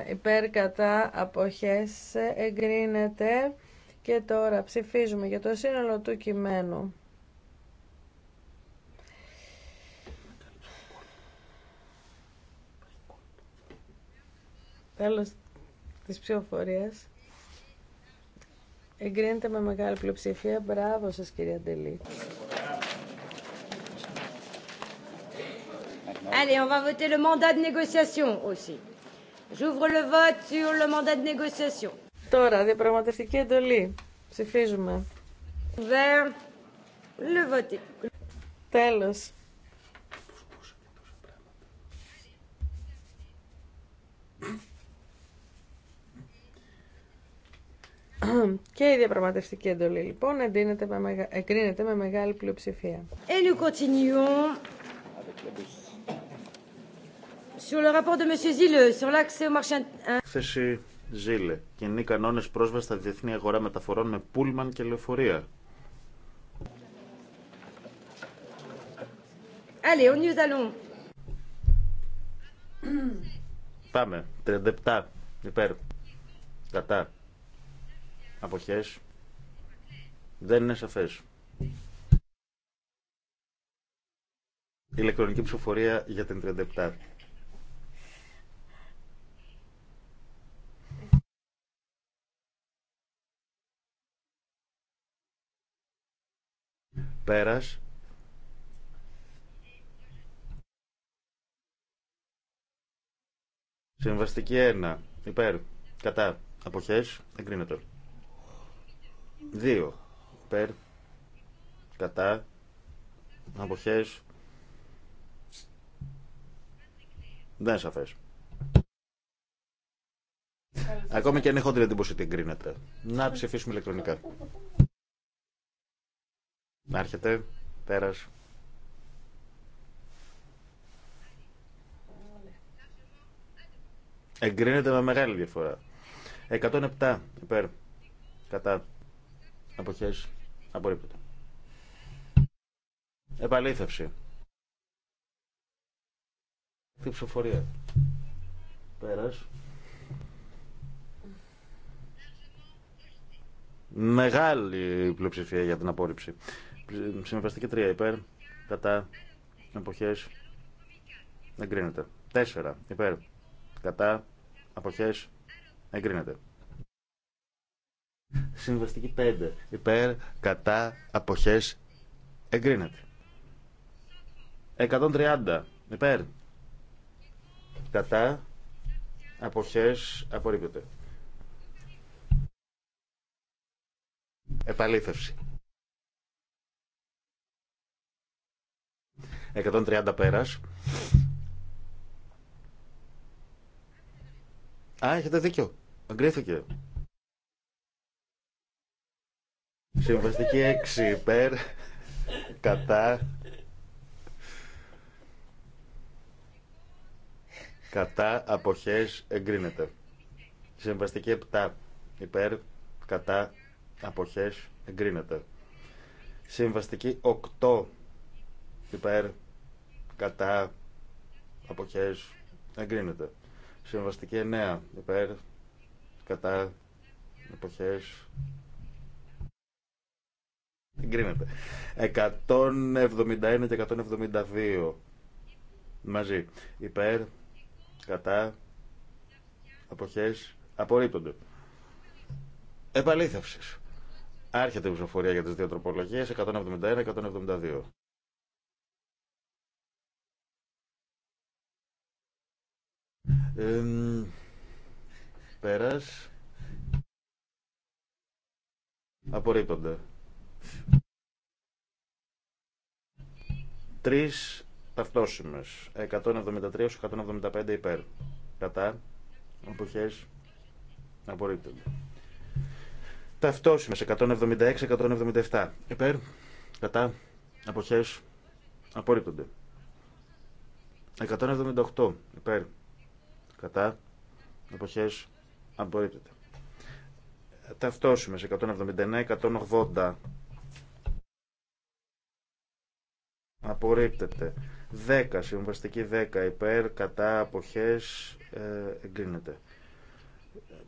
1. Υπέρ κατά αποχές. Εγκρίνεται. Και τώρα ψηφίζουμε για το σύνολο του κειμένου. Τέλος της ψηφοφορίας. Εγκρίνεται με μεγάλη πλειοψηφία. Μπράβο σας κυρία Ντελή. Allez, on va voter le mandat de négociation aussi. J'ouvre le vote sur le mandat de négociation. Τώρα, διαπραγματευτική εντολή. Ψηφίζουμε. Ouvert le vote. Τέλος. Και η διαπραγματευτική εντολή λοιπόν εγκρίνεται με, μεγάλη πλειοψηφία. Et nous continuons sur le rapport de M. Zille sur l'accès au marché. Έκθεση Ζήλε. Κοινοί κανόνε πρόσβαση στα διεθνή αγορά μεταφορών με πούλμαν και λεωφορεία. Allez, on Πάμε. 37. Υπέρ. Κατά. Αποχές. Δεν είναι σαφές. Ηλεκτρονική ψηφοφορία για την 37. Πέρας. Συμβαστική 1. Υπέρ. Κατά. Αποχές. Εγκρίνεται. Δύο, υπέρ κατά αποχές δεν είναι σαφές Ακόμα και αν έχω την εντύπωση ότι εγκρίνεται. Να ψηφίσουμε ηλεκτρονικά. Να έρχεται. Πέρας. Εγκρίνεται με μεγάλη διαφορά. 107 υπέρ. Κατά. Αποχές. Απορρίπτεται. Επαλήθευση. Τι ψηφοφορία. Πέρας. Μεγάλη πλειοψηφία για την απόρριψη. Συμβαστική 3 υπέρ, κατά, εποχές, εγκρίνεται. 4 υπέρ, κατά, Εποχές. εγκρίνεται. Συμβαστική 5. Υπέρ, κατά, αποχές, εγκρίνεται. 130. Υπέρ. Κατά, αποχές, απορρίπτεται. Επαλήθευση. 130 πέρας. Α, έχετε δίκιο. Αγκρίθηκε. Συμβαστική 6 υπέρ. Κατά. Κατά αποχές εγκρίνεται. Συμβαστική 7 υπέρ. Κατά αποχές εγκρίνεται. Συμβαστική 8 υπέρ. Κατά αποχές εγκρίνεται. Συμβαστική 9 υπέρ. Κατά αποχές Εγκρίνεται. 171 και 172 μαζί. Υπέρ, κατά, αποχές, απορρίπτονται. Επαλήθευσης. Άρχεται η ψηφοφορία για τις δύο τροπολογίες, και 171-172. Ε, πέρας. Απορρίπτονται. Τρεις ταυτόσημες, 173-175 υπέρ. Κατά, εποχές, απορρίπτονται. Ταυτόσημες, 176-177 υπέρ. Κατά, Αποχές. απορρίπτονται. 178 υπέρ. Κατά. Αποχές. απορρίπτεται. Ταυτόσημες, 179-180 απορρίπτεται. 10, συμβαστική 10, υπέρ, κατά, αποχές, ε, εγκρίνεται.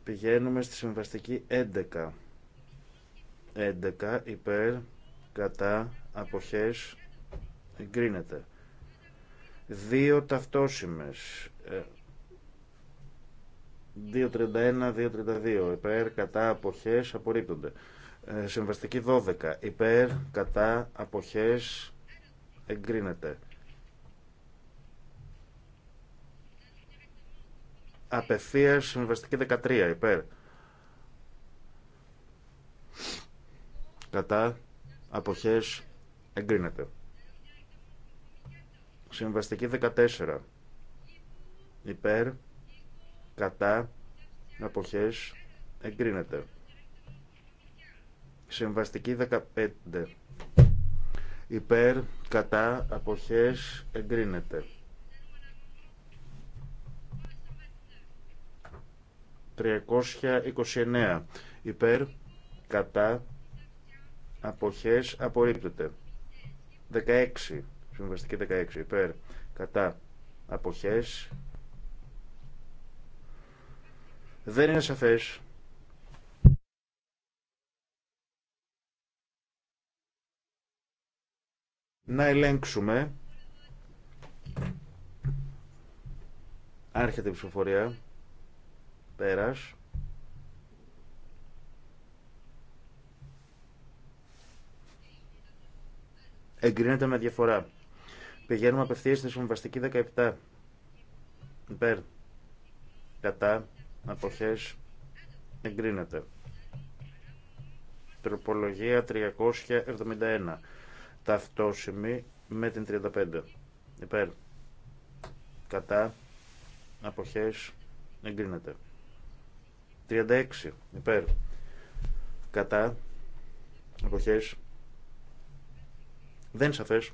Πηγαίνουμε στη συμβαστική 11. 11, υπέρ, κατά, αποχές, εγκρίνεται. Δύο ταυτόσημες. 2.31, ε, 2.32, υπέρ, κατά, αποχές, απορρίπτονται. Ε, συμβαστική 12, υπέρ, κατά, αποχές, εγκρίνεται. Απευθείας συμβαστική 13 υπέρ. Κατά αποχές εγκρίνεται. Συμβαστική 14 υπέρ. Κατά αποχές εγκρίνεται. Συμβαστική 15 υπέρ, κατά, αποχές, εγκρίνεται. 329 υπέρ, κατά, αποχές, απορρίπτεται. 16, συμβαστική 16 υπέρ, κατά, αποχές, δεν είναι σαφές. να ελέγξουμε. Άρχεται η ψηφοφορία. Πέρας. Εγκρίνεται με διαφορά. Πηγαίνουμε απευθεία στη συμβαστική 17. Υπέρ. Κατά. Αποχές. Εγκρίνεται. Τροπολογία 371 ταυτόσημη με την 35. Υπέρ. Κατά. Αποχές. Εγκρίνεται. 36. Υπέρ. Κατά. Αποχές. Δεν σαφές.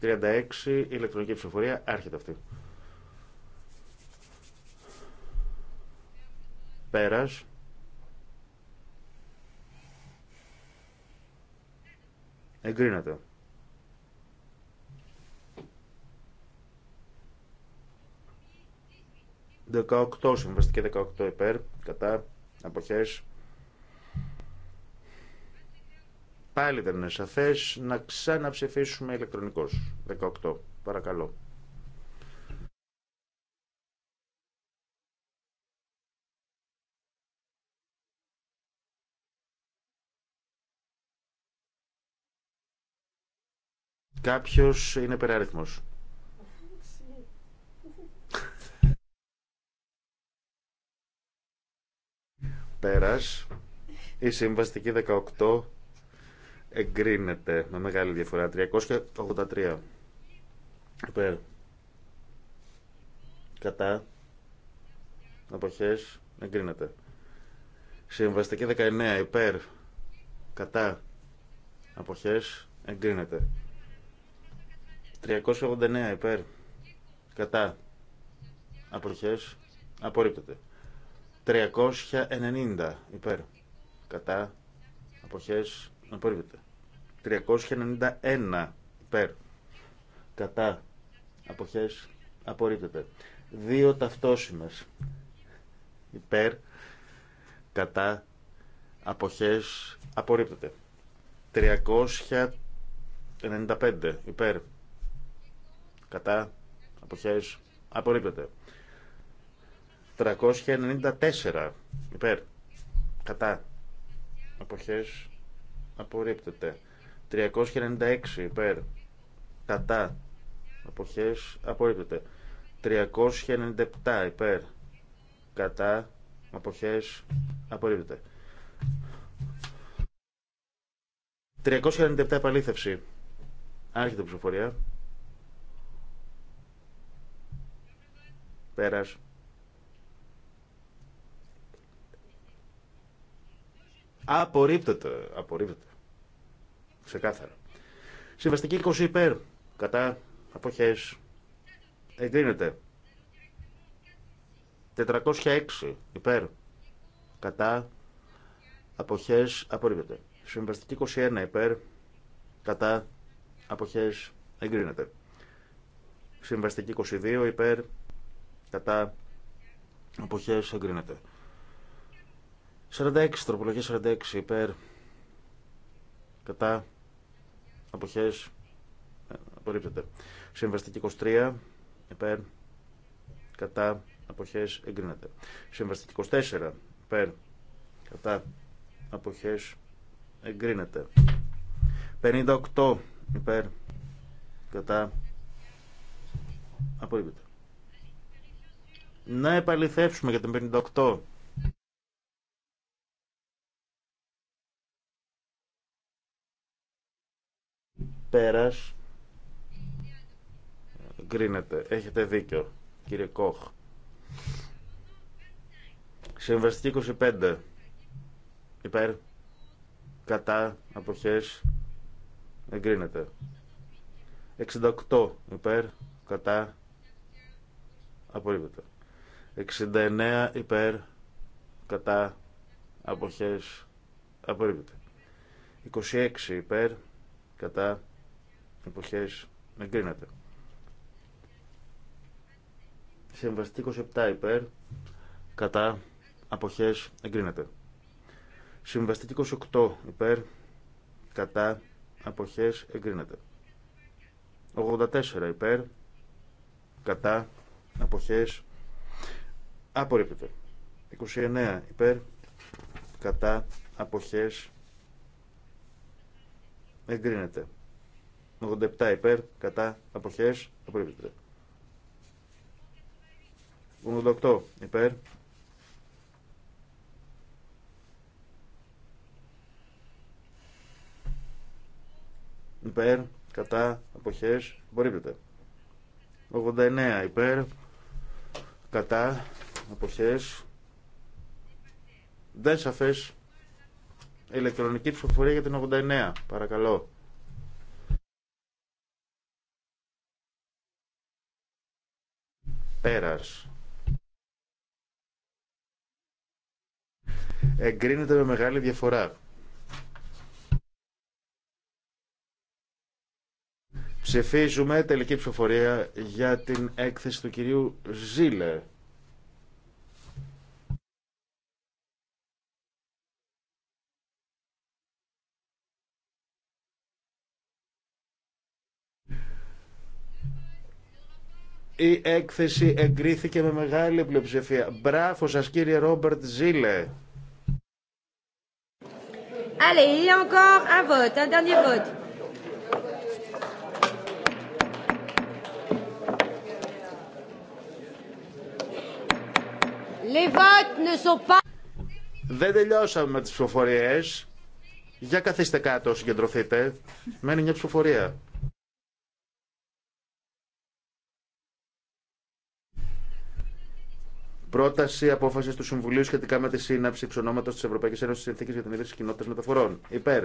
36. Ηλεκτρονική ψηφοφορία. Άρχεται αυτή. Πέρας. Εγκρίνεται. 18, συμβαστική 18 υπέρ, κατά, αποχές. Πάλι δεν είναι σαφές να ξαναψηφίσουμε ηλεκτρονικώς. 18, παρακαλώ. Κάποιος είναι περάριθμος. Πέρας, η συμβαστική 18 εγκρίνεται με μεγάλη διαφορά. 383. Υπέρ. Κατά. Αποχές. Εγκρίνεται. Συμβαστική 19. Υπέρ. Κατά. Αποχές. Εγκρίνεται. 389 υπέρ. Κατά. Αποχές. Απορρίπτεται. 390 υπέρ. Κατά. Αποχές. Απορρίπτεται. 391 υπέρ. Κατά. Αποχές. Απορρίπτεται. Δύο ταυτόσημε. Υπέρ. Κατά. Αποχές. Απορρίπτεται. 395 υπέρ Κατά. Αποχές. Απορρίπτεται. 394. Υπέρ. Κατά. Αποχές. Απορρίπτεται. 396. Υπέρ. Κατά. Αποχές. Απορρίπτεται. 397. Υπέρ. Κατά. Αποχές. Απορρίπτεται. 397 επαλήθευση. Άρχεται ψηφοφορία. Πέρας. Απορρίπτεται. Σε Ξεκάθαρα. Συμβαστική 20 υπέρ. Κατά. Αποχές. Εγκρίνεται. 406 υπέρ. Κατά. Αποχές. Απορρίπτεται. Συμβαστική 21 υπέρ. Κατά. Αποχές. Εγκρίνεται. Συμβαστική 22 υπέρ. Κατά. Αποχές εγκρίνεται. 46, τροπολογία 46, υπέρ. Κατά. Αποχές. Απορρίπτεται. Συμβαστική 23, υπέρ. Κατά. Αποχές εγκρίνεται. Συμβαστική 24, υπέρ. Κατά. Αποχές εγκρίνεται. 58, υπέρ. Κατά. Απορρίπτεται να επαληθεύσουμε για την 58. Πέρας. Γκρίνεται. Έχετε δίκιο, κύριε Κόχ. Συμβαστική 25. Υπέρ. Κατά. Αποχές. Εγκρίνεται. 68. Υπέρ. Κατά. απολύτω. 69 υπέρ κατά αποχές απορρίπτεται. 26 υπέρ κατά αποχές εγκρίνεται. Συμβαστή 27 υπέρ κατά αποχές εγκρίνεται. Συμβαστή 28 υπέρ κατά αποχές εγκρίνεται. 84 υπέρ κατά αποχές εγκρίνεται Απορρίπτεται. 29 υπέρ. Κατά. Αποχές. Εγκρίνεται. 87 υπέρ. Κατά. Αποχές. Απορρίπτεται. 88 υπέρ. Υπέρ, κατά, αποχές, απορρίπτεται. 89 υπέρ, κατά, εποχές δεν σαφές ηλεκτρονική ψηφοφορία για την 89 παρακαλώ πέρας εγκρίνεται με μεγάλη διαφορά Ψηφίζουμε τελική ψηφοφορία για την έκθεση του κυρίου Ζήλε. Η έκθεση εγκρίθηκε με μεγάλη πλειοψηφία. Μπράβο σας κύριε Ρόμπερτ Ζήλε. Allez, il y a encore un vote, Δεν τελειώσαμε με τις ψηφοφορίες. Για καθίστε κάτω, συγκεντρωθείτε. Μένει μια ψηφοφορία. Πρόταση απόφαση του Συμβουλίου σχετικά με τη σύναψη ψωνόματο τη Ευρωπαϊκή Ένωση Συνθήκη για την Ίδρυση Κοινότητα Μεταφορών. Υπέρ.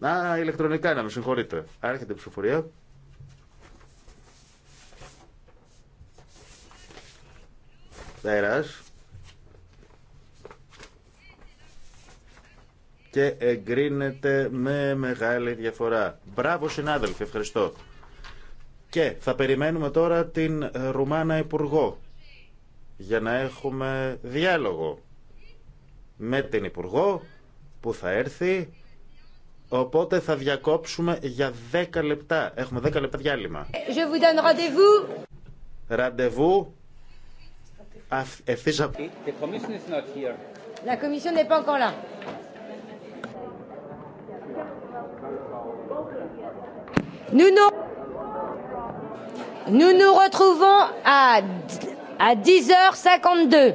Α, ηλεκτρονικά να με συγχωρείτε. Άρχεται η ψηφοφορία. Πέρα. Και εγκρίνεται με μεγάλη διαφορά. Μπράβο συνάδελφοι, ευχαριστώ. Και θα περιμένουμε τώρα την Ρουμάνα Υπουργό για να έχουμε διάλογο με την Υπουργό που θα έρθει. Οπότε θα διακόψουμε για 10 λεπτά. Έχουμε 10 λεπτά διάλειμμα. Je vous donne rendez-vous. Ραντεβού ευθύς από... La commission n'est pas encore là. Nous nous, nous, nous retrouvons à à 10h52.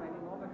many moments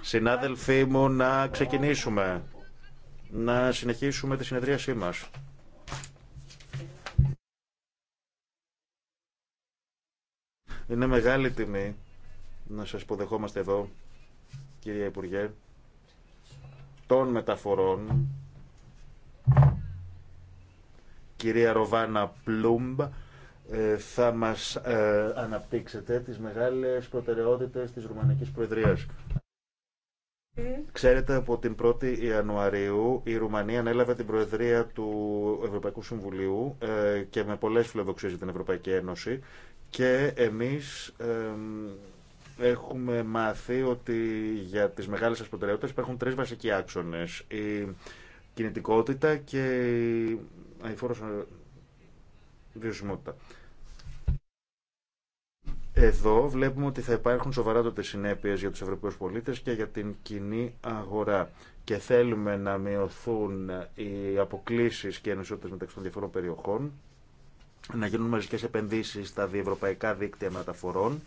Συνάδελφοί μου, να ξεκινήσουμε. Να συνεχίσουμε τη συνεδρίασή μας. Είναι μεγάλη τιμή να σας υποδεχόμαστε εδώ, κυρία Υπουργέ, των μεταφορών, κυρία Ροβάνα Πλούμπ, ε, θα μας ε, αναπτύξετε τις μεγάλες προτεραιότητες της Ρουμανικής Προεδρίας. Ξέρετε, από την 1η Ιανουαρίου η Ρουμανία ανέλαβε την Προεδρία του Ευρωπαϊκού Συμβουλίου ε, και με πολλές φιλοδοξίες για την Ευρωπαϊκή Ένωση και εμείς έχουμε μάθει ότι για τις μεγάλες σας προτεραιότητες υπάρχουν τρεις βασικοί άξονες. Η κινητικότητα και η φόρος βιωσιμότητα. Εδώ βλέπουμε ότι θα υπάρχουν τότε συνέπειε για τους Ευρωπαίου πολίτε και για την κοινή αγορά. Και θέλουμε να μειωθούν οι αποκλήσει και οι ενισότητες μεταξύ των διαφορών περιοχών, να γίνουν μαζικέ επενδύσεις στα διευρωπαϊκά δίκτυα μεταφορών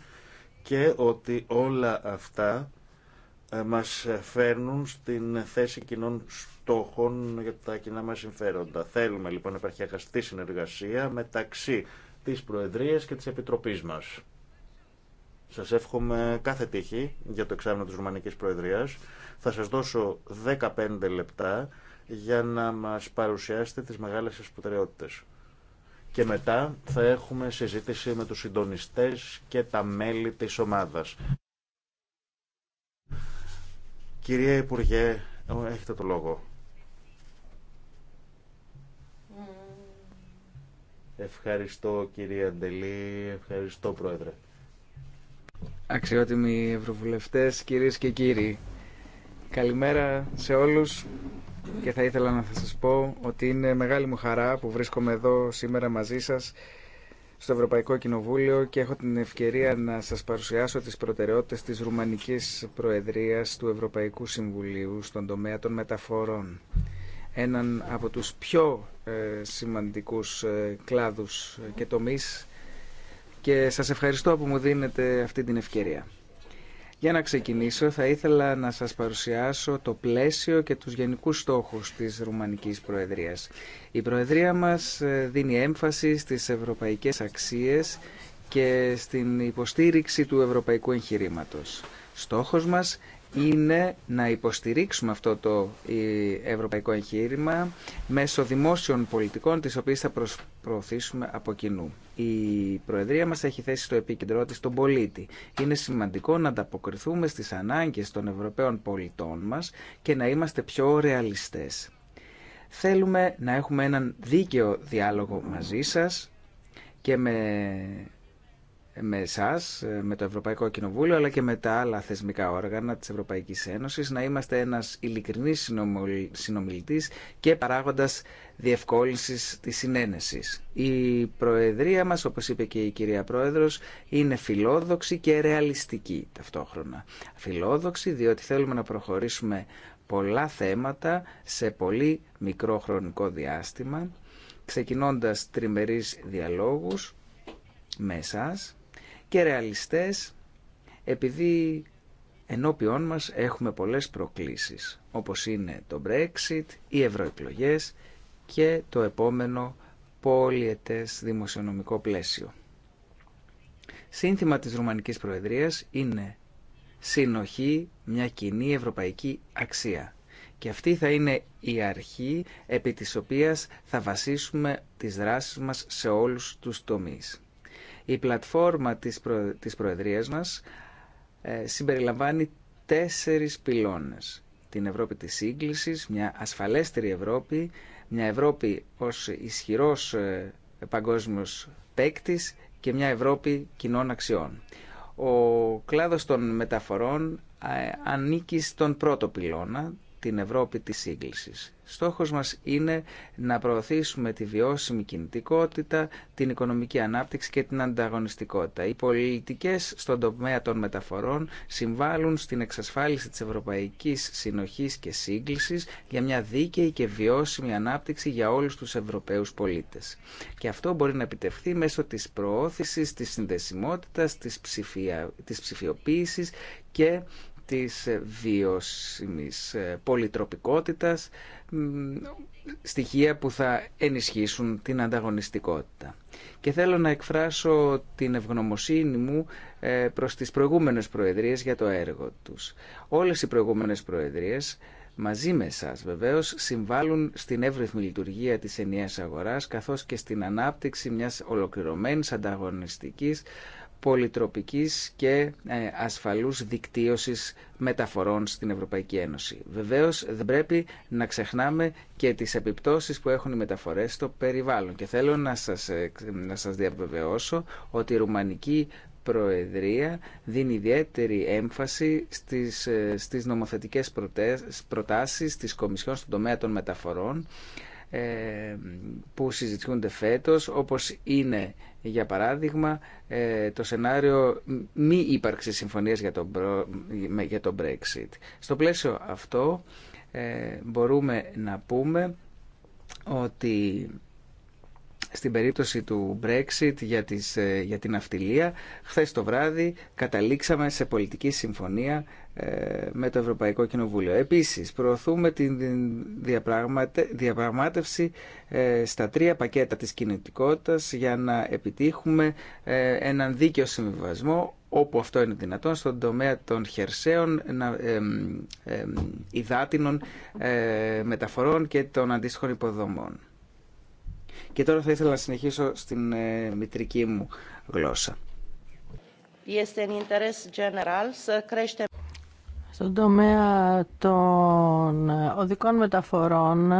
και ότι όλα αυτά ε, μας φέρνουν στην θέση κοινών στόχων για τα κοινά μας συμφέροντα. Θέλουμε λοιπόν να υπάρχει αγαστή συνεργασία μεταξύ της Προεδρίας και της Επιτροπής μας. Σας εύχομαι κάθε τύχη για το εξάμεινο τη Ρουμανικής Προεδρίας. Θα σα δώσω 15 λεπτά για να μας παρουσιάσετε τις μεγάλες σα προτεραιότητε. Και μετά θα έχουμε συζήτηση με τους συντονιστές και τα μέλη της ομάδας. Κυρία Υπουργέ, έχετε το λόγο. Mm. Ευχαριστώ κυρία Ντελή, ευχαριστώ πρόεδρε αξιότιμοι ευρωβουλευτές, κυρίες και κύριοι. Καλημέρα σε όλους και θα ήθελα να σας πω ότι είναι μεγάλη μου χαρά που βρίσκομαι εδώ σήμερα μαζί σας στο Ευρωπαϊκό Κοινοβούλιο και έχω την ευκαιρία να σας παρουσιάσω τις προτεραιότητες της Ρουμανικής Προεδρίας του Ευρωπαϊκού Συμβουλίου στον τομέα των μεταφορών. Έναν από τους πιο ε, σημαντικούς ε, κλάδους και τομείς και σας ευχαριστώ που μου δίνετε αυτή την ευκαιρία. Για να ξεκινήσω θα ήθελα να σας παρουσιάσω το πλαίσιο και τους γενικούς στόχους της Ρουμανικής Προεδρίας. Η Προεδρία μας ε, δίνει έμφαση στις ευρωπαϊκές αξίες και στην υποστήριξη του ευρωπαϊκού εγχειρήματος. Στόχος μας είναι να υποστηρίξουμε αυτό το ε, ευρωπαϊκό εγχείρημα μέσω δημόσιων πολιτικών τις οποίες θα προωθήσουμε από κοινού. Η Προεδρία μας έχει θέσει στο επίκεντρό της τον πολίτη. Είναι σημαντικό να ανταποκριθούμε στις ανάγκες των Ευρωπαίων πολιτών μας και να είμαστε πιο ρεαλιστές. Θέλουμε να έχουμε έναν δίκαιο διάλογο μαζί σας και με με εσά, ε, με το Ευρωπαϊκό Κοινοβούλιο, αλλά και με τα άλλα θεσμικά όργανα της Ευρωπαϊκής Ένωσης, να είμαστε ένας ειλικρινή συνομιλητής και παράγοντας διευκόλυνση της συνένεσης. Η Προεδρία μα, όπως είπε και η κυρία Πρόεδρος, είναι φιλόδοξη και ρεαλιστική ταυτόχρονα. Φιλόδοξη διότι θέλουμε να προχωρήσουμε πολλά θέματα σε πολύ μικρό χρονικό διάστημα, ξεκινώντας τριμερείς διαλόγους με και ρεαλιστές επειδή ενώπιόν μας έχουμε πολλές προκλήσεις όπως είναι το Brexit, οι ευρωεκλογέ και το επόμενο πολιετές δημοσιονομικό πλαίσιο. Σύνθημα της Ρουμανικής Προεδρίας είναι «Συνοχή, μια κοινή ευρωπαϊκή αξία». Και αυτή θα είναι η αρχή επί της οποίας θα βασίσουμε τις δράσεις μας σε όλους τους τομείς. Η πλατφόρμα της, προ... της Προεδρίας μας ε, συμπεριλαμβάνει τέσσερις πυλώνες. Την Ευρώπη της σύγκλησης, μια ασφαλέστερη Ευρώπη, μια Ευρώπη ως ισχυρός ε, παγκόσμιος παίκτη και μια Ευρώπη κοινών αξιών. Ο κλάδος των μεταφορών ε, ανήκει στον πρώτο πυλώνα, την Ευρώπη της σύγκλησης. Στόχος μας είναι να προωθήσουμε τη βιώσιμη κινητικότητα, την οικονομική ανάπτυξη και την ανταγωνιστικότητα. Οι πολιτικές στον τομέα των μεταφορών συμβάλλουν στην εξασφάλιση της ευρωπαϊκής συνοχής και σύγκλησης για μια δίκαιη και βιώσιμη ανάπτυξη για όλους τους Ευρωπαίους πολίτες. Και αυτό μπορεί να επιτευχθεί μέσω της προώθησης, της συνδεσιμότητας, της, ψηφια... της ψηφιοποίησης και της βιώσιμης ε, πολυτροπικότητας, στοιχεία που θα ενισχύσουν την ανταγωνιστικότητα. Και θέλω να εκφράσω την ευγνωμοσύνη μου ε, προς τις προηγούμενες προεδρίες για το έργο τους. Όλες οι προηγούμενες προεδρίες μαζί με εσά βεβαίω συμβάλλουν στην εύρυθμη λειτουργία τη ενιαία αγορά καθώ και στην ανάπτυξη μια ολοκληρωμένη ανταγωνιστική πολυτροπικής και ε, ασφαλούς δικτύωσης μεταφορών στην Ευρωπαϊκή Ένωση. Βεβαίως δεν πρέπει να ξεχνάμε και τις επιπτώσεις που έχουν οι μεταφορές στο περιβάλλον και θέλω να σας, ε, να σας διαβεβαιώσω ότι η Ρουμανική Προεδρία δίνει ιδιαίτερη έμφαση στις, ε, στις νομοθετικές προτάσεις της Κομισιόν στον τομέα των μεταφορών που συζητιούνται φέτος, όπως είναι για παράδειγμα ε, το σενάριο μη ύπαρξη συμφωνίας για το, για το Brexit. Στο πλαίσιο αυτό ε, μπορούμε να πούμε ότι στην περίπτωση του Brexit για, τις, ε, για την αυτιλία. Χθες το βράδυ καταλήξαμε σε πολιτική συμφωνία ε, με το Ευρωπαϊκό Κοινοβούλιο. Επίσης, προωθούμε την διαπραγμάτευση ε, στα τρία πακέτα της κινητικότητας για να επιτύχουμε έναν δίκαιο συμβιβασμό όπου αυτό είναι δυνατόν, στον τομέα των χερσαίων, υδάτινων μεταφορών και των αντίστοιχων υποδομών. Και τώρα θα ήθελα να συνεχίσω στην ε, μητρική μου γλώσσα. Στον τομέα των ε, οδικών μεταφορών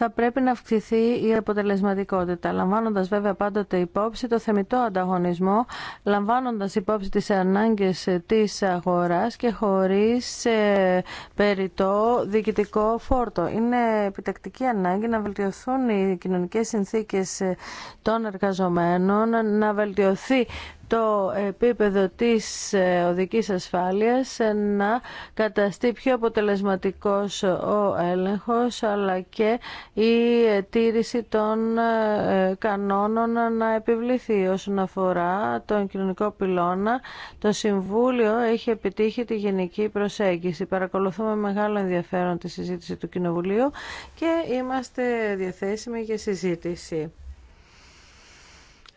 θα πρέπει να αυξηθεί η αποτελεσματικότητα, λαμβάνοντας βέβαια πάντοτε υπόψη το θεμητό ανταγωνισμό, λαμβάνοντας υπόψη τι ανάγκες της αγοράς και χωρίς ε, περιττό διοικητικό φόρτο. Είναι επιτακτική ανάγκη να βελτιωθούν οι κοινωνικές συνθήκες ε, των εργαζομένων, να βελτιωθεί το επίπεδο της ε, οδικής ασφάλειας ε, να καταστεί πιο αποτελεσματικός ο έλεγχος αλλά και η τήρηση των ε, κανόνων να επιβληθεί όσον αφορά τον κοινωνικό πυλώνα το Συμβούλιο έχει επιτύχει τη γενική προσέγγιση παρακολουθούμε μεγάλο ενδιαφέρον τη συζήτηση του Κοινοβουλίου και είμαστε διαθέσιμοι για συζήτηση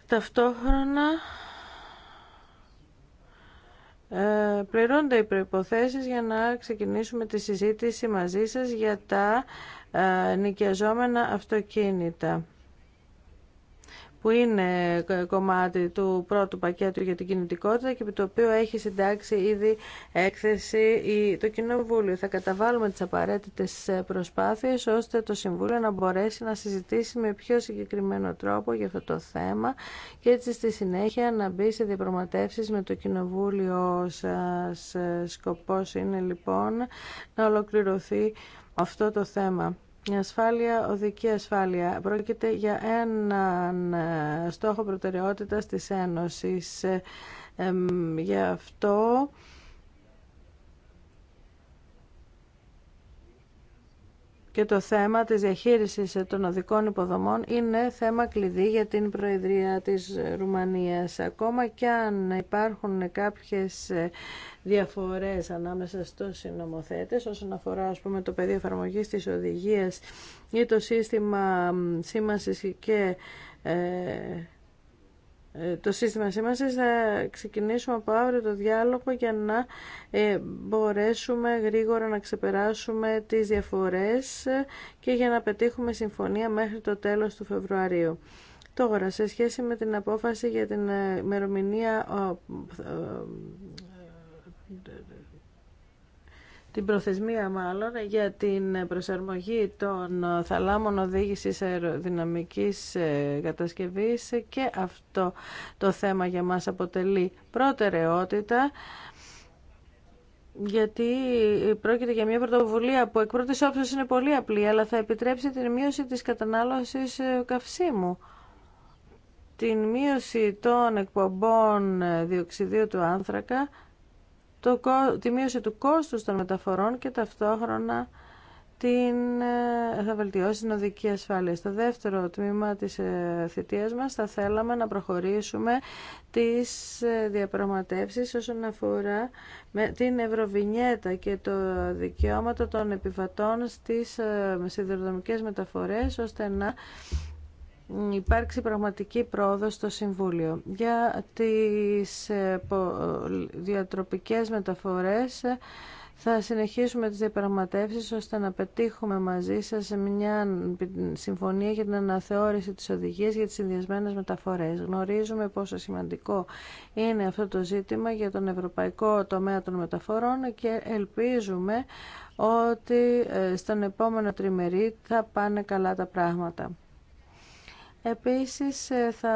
Ταυτόχρονα ε, πληρούνται οι προϋποθέσεις για να ξεκινήσουμε τη συζήτηση μαζί σας για τα ε, νοικιαζόμενα αυτοκίνητα που είναι κομμάτι του πρώτου πακέτου για την κινητικότητα και το οποίο έχει συντάξει ήδη έκθεση το Κοινοβούλιο. Θα καταβάλουμε τις απαραίτητες προσπάθειες ώστε το Συμβούλιο να μπορέσει να συζητήσει με πιο συγκεκριμένο τρόπο για αυτό το θέμα και έτσι στη συνέχεια να μπει σε διαπραγματεύσεις με το Κοινοβούλιο σας. Σκοπός είναι λοιπόν να ολοκληρωθεί αυτό το θέμα. Η ασφάλεια, οδική ασφάλεια. Πρόκειται για έναν ε, στόχο προτεραιότητας της Ένωσης. Ε, γι' αυτό και το θέμα της διαχείρισης των οδικών υποδομών είναι θέμα κλειδί για την Προεδρία της Ρουμανίας. Ακόμα και αν υπάρχουν κάποιες διαφορές ανάμεσα στους συνομοθέτες όσον αφορά ας πούμε, το πεδίο εφαρμογής της οδηγίας ή το σύστημα σήμανσης και ε, ε, το σύστημα σήμανσης θα ξεκινήσουμε από αύριο το διάλογο για να ε, μπορέσουμε γρήγορα να ξεπεράσουμε τις διαφορές ε, και για να πετύχουμε συμφωνία μέχρι το τέλος του Φεβρουαρίου. Τώρα, σε σχέση με την απόφαση για την ημερομηνία την προθεσμία μάλλον για την προσαρμογή των θαλάμων οδήγησης αεροδυναμικής ε, κατασκευής και αυτό το θέμα για μας αποτελεί προτεραιότητα γιατί πρόκειται για μια πρωτοβουλία που εκ πρώτης όψης είναι πολύ απλή αλλά θα επιτρέψει την μείωση της κατανάλωσης ε, καυσίμου την μείωση των εκπομπών ε, διοξιδίου του άνθρακα το, τη μείωση του κόστου των μεταφορών και ταυτόχρονα την, ε, θα βελτιώσει την οδική ασφάλεια. Στο δεύτερο τμήμα της ε, θητείας μας θα θέλαμε να προχωρήσουμε τις ε, διαπραγματεύσεις όσον αφορά με την Ευρωβινιέτα και το δικαιώματα των επιβατών στις σιδηροδρομικές μεταφορές ώστε να υπάρξει πραγματική πρόοδο στο Συμβούλιο. Για τις ε, διατροπικές μεταφορές θα συνεχίσουμε τις διαπραγματεύσεις ώστε να πετύχουμε μαζί σας μια συμφωνία για την αναθεώρηση της οδηγίας για τις συνδυασμένε μεταφορές. Γνωρίζουμε πόσο σημαντικό είναι αυτό το ζήτημα για τον ευρωπαϊκό τομέα των μεταφορών και ελπίζουμε ότι ε, στον επόμενο τριμερί θα πάνε καλά τα πράγματα. Επίσης ε, θα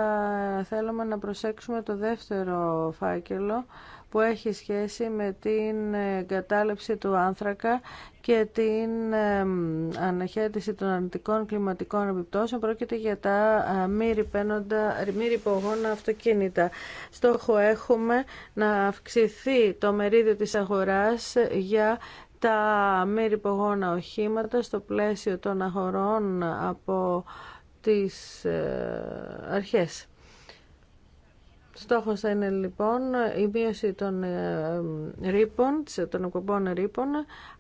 θέλουμε να προσέξουμε το δεύτερο φάκελο που έχει σχέση με την ε, κατάληψη του άνθρακα και την ε, αναχέτηση των αρνητικών κλιματικών επιπτώσεων πρόκειται για τα μη, ρηπογόνα αυτοκίνητα. Στόχο έχουμε να αυξηθεί το μερίδιο της αγοράς για τα μη ρηπογόνα οχήματα στο πλαίσιο των αγορών από τις ε, αρχές. Στόχος θα είναι λοιπόν η μείωση των ε, ρήπων, των εκπομπών ρήπων,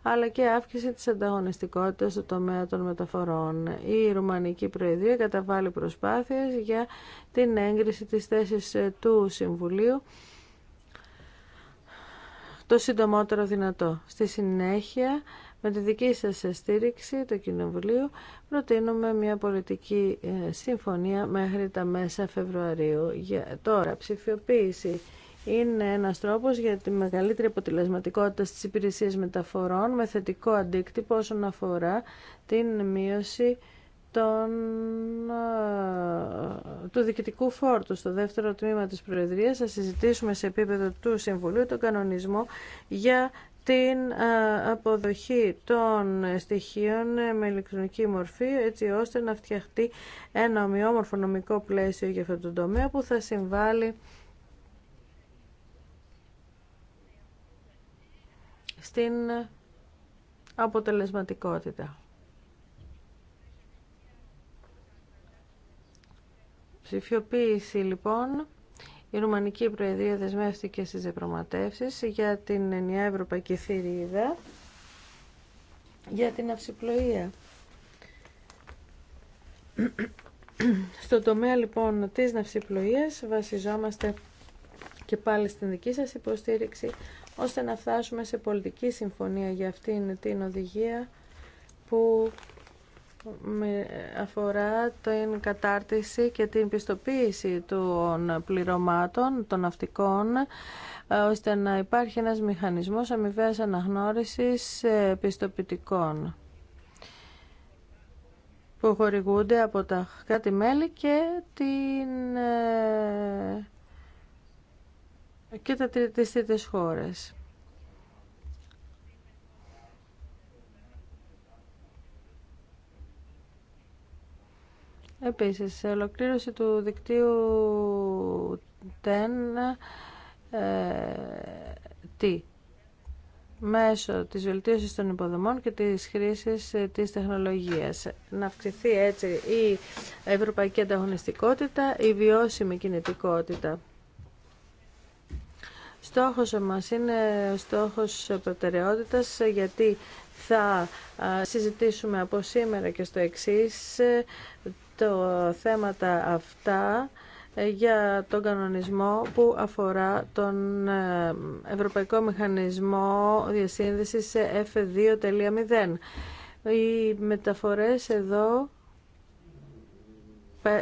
αλλά και αύξηση της ανταγωνιστικότητας στο τομέα των μεταφορών. Η Ρουμανική Προεδρία καταβάλει προσπάθειες για την έγκριση της θέσης ε, του Συμβουλίου το συντομότερο δυνατό. Στη συνέχεια με τη δική σας στήριξη, το Κοινοβουλίο, προτείνουμε μια πολιτική ε, συμφωνία μέχρι τα μέσα Φεβρουαρίου. Για, τώρα, ψηφιοποίηση είναι ένας τρόπος για τη μεγαλύτερη αποτελεσματικότητα στις υπηρεσίες μεταφορών με θετικό αντίκτυπο όσον αφορά την μείωση τον, ε, του διοικητικού φόρτου. Στο δεύτερο τμήμα της Προεδρίας θα συζητήσουμε σε επίπεδο του Συμβουλίου τον κανονισμό για την ε, αποδοχή των στοιχείων ε, με ηλεκτρονική μορφή έτσι ώστε να φτιαχτεί ένα ομοιόμορφο νομικό πλαίσιο για αυτό το τομέα που θα συμβάλλει στην αποτελεσματικότητα. Ψηφιοποίηση λοιπόν η Ρουμανική Προεδρία δεσμεύτηκε στις διαπραγματεύσεις για την ενιαία Ευρωπαϊκή Θηρίδα για την αυσιπλοεία. Στο τομέα λοιπόν της ναυσιπλοείας βασιζόμαστε και πάλι στην δική σας υποστήριξη ώστε να φτάσουμε σε πολιτική συμφωνία για αυτήν την οδηγία που με αφορά την κατάρτιση και την πιστοποίηση των πληρωμάτων των ναυτικών ε, ώστε να υπάρχει ένας μηχανισμός αμοιβαίας αναγνώρισης ε, πιστοποιητικών που χορηγούνται από τα κάτι μέλη και, την, ε, τα, χώρες. Επίσης, η ολοκλήρωση του δικτύου TEN T ε, μέσω της βελτίωσης των υποδομών και της χρήσης ε, της τεχνολογίας. Να αυξηθεί έτσι η ευρωπαϊκή ανταγωνιστικότητα, η βιώσιμη κινητικότητα. Στόχος μας είναι στόχος προτεραιότητας γιατί θα ε, συζητήσουμε από σήμερα και στο εξής το θέματα αυτά ε, για τον κανονισμό που αφορά τον ε, Ευρωπαϊκό Μηχανισμό Διασύνδεσης ε, F2.0. Οι μεταφορές εδώ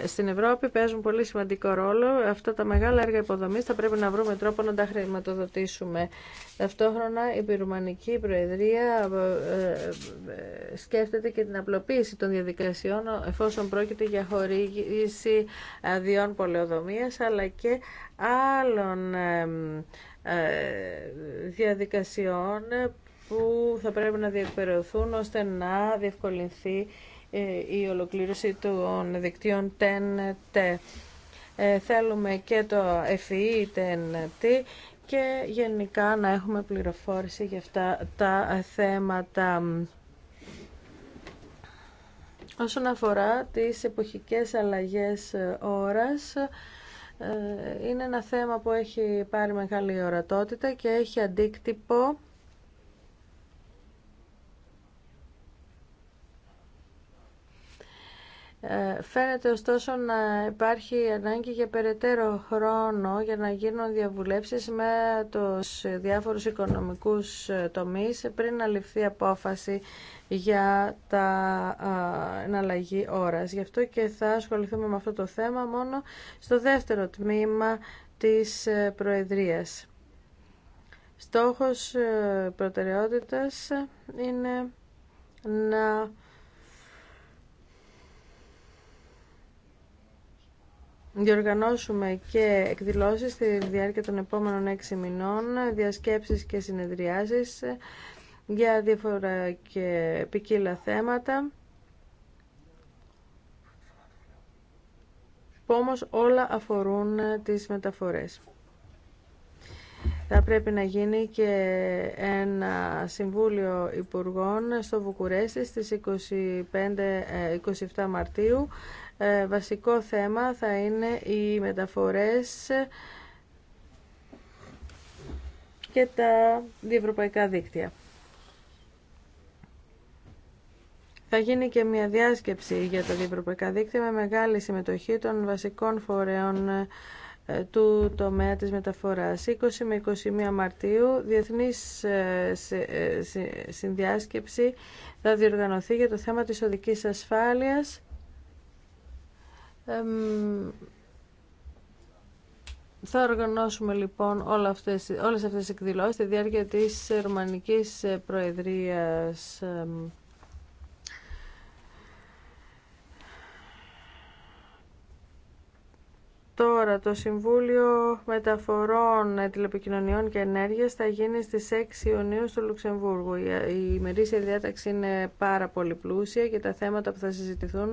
στην Ευρώπη παίζουν πολύ σημαντικό ρόλο. Αυτά τα μεγάλα έργα υποδομή θα πρέπει να βρούμε τρόπο να τα χρηματοδοτήσουμε. Ταυτόχρονα η Πυρουμανική Προεδρία ε, ε, σκέφτεται και την απλοποίηση των διαδικασιών εφόσον πρόκειται για χορήγηση αδειών πολεοδομίας αλλά και άλλων ε, διαδικασιών που θα πρέπει να διεκπαιρεωθούν ώστε να διευκολυνθεί ε, η ολοκλήρωση των δικτύων TEN-T. Ε, θέλουμε και το FEE TEN-T και γενικά να έχουμε πληροφόρηση για αυτά τα θέματα. Όσον αφορά τις εποχικές αλλαγές ώρας, ε, είναι ένα θέμα που έχει πάρει μεγάλη ορατότητα και έχει αντίκτυπο Ε, φαίνεται ωστόσο να υπάρχει ανάγκη για περαιτέρω χρόνο για να γίνουν διαβουλεύσεις με τους διάφορους οικονομικούς ε, τομείς πριν να ληφθεί απόφαση για τα ε, εναλλαγή ώρας. Γι' αυτό και θα ασχοληθούμε με αυτό το θέμα μόνο στο δεύτερο τμήμα της Προεδρίας. Στόχος προτεραιότητας είναι να διοργανώσουμε και εκδηλώσεις στη διάρκεια των επόμενων έξι μηνών, διασκέψεις και συνεδριάσεις για διάφορα και ποικίλα θέματα. Που όλα αφορούν τις μεταφορές. Θα πρέπει να γίνει και ένα Συμβούλιο Υπουργών στο Βουκουρέστι στις 25, 27 ε, Μαρτίου ε, βασικό θέμα θα είναι οι μεταφορές και τα διευρωπαϊκά δίκτυα. Θα γίνει και μια διάσκεψη για τα διευρωπαϊκά δίκτυα με μεγάλη συμμετοχή των βασικών φορέων ε, του τομέα της μεταφοράς. 20 με 21 Μαρτίου διεθνής ε, συνδιάσκεψη θα διοργανωθεί για το θέμα της οδικής ασφάλειας θα οργανώσουμε λοιπόν όλα αυτές, όλες αυτές τις εκδηλώσεις στη διάρκεια της Ρουμανικής Προεδρίας Τώρα το Συμβούλιο Μεταφορών ε, Τηλεπικοινωνιών και Ενέργειας θα γίνει στις 6 Ιουνίου στο Λουξεμβούργο. Η ημερήσια διάταξη είναι πάρα πολύ πλούσια και τα θέματα που θα συζητηθούν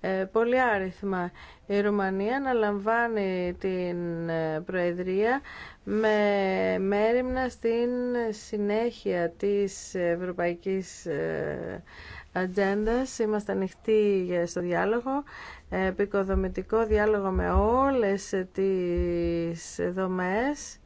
ε, πολύ άριθμα. Η Ρουμανία αναλαμβάνει την ε, Προεδρία με μέρημνα στην συνέχεια της Ευρωπαϊκής Ατζέντα. Είμαστε ανοιχτοί στο διάλογο επικοδομητικό διάλογο με όλες τις δομές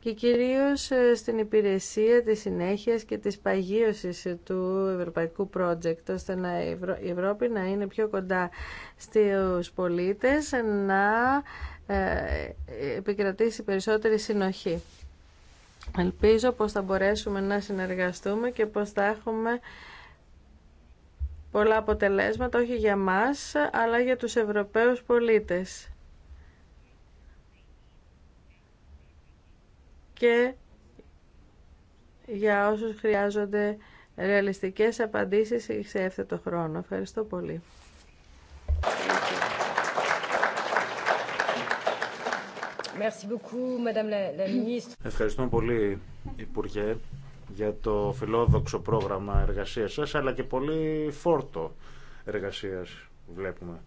και κυρίως ε, στην υπηρεσία της συνέχειας και της παγίωσης του ευρωπαϊκού project, ώστε να η Ευρώπη να είναι πιο κοντά στους πολίτες, να ε, επικρατήσει περισσότερη συνοχή. Ελπίζω πως θα μπορέσουμε να συνεργαστούμε και πως θα έχουμε πολλά αποτελέσματα, όχι για μας, αλλά για τους Ευρωπαίους πολίτες. Και για όσους χρειάζονται ρεαλιστικές απαντήσεις σε το χρόνο. Ευχαριστώ πολύ. Ευχαριστώ πολύ, Υπουργέ για το φιλόδοξο πρόγραμμα εργασίας σας, αλλά και πολύ φόρτο εργασίας βλέπουμε.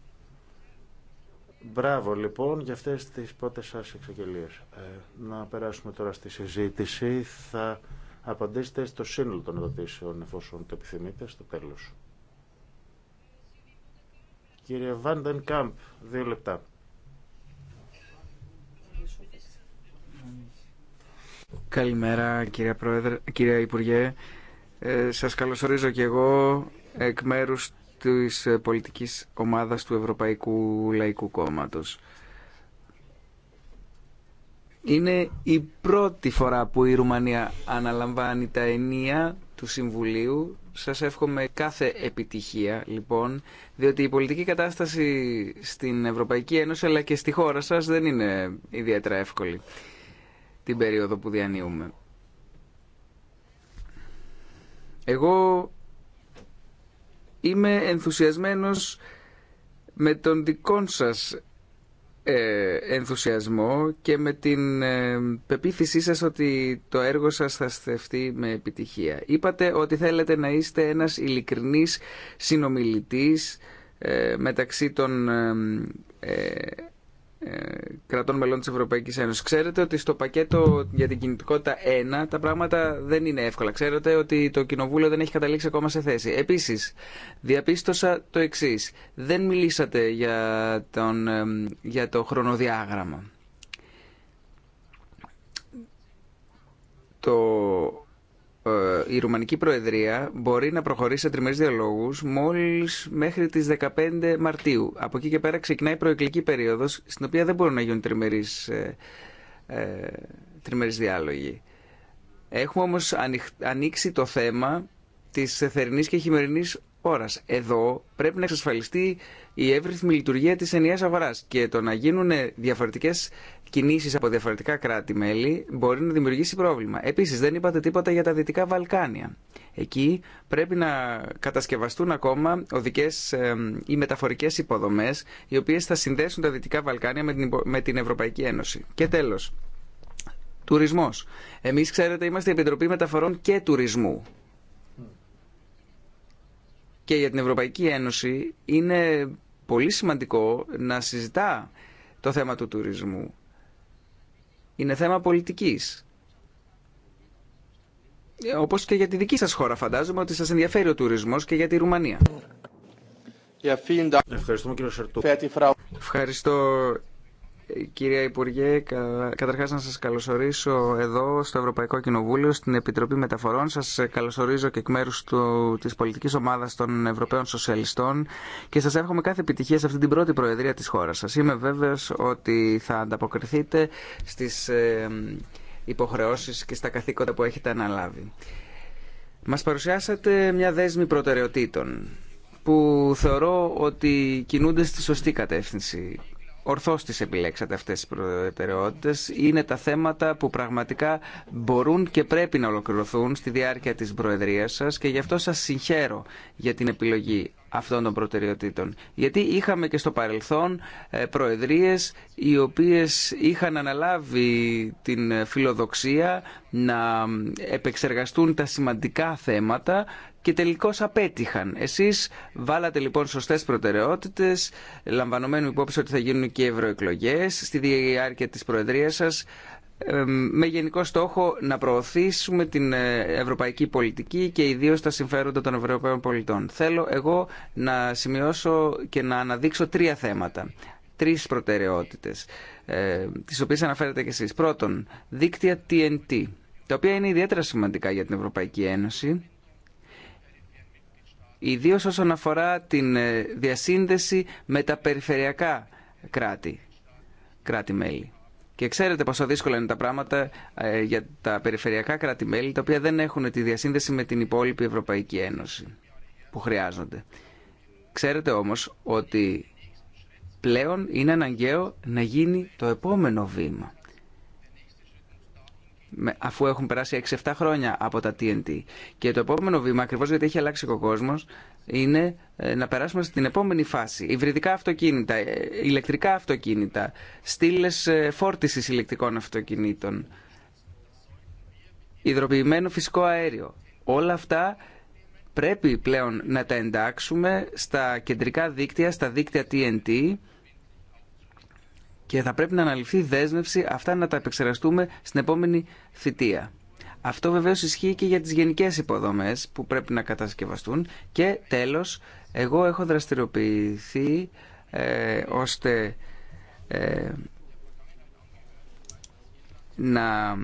Μπράβο λοιπόν για αυτές τις πρώτες σας εξαγγελίες. Ε, να περάσουμε τώρα στη συζήτηση. Θα απαντήσετε στο σύνολο των ερωτήσεων εφόσον το επιθυμείτε στο τέλος. Κύριε Βάντεν Κάμπ, δύο λεπτά. Καλημέρα κύριε, Πρόεδρε, κύριε Υπουργέ. Ε, σας καλωσορίζω και εγώ εκ μέρους της πολιτικής ομάδας του Ευρωπαϊκού Λαϊκού Κόμματος. Είναι η πρώτη φορά που η Ρουμανία αναλαμβάνει τα ενία του Συμβουλίου. Σας εύχομαι κάθε επιτυχία, λοιπόν, διότι η πολιτική κατάσταση στην Ευρωπαϊκή Ένωση αλλά και στη χώρα σας δεν είναι ιδιαίτερα εύκολη την περίοδο που διανύουμε. Εγώ είμαι ενθουσιασμένος με τον δικό σας ε, ενθουσιασμό και με την ε, πεποίθησή σας ότι το έργο σας θα στεφτεί με επιτυχία. Είπατε ότι θέλετε να είστε ένας ειλικρινής συνομιλητής ε, μεταξύ των ε, κρατών μελών της Ευρωπαϊκής Ένωσης. Ξέρετε ότι στο πακέτο για την κινητικότητα 1 τα πράγματα δεν είναι εύκολα. Ξέρετε ότι το Κοινοβούλιο δεν έχει καταλήξει ακόμα σε θέση. Επίσης, διαπίστωσα το εξής. Δεν μιλήσατε για, τον, ε, για το χρονοδιάγραμμα. Το ε, η Ρουμανική Προεδρία μπορεί να προχωρήσει σε τριμερείς διαλόγους μόλις μέχρι τις 15 Μαρτίου. Από εκεί και πέρα ξεκινάει η προεκλική περίοδος στην οποία δεν μπορούν να γίνουν τριμερείς, ε, ε διάλογοι. Έχουμε όμως ανοίξει το θέμα της θερινής και χειμερινής εδώ πρέπει να εξασφαλιστεί η εύρυθμη λειτουργία της ενιαίας αγοράς και το να γίνουν διαφορετικές κινήσεις από διαφορετικά κράτη-μέλη μπορεί να δημιουργήσει πρόβλημα. Επίσης δεν είπατε τίποτα για τα Δυτικά Βαλκάνια. Εκεί πρέπει να κατασκευαστούν ακόμα οδικές ή μεταφορικέ υποδομέ οι οποίε θα συνδέσουν τα Δυτικά Βαλκάνια με την Ευρωπαϊκή Ένωση. Και τέλο, τουρισμός. Εμείς ξέρετε είμαστε η Επιτροπή Μεταφορών και Τουρισμού και για την Ευρωπαϊκή Ένωση είναι πολύ σημαντικό να συζητά το θέμα του τουρισμού. Είναι θέμα πολιτικής. Ε, όπως και για τη δική σας χώρα φαντάζομαι ότι σας ενδιαφέρει ο τουρισμός και για τη Ρουμανία. Ευχαριστούμε κύριο Σερτού. Ευχαριστώ Κυρία Υπουργέ, καταρχά να σα καλωσορίσω εδώ στο Ευρωπαϊκό Κοινοβούλιο, στην Επιτροπή Μεταφορών. σα καλωσορίζω και εκ μέρου τη πολιτική ομάδα των Ευρωπαίων Σοσιαλιστών και σας εύχομαι κάθε επιτυχία σε αυτή την πρώτη Προεδρία τη χώρα σα. Είμαι βέβαιος ότι θα ανταποκριθείτε στις ε, υποχρεώσει και στα καθήκοντα που έχετε αναλάβει. Μα παρουσιάσατε μια δέσμη προτεραιοτήτων που θεωρώ ότι κινούνται στη σωστή κατεύθυνση. Ορθώ τι επιλέξατε αυτέ τι προτεραιότητε. Είναι τα θέματα που πραγματικά μπορούν και πρέπει να ολοκληρωθούν στη διάρκεια της Προεδρίας σας και γι' αυτό σας συγχαίρω για την επιλογή αυτών των προτεραιοτήτων. Γιατί είχαμε και στο παρελθόν ε, προεδρίες οι οποίες είχαν αναλάβει την ε, φιλοδοξία να επεξεργαστούν τα σημαντικά θέματα και τελικώς απέτυχαν. Εσείς βάλατε λοιπόν σωστές προτεραιότητες, λαμβανομένου υπόψη ότι θα γίνουν και ευρωεκλογές στη διάρκεια της προεδρίας σας με γενικό στόχο να προωθήσουμε την ε, ευρωπαϊκή πολιτική και ιδίω τα συμφέροντα των Ευρωπαίων πολιτών. Θέλω εγώ να σημειώσω και να αναδείξω τρία θέματα, τρεις προτεραιότητες, ε, τις οποίες αναφέρετε και εσείς. Πρώτον, δίκτυα TNT, τα οποία είναι ιδιαίτερα σημαντικά για την Ευρωπαϊκή Ένωση, ιδίως όσον αφορά την ε, διασύνδεση με τα περιφερειακα κράτη, κράτη-μέλη. Και ξέρετε πόσο δύσκολα είναι τα πράγματα ε, για τα περιφερειακά κράτη-μέλη, τα οποία δεν έχουν τη διασύνδεση με την υπόλοιπη Ευρωπαϊκή Ένωση που χρειάζονται. Ξέρετε όμως ότι πλέον είναι αναγκαίο να γίνει το επόμενο βήμα αφού έχουν περάσει 6-7 χρόνια από τα TNT. Και το επόμενο βήμα, ακριβώ γιατί έχει αλλάξει ο κόσμο, είναι ε, να περάσουμε στην επόμενη φάση. Υβριδικά αυτοκίνητα, ε, ηλεκτρικά αυτοκίνητα, στήλε φόρτιση ηλεκτρικών αυτοκινήτων, υδροποιημένο φυσικό αέριο. Όλα αυτά πρέπει πλέον να τα εντάξουμε στα κεντρικά δίκτυα, στα δίκτυα TNT και θα πρέπει να αναλυφθεί δέσμευση αυτά να τα επεξεργαστούμε στην επόμενη θητεία. Αυτό βεβαίω ισχύει και για τις γενικές υποδομές που πρέπει να κατασκευαστούν και τέλος εγώ έχω δραστηριοποιηθεί ε, ώστε ε, να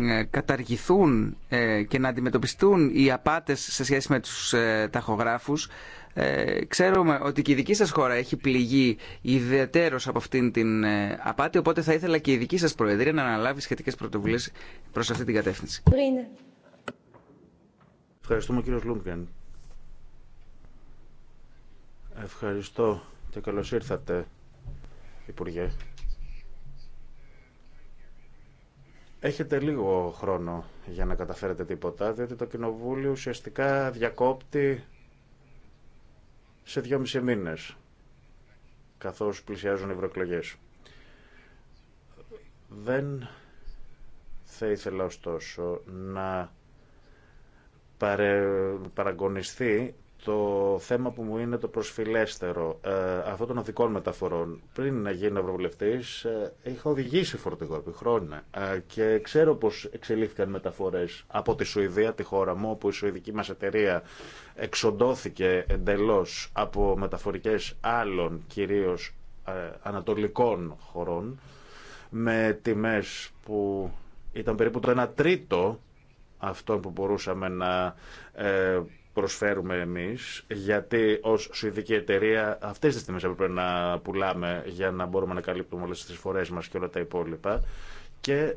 ε, καταργηθούν ε, και να αντιμετωπιστούν οι απάτες σε σχέση με τους ταχογράφους ε, ξέρουμε ότι και η δική σας χώρα έχει πληγεί ιδιαίτερως από αυτήν την ε, απάτη, οπότε θα ήθελα και η δική σας Προεδρία να αναλάβει σχετικέ πρωτοβουλίε προς αυτή την κατεύθυνση. Ευχαριστούμε κύριο Λούμπγεν. Ευχαριστώ και καλώ ήρθατε, Υπουργέ. Έχετε λίγο χρόνο για να καταφέρετε τίποτα, διότι το Κοινοβούλιο ουσιαστικά διακόπτει σε μισή μήνες, καθώς πλησιάζουν οι ευρωεκλογέ. Δεν θα ήθελα ωστόσο να παρε... παραγωνιστεί το θέμα που μου είναι το προσφυλέστερο, ε, αυτών των οδικών μεταφορών. Πριν να γίνω ευρωβουλευτή, ε, είχα οδηγήσει φορτηγό επί χρόνια ε, και ξέρω πώ εξελίχθηκαν μεταφορέ από τη Σουηδία, τη χώρα μου, όπου η σουηδική μα εταιρεία εξοντώθηκε εντελώ από μεταφορικέ άλλων κυρίω ανατολικών χωρών με τιμές που ήταν περίπου το 1 τρίτο αυτό που μπορούσαμε να προσφέρουμε εμείς, γιατί ως σουηδική εταιρεία αυτές τις τιμές έπρεπε να πουλάμε για να μπορούμε να καλύπτουμε όλες τις φορές μας και όλα τα υπόλοιπα. Και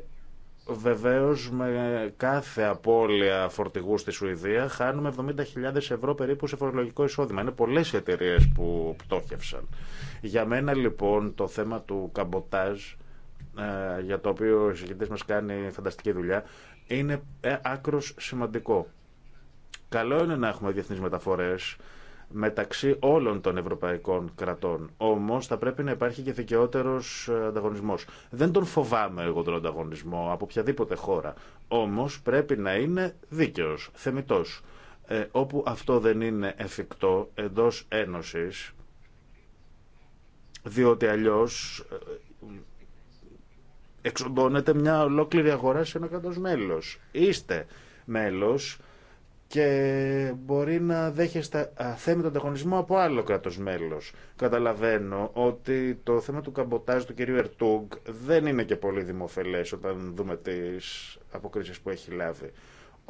βεβαίως με κάθε απώλεια φορτηγού στη Σουηδία χάνουμε 70.000 ευρώ περίπου σε φορολογικό εισόδημα. Είναι πολλές οι εταιρείες που πτώχευσαν. Για μένα λοιπόν το θέμα του καμποτάζ ε, για το οποίο ο συγκεκριτής μας κάνει φανταστική δουλειά είναι ε, άκρος σημαντικό. Καλό είναι να έχουμε διεθνείς μεταφορές μεταξύ όλων των ευρωπαϊκών κρατών. Όμω θα πρέπει να υπάρχει και δικαιότερο ανταγωνισμό. Δεν τον φοβάμαι εγώ τον ανταγωνισμό από οποιαδήποτε χώρα. Όμω πρέπει να είναι δίκαιο, θεμητό. Ε, όπου αυτό δεν είναι εφικτό εντό Ένωση, διότι αλλιώ ε, εξοντώνεται μια ολόκληρη αγορά σε ένα κράτο μέλο. Είστε μέλος και μπορεί να δέχεστε θέμα τον ανταγωνισμό από άλλο κράτος μέλος. Καταλαβαίνω ότι το θέμα του καμποτάζ του κυρίου Ερτούγκ δεν είναι και πολύ δημοφιλές όταν δούμε τις αποκρίσεις που έχει λάβει.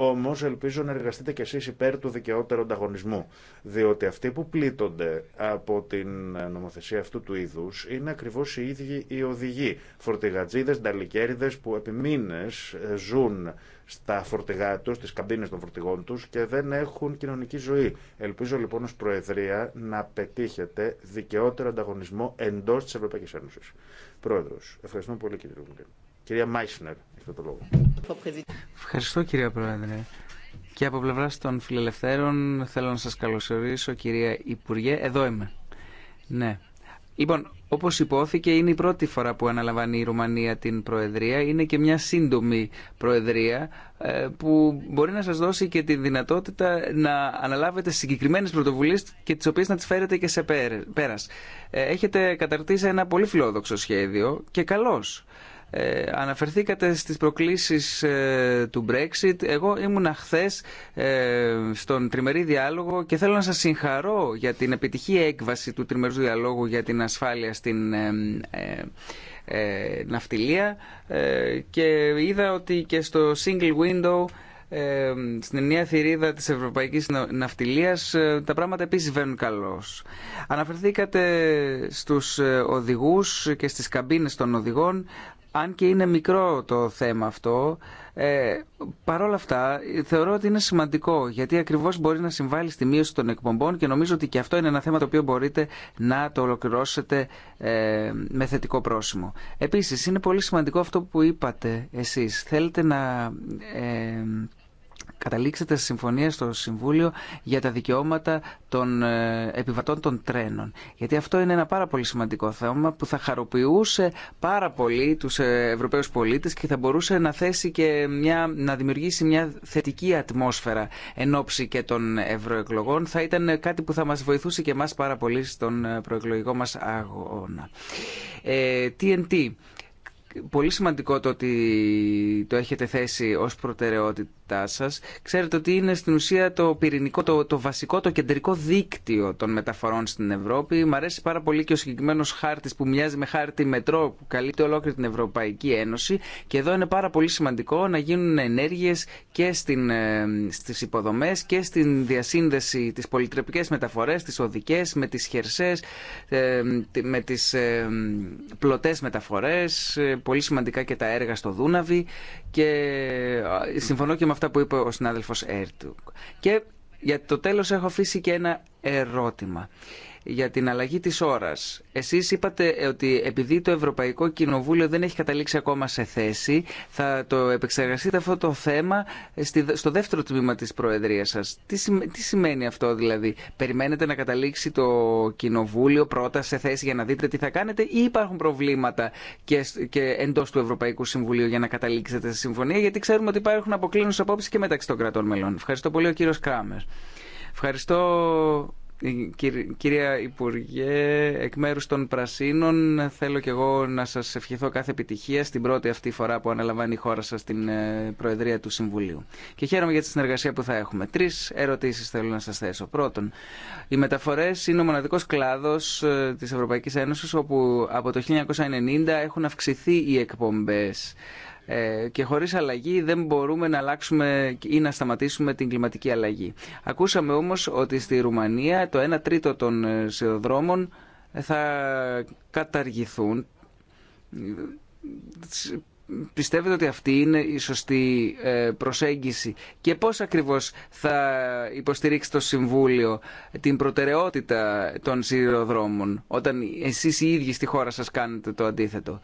Όμω ελπίζω να εργαστείτε κι εσεί υπέρ του δικαιότερου ανταγωνισμού. Διότι αυτοί που πλήττονται από την νομοθεσία αυτού του είδου είναι ακριβώ οι ίδιοι οι οδηγοί. Φορτηγατζίδε, νταλικέριδε που επί μήνε ε, ζουν στα φορτηγά του, στι καμπίνε των φορτηγών του και δεν έχουν κοινωνική ζωή. Ελπίζω λοιπόν ω Προεδρία να πετύχετε δικαιότερο ανταγωνισμό εντό τη Ευρωπαϊκή Ένωση. Πρόεδρο, ευχαριστούμε πολύ κύριε Βουλή. Κυρία Μάισνερ, έχετε το λόγο. Ευχαριστώ κυρία Πρόεδρε. Και από πλευρά των φιλελευθέρων θέλω να σας καλωσορίσω κυρία Υπουργέ. Εδώ είμαι. Ναι. Λοιπόν, όπως υπόθηκε είναι η πρώτη φορά που αναλαμβάνει η Ρουμανία την Προεδρία. Είναι και μια σύντομη Προεδρία ε, που μπορεί να σας δώσει και τη δυνατότητα να αναλάβετε συγκεκριμένες πρωτοβουλίες και τις οποίες να τις φέρετε και σε πέρας. Ε, έχετε καταρτήσει ένα πολύ φιλόδοξο σχέδιο και καλώς. Ε, αναφερθήκατε στις προκλήσεις ε, του Brexit. Εγώ ήμουνα χθε ε, στον τριμερή διάλογο και θέλω να σας συγχαρώ για την επιτυχή έκβαση του τριμερού διαλόγου για την ασφάλεια στην ναυτιλία και είδα ότι και στο single window ε, στην ενιαία θηρίδα της Ευρωπαϊκής Ναυτιλίας ε, τα πράγματα επίσης βαίνουν καλώς. Αναφερθήκατε στους ε, οδηγούς και στις καμπίνες των οδηγών αν και είναι μικρό το θέμα αυτό, ε, παρόλα αυτά θεωρώ ότι είναι σημαντικό γιατί ακριβώς μπορεί να συμβάλλει στη μείωση των εκπομπών και νομίζω ότι και αυτό είναι ένα θέμα το οποίο μπορείτε να το ολοκληρώσετε ε, με θετικό πρόσημο. Επίσης είναι πολύ σημαντικό αυτό που είπατε εσείς. Θέλετε να... Ε, καταλήξετε σε συμφωνία στο Συμβούλιο για τα δικαιώματα των ε, επιβατών των τρένων. Γιατί αυτό είναι ένα πάρα πολύ σημαντικό θέμα που θα χαροποιούσε πάρα πολύ τους ε, Ευρωπαίους πολίτες και θα μπορούσε να, θέσει και μια, να δημιουργήσει μια θετική ατμόσφαιρα εν ώψη και των ευρωεκλογών. Θα ήταν κάτι που θα μας βοηθούσε και εμάς πάρα πολύ στον ε, προεκλογικό μας αγώνα. Ε, TNT, πολύ σημαντικό το ότι το έχετε θέσει ως προτεραιότητά σας. Ξέρετε ότι είναι στην ουσία το πυρηνικό, το, το βασικό, το κεντρικό δίκτυο των μεταφορών στην Ευρώπη. Μ' αρέσει πάρα πολύ και ο συγκεκριμένο χάρτης που μοιάζει με χάρτη μετρό που καλύπτει ολόκληρη την Ευρωπαϊκή Ένωση και εδώ είναι πάρα πολύ σημαντικό να γίνουν ενέργειες και στην, ε, στις υποδομές και στην διασύνδεση τις πολυτρεπικές μεταφορές, τις οδικές, με τις χερσές, ε, με τις ε, πλωτές μεταφορές, πολύ σημαντικά και τα έργα στο Δούναβι και συμφωνώ και με αυτά που είπε ο συνάδελφος Έρτουκ. Και για το τέλος έχω αφήσει και ένα ερώτημα για την αλλαγή της ώρας. Εσείς είπατε ότι επειδή το Ευρωπαϊκό Κοινοβούλιο δεν έχει καταλήξει ακόμα σε θέση, θα το επεξεργαστείτε αυτό το θέμα στο δεύτερο τμήμα της Προεδρίας σας. Τι, σημαίνει αυτό δηλαδή. Περιμένετε να καταλήξει το Κοινοβούλιο πρώτα σε θέση για να δείτε τι θα κάνετε ή υπάρχουν προβλήματα και, και εντός του Ευρωπαϊκού Συμβουλίου για να καταλήξετε σε συμφωνία γιατί ξέρουμε ότι υπάρχουν αποκλίνους απόψεις και μεταξύ των κρατών μελών. Ευχαριστώ πολύ ο κύριος Κράμερ. Ευχαριστώ Κυρία Υπουργέ, εκ μέρους των Πρασίνων θέλω και εγώ να σας ευχηθώ κάθε επιτυχία στην πρώτη αυτή φορά που αναλαμβάνει η χώρα σας την ε, Προεδρία του Συμβουλίου. Και χαίρομαι για τη συνεργασία που θα έχουμε. Τρεις ερωτήσεις θέλω να σας θέσω. Πρώτον, οι μεταφορές είναι ο μοναδικός κλάδος ε, της Ευρωπαϊκής Ένωσης όπου από το 1990 έχουν αυξηθεί οι εκπομπές. Ε, και χωρίς αλλαγή δεν μπορούμε να αλλάξουμε ή να σταματήσουμε την κλιματική αλλαγή. Ακούσαμε όμως ότι στη Ρουμανία το 1 τρίτο των ε, σιδηροδρόμων θα καταργηθούν. Ε, πιστεύετε ότι αυτή είναι η σωστή προσέγγιση και πώς ακριβώς θα υποστηρίξει το Συμβούλιο την προτεραιότητα των σιδηροδρόμων όταν εσείς οι ίδιοι στη χώρα σας κάνετε το αντίθετο.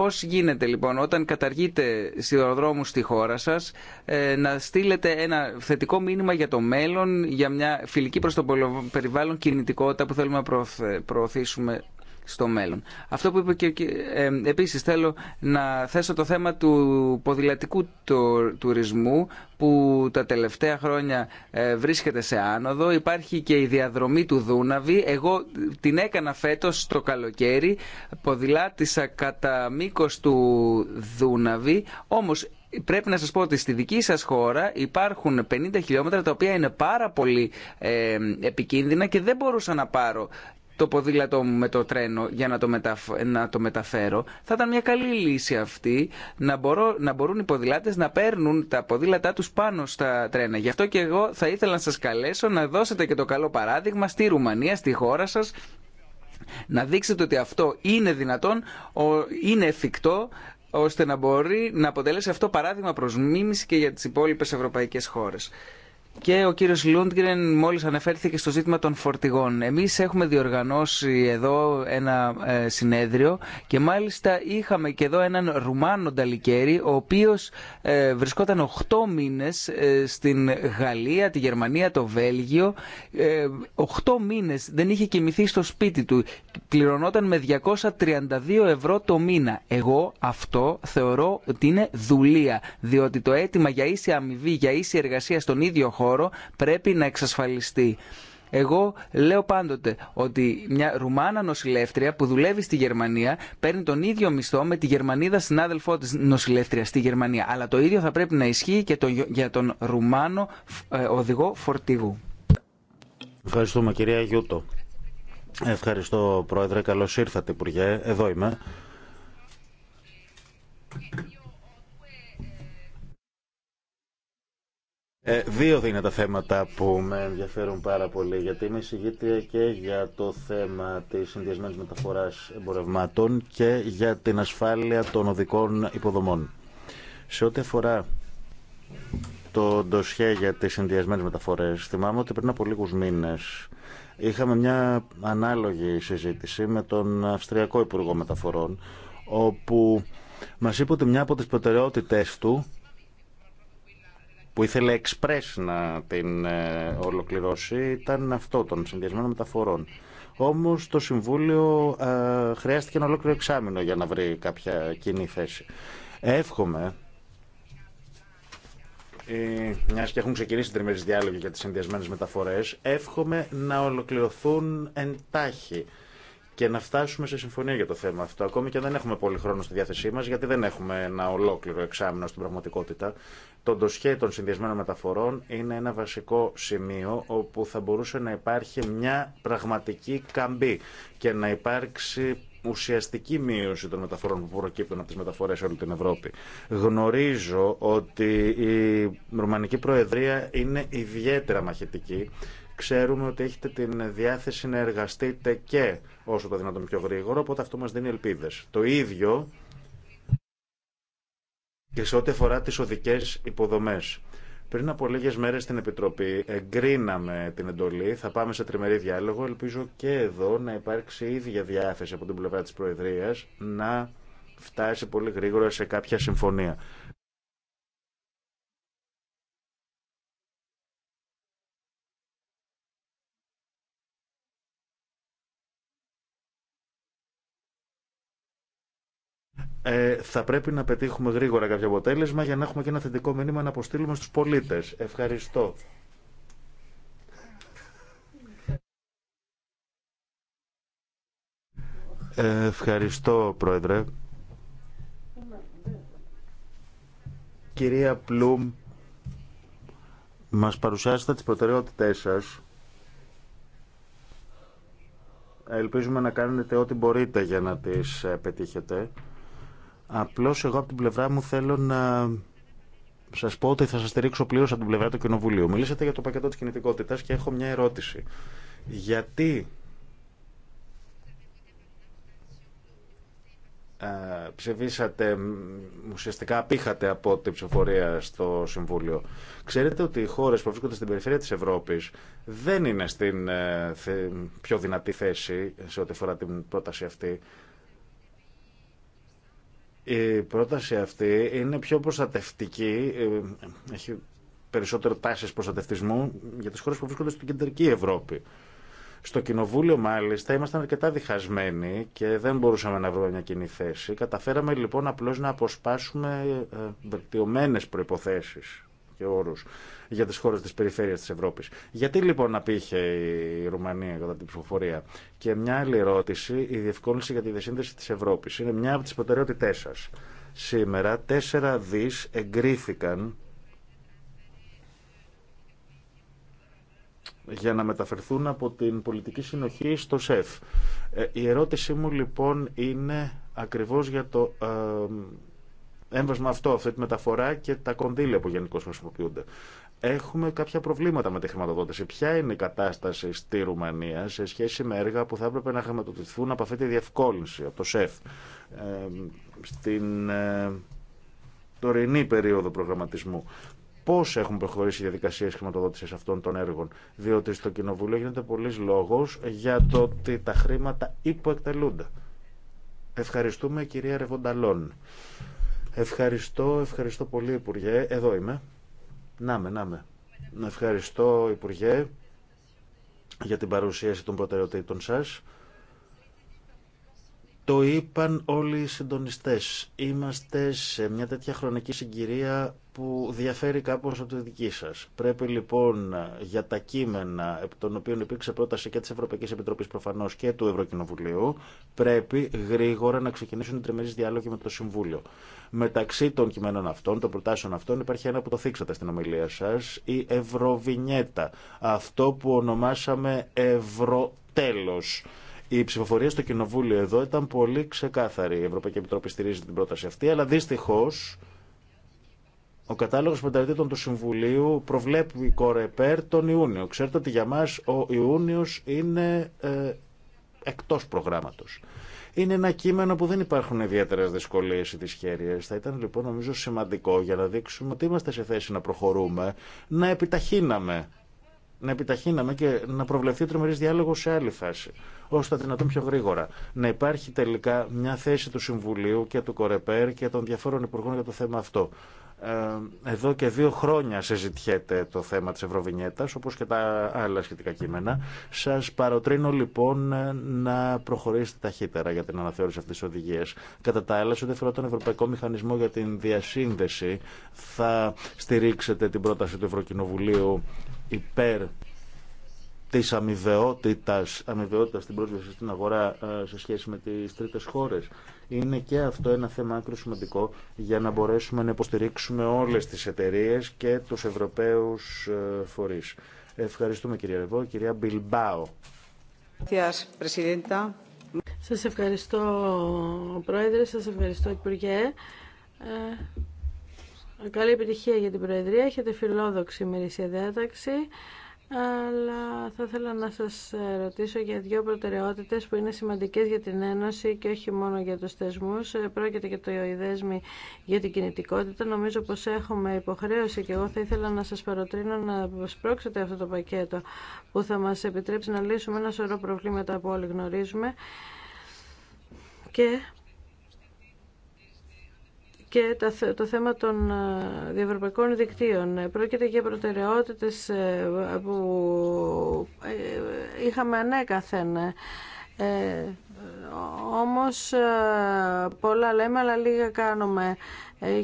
Πώς γίνεται λοιπόν όταν καταργείτε σιδηροδρόμους στη χώρα σας ε, να στείλετε ένα θετικό μήνυμα για το μέλλον, για μια φιλική προς το περιβάλλον κινητικότητα που θέλουμε να προωθήσουμε στο μέλλον. Αυτό που είπε και ε, επίσης θέλω να θέσω το θέμα του ποδηλατικού τουρισμού που τα τελευταία χρόνια ε, βρίσκεται σε άνοδο. Υπάρχει και η διαδρομή του Δούναβη. Εγώ την έκανα φέτος το καλοκαίρι. Ποδηλάτησα κατά μήκος του Δούναβη. Όμως Πρέπει να σας πω ότι στη δική σας χώρα υπάρχουν 50 χιλιόμετρα τα οποία είναι πάρα πολύ ε, επικίνδυνα και δεν μπορούσα να πάρω το ποδήλατό μου με το τρένο για να το, να το μεταφέρω. Θα ήταν μια καλή λύση αυτή να, μπορώ... να μπορούν οι ποδηλάτες να παίρνουν τα ποδήλατά τους πάνω στα τρένα. Γι' αυτό και εγώ θα ήθελα να σας καλέσω να δώσετε και το καλό παράδειγμα στη Ρουμανία, στη χώρα σας, να δείξετε ότι αυτό είναι δυνατόν, είναι εφικτό, ώστε να μπορεί να αποτελέσει αυτό παράδειγμα προς μίμηση και για τις υπόλοιπες ευρωπαϊκές χώρες. Και ο κύριο Λούντγκρεν μόλι αναφέρθηκε στο ζήτημα των φορτηγών. Εμεί έχουμε διοργανώσει εδώ ένα ε, συνέδριο και μάλιστα είχαμε και εδώ έναν Ρουμάνο Νταλικέρη ο οποίος ε, βρισκόταν 8 μήνες ε, στην Γαλλία, τη Γερμανία, το Βέλγιο. 8 μήνε δεν είχε κοιμηθεί στο σπίτι του. Πληρωνόταν με 232 ευρώ το μήνα. Εγώ αυτό θεωρώ ότι είναι δουλεία διότι το αίτημα για ίση αμοιβή, για ίση εργασία στον ίδιο χώρο χώρο πρέπει να εξασφαλιστεί. Εγώ λέω πάντοτε ότι μια Ρουμάνα νοσηλεύτρια που δουλεύει στη Γερμανία παίρνει τον ίδιο μισθό με τη Γερμανίδα συνάδελφό τη νοσηλεύτρια στη Γερμανία. Αλλά το ίδιο θα πρέπει να ισχύει και για τον Ρουμάνο ε, οδηγό φορτηγού. Ευχαριστούμε κυρία Γιούτο. Ευχαριστώ πρόεδρε. Καλώς ήρθατε υπουργέ. Εδώ είμαι. Ε, δύο είναι τα θέματα που με ενδιαφέρουν πάρα πολύ, γιατί είμαι και για το θέμα της συνδυασμένης μεταφοράς εμπορευμάτων και για την ασφάλεια των οδικών υποδομών. Σε ό,τι αφορά το ντοσχέ για τις συνδυασμένες μεταφορές, θυμάμαι ότι πριν από λίγους μήνες είχαμε μια ανάλογη συζήτηση με τον Αυστριακό Υπουργό Μεταφορών, όπου μας είπε ότι μια από τις προτεραιότητες του που ήθελε εξπρές να την ε, ολοκληρώσει ήταν αυτό των συνδυασμένων μεταφορών. Όμω το Συμβούλιο ε, χρειάστηκε ένα ολόκληρο εξάμεινο για να βρει κάποια κοινή θέση. Εύχομαι. Ε, Μια και έχουν ξεκινήσει τριμερεί διάλογοι για τι συνδυασμένε μεταφορέ, εύχομαι να ολοκληρωθούν εντάχει και να φτάσουμε σε συμφωνία για το θέμα αυτό. Ακόμη και δεν έχουμε πολύ χρόνο στη διάθεσή μα, γιατί δεν έχουμε ένα ολόκληρο εξάμεινο στην πραγματικότητα. Το ντοσχέ των συνδυασμένων μεταφορών είναι ένα βασικό σημείο όπου θα μπορούσε να υπάρχει μια πραγματική καμπή και να υπάρξει ουσιαστική μείωση των μεταφορών που προκύπτουν από τις μεταφορές σε όλη την Ευρώπη. Γνωρίζω ότι η Ρουμανική Προεδρία είναι ιδιαίτερα μαχητική. Ξέρουμε ότι έχετε την διάθεση να εργαστείτε και όσο το δυνατόν πιο γρήγορο οπότε αυτό μας δίνει ελπίδε. Το ίδιο και σε ό,τι αφορά τις οδικές υποδομές. Πριν από λίγες μέρες στην Επιτροπή εγκρίναμε την εντολή, θα πάμε σε τριμερή διάλογο, ελπίζω και εδώ να υπάρξει η ίδια διάθεση από την πλευρά της Προεδρίας να φτάσει πολύ γρήγορα σε κάποια συμφωνία. Ε, θα πρέπει να πετύχουμε γρήγορα κάποιο αποτέλεσμα για να έχουμε και ένα θετικό μήνυμα να αποστείλουμε στους πολίτες. Ευχαριστώ. Ε, ευχαριστώ, Πρόεδρε. Κυρία Πλούμ, μας παρουσιάσετε τις προτεραιότητές σας. Ελπίζουμε να κάνετε ό,τι μπορείτε για να τις ε, πετύχετε. Απλώς εγώ από την πλευρά μου θέλω να σας πω ότι θα σας στηρίξω πλήρως από την πλευρά του Κοινοβουλίου. Μιλήσατε για το πακέτο της κινητικότητας και έχω μια ερώτηση. Γιατί ε, ψηφίσατε, ουσιαστικά απήχατε από την ψηφορία στο Συμβούλιο. Ξέρετε ότι οι χώρες που βρίσκονται στην περιφέρεια της Ευρώπης δεν είναι στην ε, πιο δυνατή θέση σε ό,τι αφορά την πρόταση αυτή. Η πρόταση αυτή είναι πιο προστατευτική, ε, έχει περισσότερο τάσεις προστατευτισμού για τις χώρες που βρίσκονται στην κεντρική Ευρώπη. Στο Κοινοβούλιο, μάλιστα, ήμασταν αρκετά διχασμένοι και δεν μπορούσαμε να βρούμε μια κοινή θέση. Καταφέραμε λοιπόν απλώς να αποσπάσουμε ε, βελτιωμένε προϋποθέσεις και όρου για τι χώρε τη περιφέρεια τη Ευρώπη. Γιατί λοιπόν να η Ρουμανία κατά την ψηφοφορία. Και μια άλλη ερώτηση, η διευκόλυνση για τη δεσύνδεση τη Ευρώπη. Είναι μια από τι προτεραιότητέ σα. Σήμερα τέσσερα δι εγκρίθηκαν για να μεταφερθούν από την πολιτική συνοχή στο ΣΕΦ. Ε, η ερώτησή μου λοιπόν είναι ακριβώς για το ε, έμβασμα αυτό, αυτή τη μεταφορά και τα κονδύλια που γενικώ χρησιμοποιούνται. Έχουμε κάποια προβλήματα με τη χρηματοδότηση. Ποια είναι η κατάσταση στη Ρουμανία σε σχέση με έργα που θα έπρεπε να χρηματοδοτηθούν από αυτή τη διευκόλυνση, από το ΣΕΦ. Ε, στην ε, τωρινή περίοδο προγραμματισμού πώ έχουν προχωρήσει οι διαδικασίε χρηματοδότηση αυτών των έργων. Διότι στο Κοινοβούλιο γίνεται πολλή λόγο για το ότι τα χρήματα υποεκτελούνται. Ευχαριστούμε, κυρία Ρεβονταλόν. Ευχαριστώ, ευχαριστώ πολύ Υπουργέ. Εδώ είμαι. Να με, να με. Ευχαριστώ Υπουργέ για την παρουσίαση των προτεραιοτήτων σας. Το είπαν όλοι οι συντονιστές. Είμαστε σε μια τέτοια χρονική συγκυρία που διαφέρει κάπως από τη δική σας. Πρέπει λοιπόν για τα κείμενα, από των οποίων υπήρξε πρόταση και της Ευρωπαϊκής Επιτροπής προφανώς και του Ευρωκοινοβουλίου, πρέπει γρήγορα να ξεκινήσουν οι τριμερείς διάλογοι με το Συμβούλιο. Μεταξύ των κειμένων αυτών, των προτάσεων αυτών, υπάρχει ένα που το θίξατε στην ομιλία σας, η Ευρωβινιέτα. Αυτό που ονομάσαμε ευρωτέλο. Η ψηφοφορία στο Κοινοβούλιο εδώ ήταν πολύ ξεκάθαρη. Η Ευρωπαϊκή Επιτροπή στηρίζει την πρόταση αυτή, αλλά δυστυχώ ο κατάλογο πενταετήτων του Συμβουλίου προβλέπει η Κορεπέρ τον Ιούνιο. Ξέρετε ότι για μα ο Ιούνιο είναι ε, εκτό προγράμματο. Είναι ένα κείμενο που δεν υπάρχουν ιδιαίτερε δυσκολίε ή δυσχέρειε. Θα ήταν λοιπόν νομίζω σημαντικό για να δείξουμε ότι είμαστε σε θέση να προχωρούμε, να επιταχύναμε να επιταχύναμε και να προβλεφθεί ο τριμερής διάλογος σε άλλη φάση, ώστε να δυνατόν πιο γρήγορα. Να υπάρχει τελικά μια θέση του Συμβουλίου και του Κορεπέρ και των διαφόρων υπουργών για το θέμα αυτό. Ε, εδώ και δύο χρόνια συζητιέται το θέμα της Ευρωβινιέτας, όπως και τα άλλα σχετικά κείμενα. Σας παροτρύνω λοιπόν να προχωρήσετε ταχύτερα για την αναθεώρηση αυτής της οδηγίας. Κατά τα άλλα, σε ό,τι αφορά τον Ευρωπαϊκό Μηχανισμό για την Διασύνδεση, θα στηρίξετε την πρόταση του Ευρωκοινοβουλίου υπέρ της αμοιβαιότητας, στην πρόσβαση στην αγορά ε, σε σχέση με τις τρίτες χώρες. Είναι και αυτό ένα θέμα άκρο σημαντικό για να μπορέσουμε να υποστηρίξουμε όλες τις εταιρείε και τους Ευρωπαίους ε, φορείς. Ευχαριστούμε κυρία Ρεβό. Κυρία Μπιλμπάο. Σας ευχαριστώ Πρόεδρε, σας ευχαριστώ Υπουργέ. Ε, Καλή επιτυχία για την Προεδρία. Έχετε φιλόδοξη ημερήσια διάταξη. Αλλά θα ήθελα να σας ρωτήσω για δύο προτεραιότητες που είναι σημαντικές για την Ένωση και όχι μόνο για τους θεσμούς. Ε, πρόκειται και το ιδέσμι για την κινητικότητα. Νομίζω πως έχουμε υποχρέωση και εγώ θα ήθελα να σας παροτρύνω να σπρώξετε αυτό το πακέτο που θα μας επιτρέψει να λύσουμε ένα σωρό προβλήματα που όλοι γνωρίζουμε και και το θέμα των ε, διευρωπαϊκών δικτύων. Ε, πρόκειται για προτεραιότητες ε, που είχαμε ανέκαθεν. Ε, όμως πολλά λέμε αλλά λίγα κάνουμε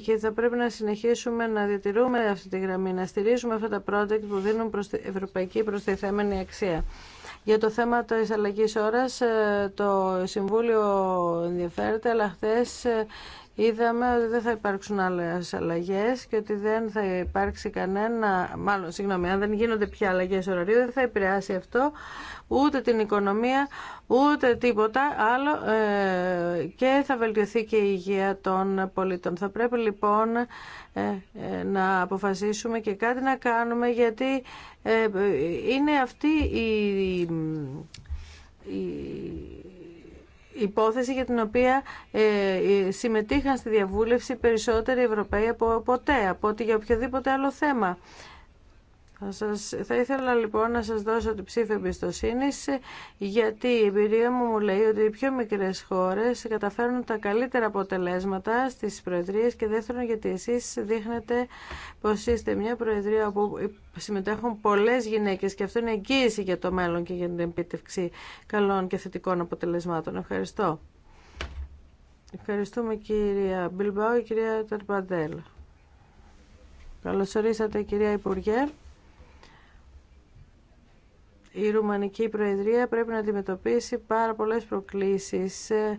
και θα πρέπει να συνεχίσουμε να διατηρούμε αυτή τη γραμμή, να στηρίζουμε αυτά τα project που δίνουν προς την ευρωπαϊκή προστιθέμενη αξία. Για το θέμα τη αλλαγή ώρας το Συμβούλιο ενδιαφέρεται, αλλά χθε είδαμε ότι δεν θα υπάρξουν άλλες αλλαγές και ότι δεν θα υπάρξει κανένα, μάλλον συγγνώμη, αν δεν γίνονται πια αλλαγές ωραρίου δεν θα επηρεάσει αυτό ούτε την οικονομία ούτε τίποτα άλλο ε, και θα βελτιωθεί και η υγεία των πολίτων. Θα πρέπει λοιπόν ε, ε, να αποφασίσουμε και κάτι να κάνουμε γιατί είναι αυτή η υπόθεση για την οποία ε, ε, συμμετείχαν στη διαβούλευση περισσότεροι Ευρωπαίοι από ποτέ, από ότι για οποιοδήποτε άλλο θέμα. Θα, σας, θα ήθελα λοιπόν να σας δώσω την ψήφια εμπιστοσύνη γιατί η εμπειρία μου μου λέει ότι οι πιο μικρές χώρες καταφέρνουν τα καλύτερα αποτελέσματα στις προεδρίες και δεύτερον γιατί εσείς δείχνετε πως είστε μια προεδρία όπου συμμετέχουν πολλές γυναίκες και αυτό είναι εγγύηση για το μέλλον και για την επίτευξη καλών και θετικών αποτελεσμάτων. Ευχαριστώ. Ευχαριστούμε κυρία Μπιλμπάου και κυρία Τερπαντέλ. Καλώς ορίσατε κυρία Υπουργέ. Η Ρουμανική Προεδρία πρέπει να αντιμετωπίσει πάρα πολλές προκλήσεις ε,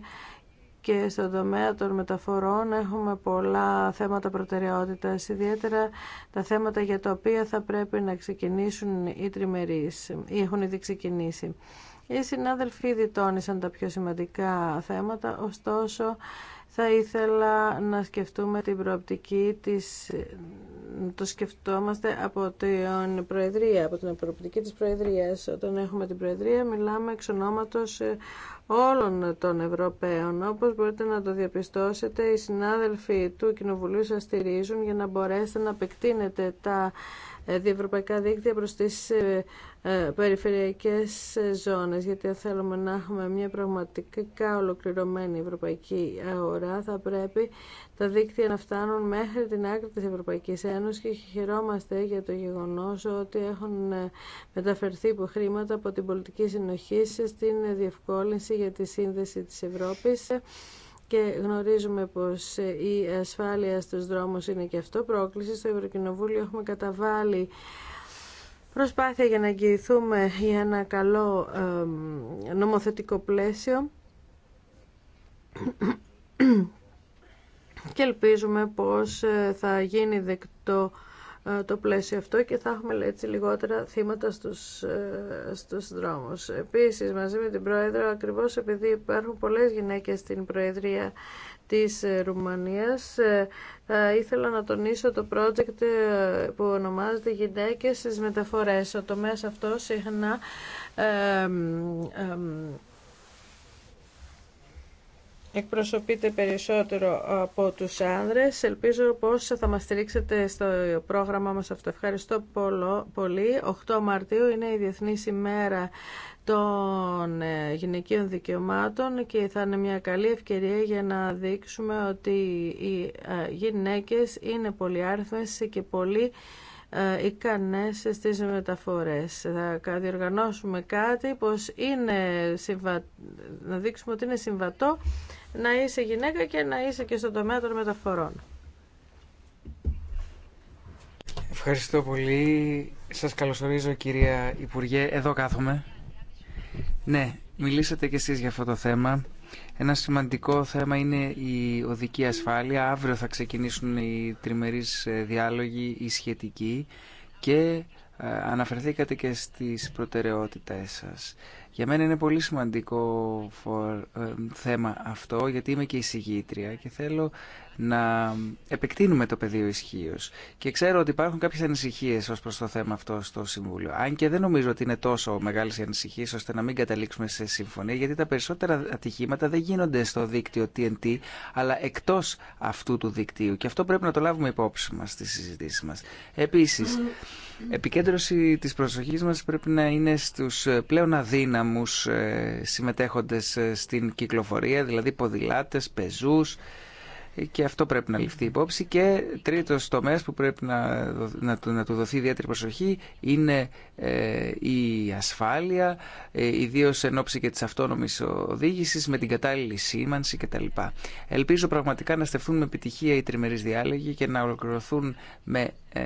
και στον τομέα των μεταφορών έχουμε πολλά θέματα προτεραιότητας, ιδιαίτερα τα θέματα για τα οποία θα πρέπει να ξεκινήσουν οι τριμερείς ή έχουν ήδη ξεκινήσει. Οι συνάδελφοι ήδη τα πιο σημαντικά θέματα, ωστόσο θα ήθελα να σκεφτούμε την προοπτική της, το σκεφτόμαστε από την Προεδρία, από την προοπτική της Προεδρίας. Όταν έχουμε την Προεδρία μιλάμε εξ ονόματος ε, όλων των Ευρωπαίων. Όπως μπορείτε να το διαπιστώσετε, οι συνάδελφοι του Κοινοβουλίου σας στηρίζουν για να μπορέσετε να επεκτείνετε τα διευρωπαϊκά δίκτυα προς τις ε, ε, περιφερειακές ζώνες, γιατί αν θέλουμε να έχουμε μια πραγματικά ολοκληρωμένη ευρωπαϊκή αγορά, θα πρέπει τα δίκτυα να φτάνουν μέχρι την άκρη της Ευρωπαϊκής Ένωσης και χαιρόμαστε για το γεγονός ότι έχουν ε, μεταφερθεί χρήματα από την πολιτική συνοχή στην διευκόλυνση για τη σύνδεση της Ευρώπης και γνωρίζουμε πως η ασφάλεια στους δρόμους είναι και αυτό πρόκληση. Στο Ευρωκοινοβούλιο έχουμε καταβάλει προσπάθεια για να εγγυηθούμε για ένα καλό νομοθετικό πλαίσιο και ελπίζουμε πως ε, θα γίνει δεκτό ε, το πλαίσιο αυτό και θα έχουμε έτσι λιγότερα θύματα στους, ε, στους δρόμους. Επίσης, μαζί με την Πρόεδρο, ακριβώς επειδή υπάρχουν πολλές γυναίκες στην Προεδρία της ε, Ρουμανίας, ήθελα να τονίσω το project που ονομάζεται «Γυναίκες στις μεταφορές». Ο τομέας αυτό συχνά ε, Εκπροσωπείτε περισσότερο από τους άνδρες. Ελπίζω πως θα μας στηρίξετε στο πρόγραμμα μας αυτό. Ευχαριστώ πολύ. 8 Μαρτίου είναι η διεθνή ημέρα των ε, γυναικείων δικαιωμάτων και θα είναι μια καλή ευκαιρία για να δείξουμε ότι οι ε, γυναίκες είναι πολύ άρθμες και πολύ ε, ικανές στις μεταφορές. Θα διοργανώσουμε κάτι πως είναι να δείξουμε ότι είναι συμβατό να είσαι γυναίκα και να είσαι και στον τομέα των μεταφορών. Ευχαριστώ πολύ. Σας καλωσορίζω κυρία Υπουργέ. Εδώ κάθομαι. Ναι, μιλήσατε και εσείς για αυτό το θέμα. Ένα σημαντικό θέμα είναι η οδική ασφάλεια. Αύριο θα ξεκινήσουν οι τριμερείς ε, διάλογοι, οι σχετικοί και ε, αναφερθήκατε και στις προτεραιότητες σας. Για μένα είναι πολύ σημαντικό ε, θέμα αυτό, γιατί είμαι και εισηγήτρια και θέλω να επεκτείνουμε το πεδίο ισχύω. Και ξέρω ότι υπάρχουν κάποιε ανησυχίε ω προ το θέμα αυτό στο Συμβούλιο. Αν και δεν νομίζω ότι είναι τόσο μεγάλε οι ανησυχίε ώστε να μην καταλήξουμε σε συμφωνία, γιατί τα περισσότερα ατυχήματα δεν γίνονται στο δίκτυο TNT, αλλά εκτό αυτού του δικτύου. Και αυτό πρέπει να το λάβουμε υπόψη μα στι συζητήσει μα. Επίση, επικέντρωση τη προσοχή μα πρέπει να είναι στου πλέον αδύναμου ε, συμμετέχοντε ε, στην κυκλοφορία, δηλαδή ποδηλάτε, πεζού, και αυτό πρέπει να ληφθεί υπόψη. Και τρίτος τομέα που πρέπει να, να, να του δοθεί ιδιαίτερη προσοχή είναι ε, η ασφάλεια, ε, ιδίως εν ώψη και της αυτόνομης οδήγησης με την κατάλληλη σήμανση κτλ. Ελπίζω πραγματικά να στεφθούν με επιτυχία οι τριμερεί διάλογοι και να ολοκληρωθούν με ε,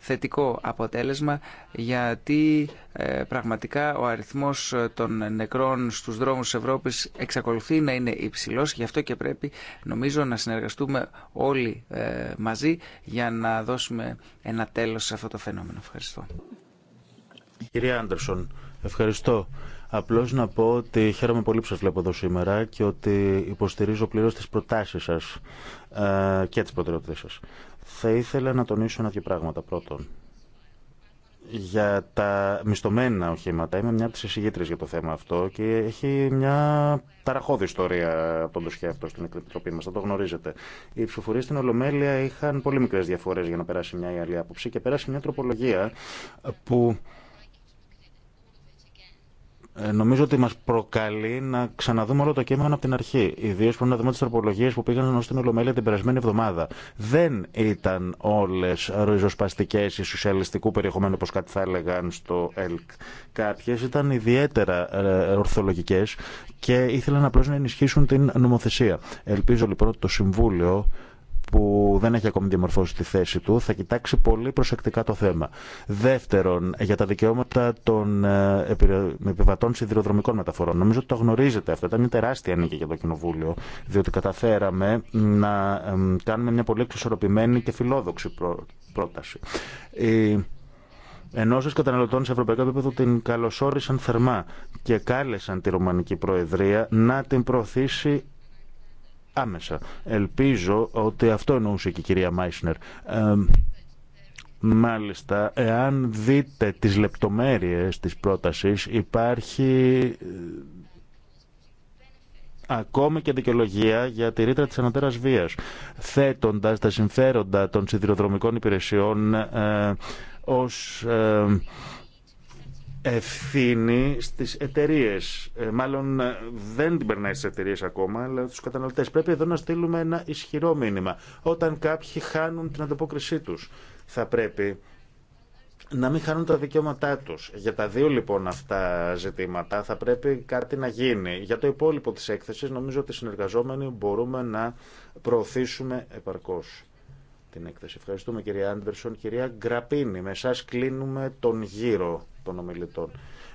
θετικό αποτέλεσμα γιατί ε, πραγματικά ο αριθμός ε, των νεκρών στους δρόμους της Ευρώπης εξακολουθεί να είναι υψηλός. Γι' αυτό και πρέπει νομίζω να συνεργαστούμε όλοι ε, μαζί για να δώσουμε ένα τέλος σε αυτό το φαινόμενο. Ευχαριστώ. Κυρία Άντερσον, ευχαριστώ. Απλώ να πω ότι χαίρομαι πολύ που σα βλέπω εδώ σήμερα και ότι υποστηρίζω πλήρω τι προτάσει σα και τι προτεραιότητε σα. Θα ήθελα να τονίσω ένα-δύο πράγματα. Πρώτον, για τα μισθωμένα οχήματα. Είμαι μια από τις για το θέμα αυτό και έχει μια ταραχώδη ιστορία από τον δοσιά αυτό στην Επιτροπή μα. Θα το γνωρίζετε. Οι ψηφοφορίε στην Ολομέλεια είχαν πολύ μικρές διαφορές για να περάσει μια ή άλλη άποψη και περάσει μια τροπολογία που ε, νομίζω ότι μα προκαλεί να ξαναδούμε όλο το κείμενο από την αρχή. Ιδίω πρέπει να δούμε τι τροπολογίε που πήγαν ω την Ολομέλεια την περασμένη εβδομάδα. Δεν ήταν όλε ριζοσπαστικέ ή σοσιαλιστικού περιεχομένου, όπω κάτι θα έλεγαν στο ΕΛΚ. Κάποιε ήταν ιδιαίτερα ε, ορθολογικέ και ήθελαν απλώ να ενισχύσουν την νομοθεσία. Ελπίζω λοιπόν ότι το Συμβούλιο που δεν έχει ακόμη διαμορφώσει τη θέση του θα κοιτάξει πολύ προσεκτικά το θέμα. Δεύτερον, για τα δικαιώματα των ε, επιβατών σιδηροδρομικών μεταφορών. Νομίζω ότι το γνωρίζετε αυτό. Ήταν μια τεράστια νίκη για το Κοινοβούλιο, διότι καταφέραμε να κάνουμε μια πολύ εξισορροπημένη και φιλόδοξη πρόταση. Ενώσει καταναλωτών σε ευρωπαϊκό επίπεδο την καλωσόρισαν θερμά και κάλεσαν τη Ρουμανική Προεδρία να την προωθήσει άμεσα. Ελπίζω ότι αυτό εννοούσε και η κυρία Μάισνερ. μάλιστα, εάν δείτε τις λεπτομέρειες της πρότασης, υπάρχει ε, ακόμη και δικαιολογία για τη ρήτρα της ανατέρας βίας, θέτοντας τα συμφέροντα των σιδηροδρομικών υπηρεσιών ε, ως... Ε, ευθύνη στις εταιρείε. Ε, μάλλον ε, δεν την περνάει στι εταιρείε ακόμα, αλλά στους καταναλωτέ. Πρέπει εδώ να στείλουμε ένα ισχυρό μήνυμα. Όταν κάποιοι χάνουν την ανταπόκρισή του. θα πρέπει να μην χάνουν τα δικαιώματά του. Για τα δύο λοιπόν αυτά ζητήματα θα πρέπει κάτι να γίνει. Για το υπόλοιπο τη έκθεση, νομίζω ότι συνεργαζόμενοι μπορούμε να προωθήσουμε επαρκώ την έκθεση. Ευχαριστούμε κυρία Άντερσον. Κυρία Γκραπίνη, με εσά κλείνουμε τον γύρο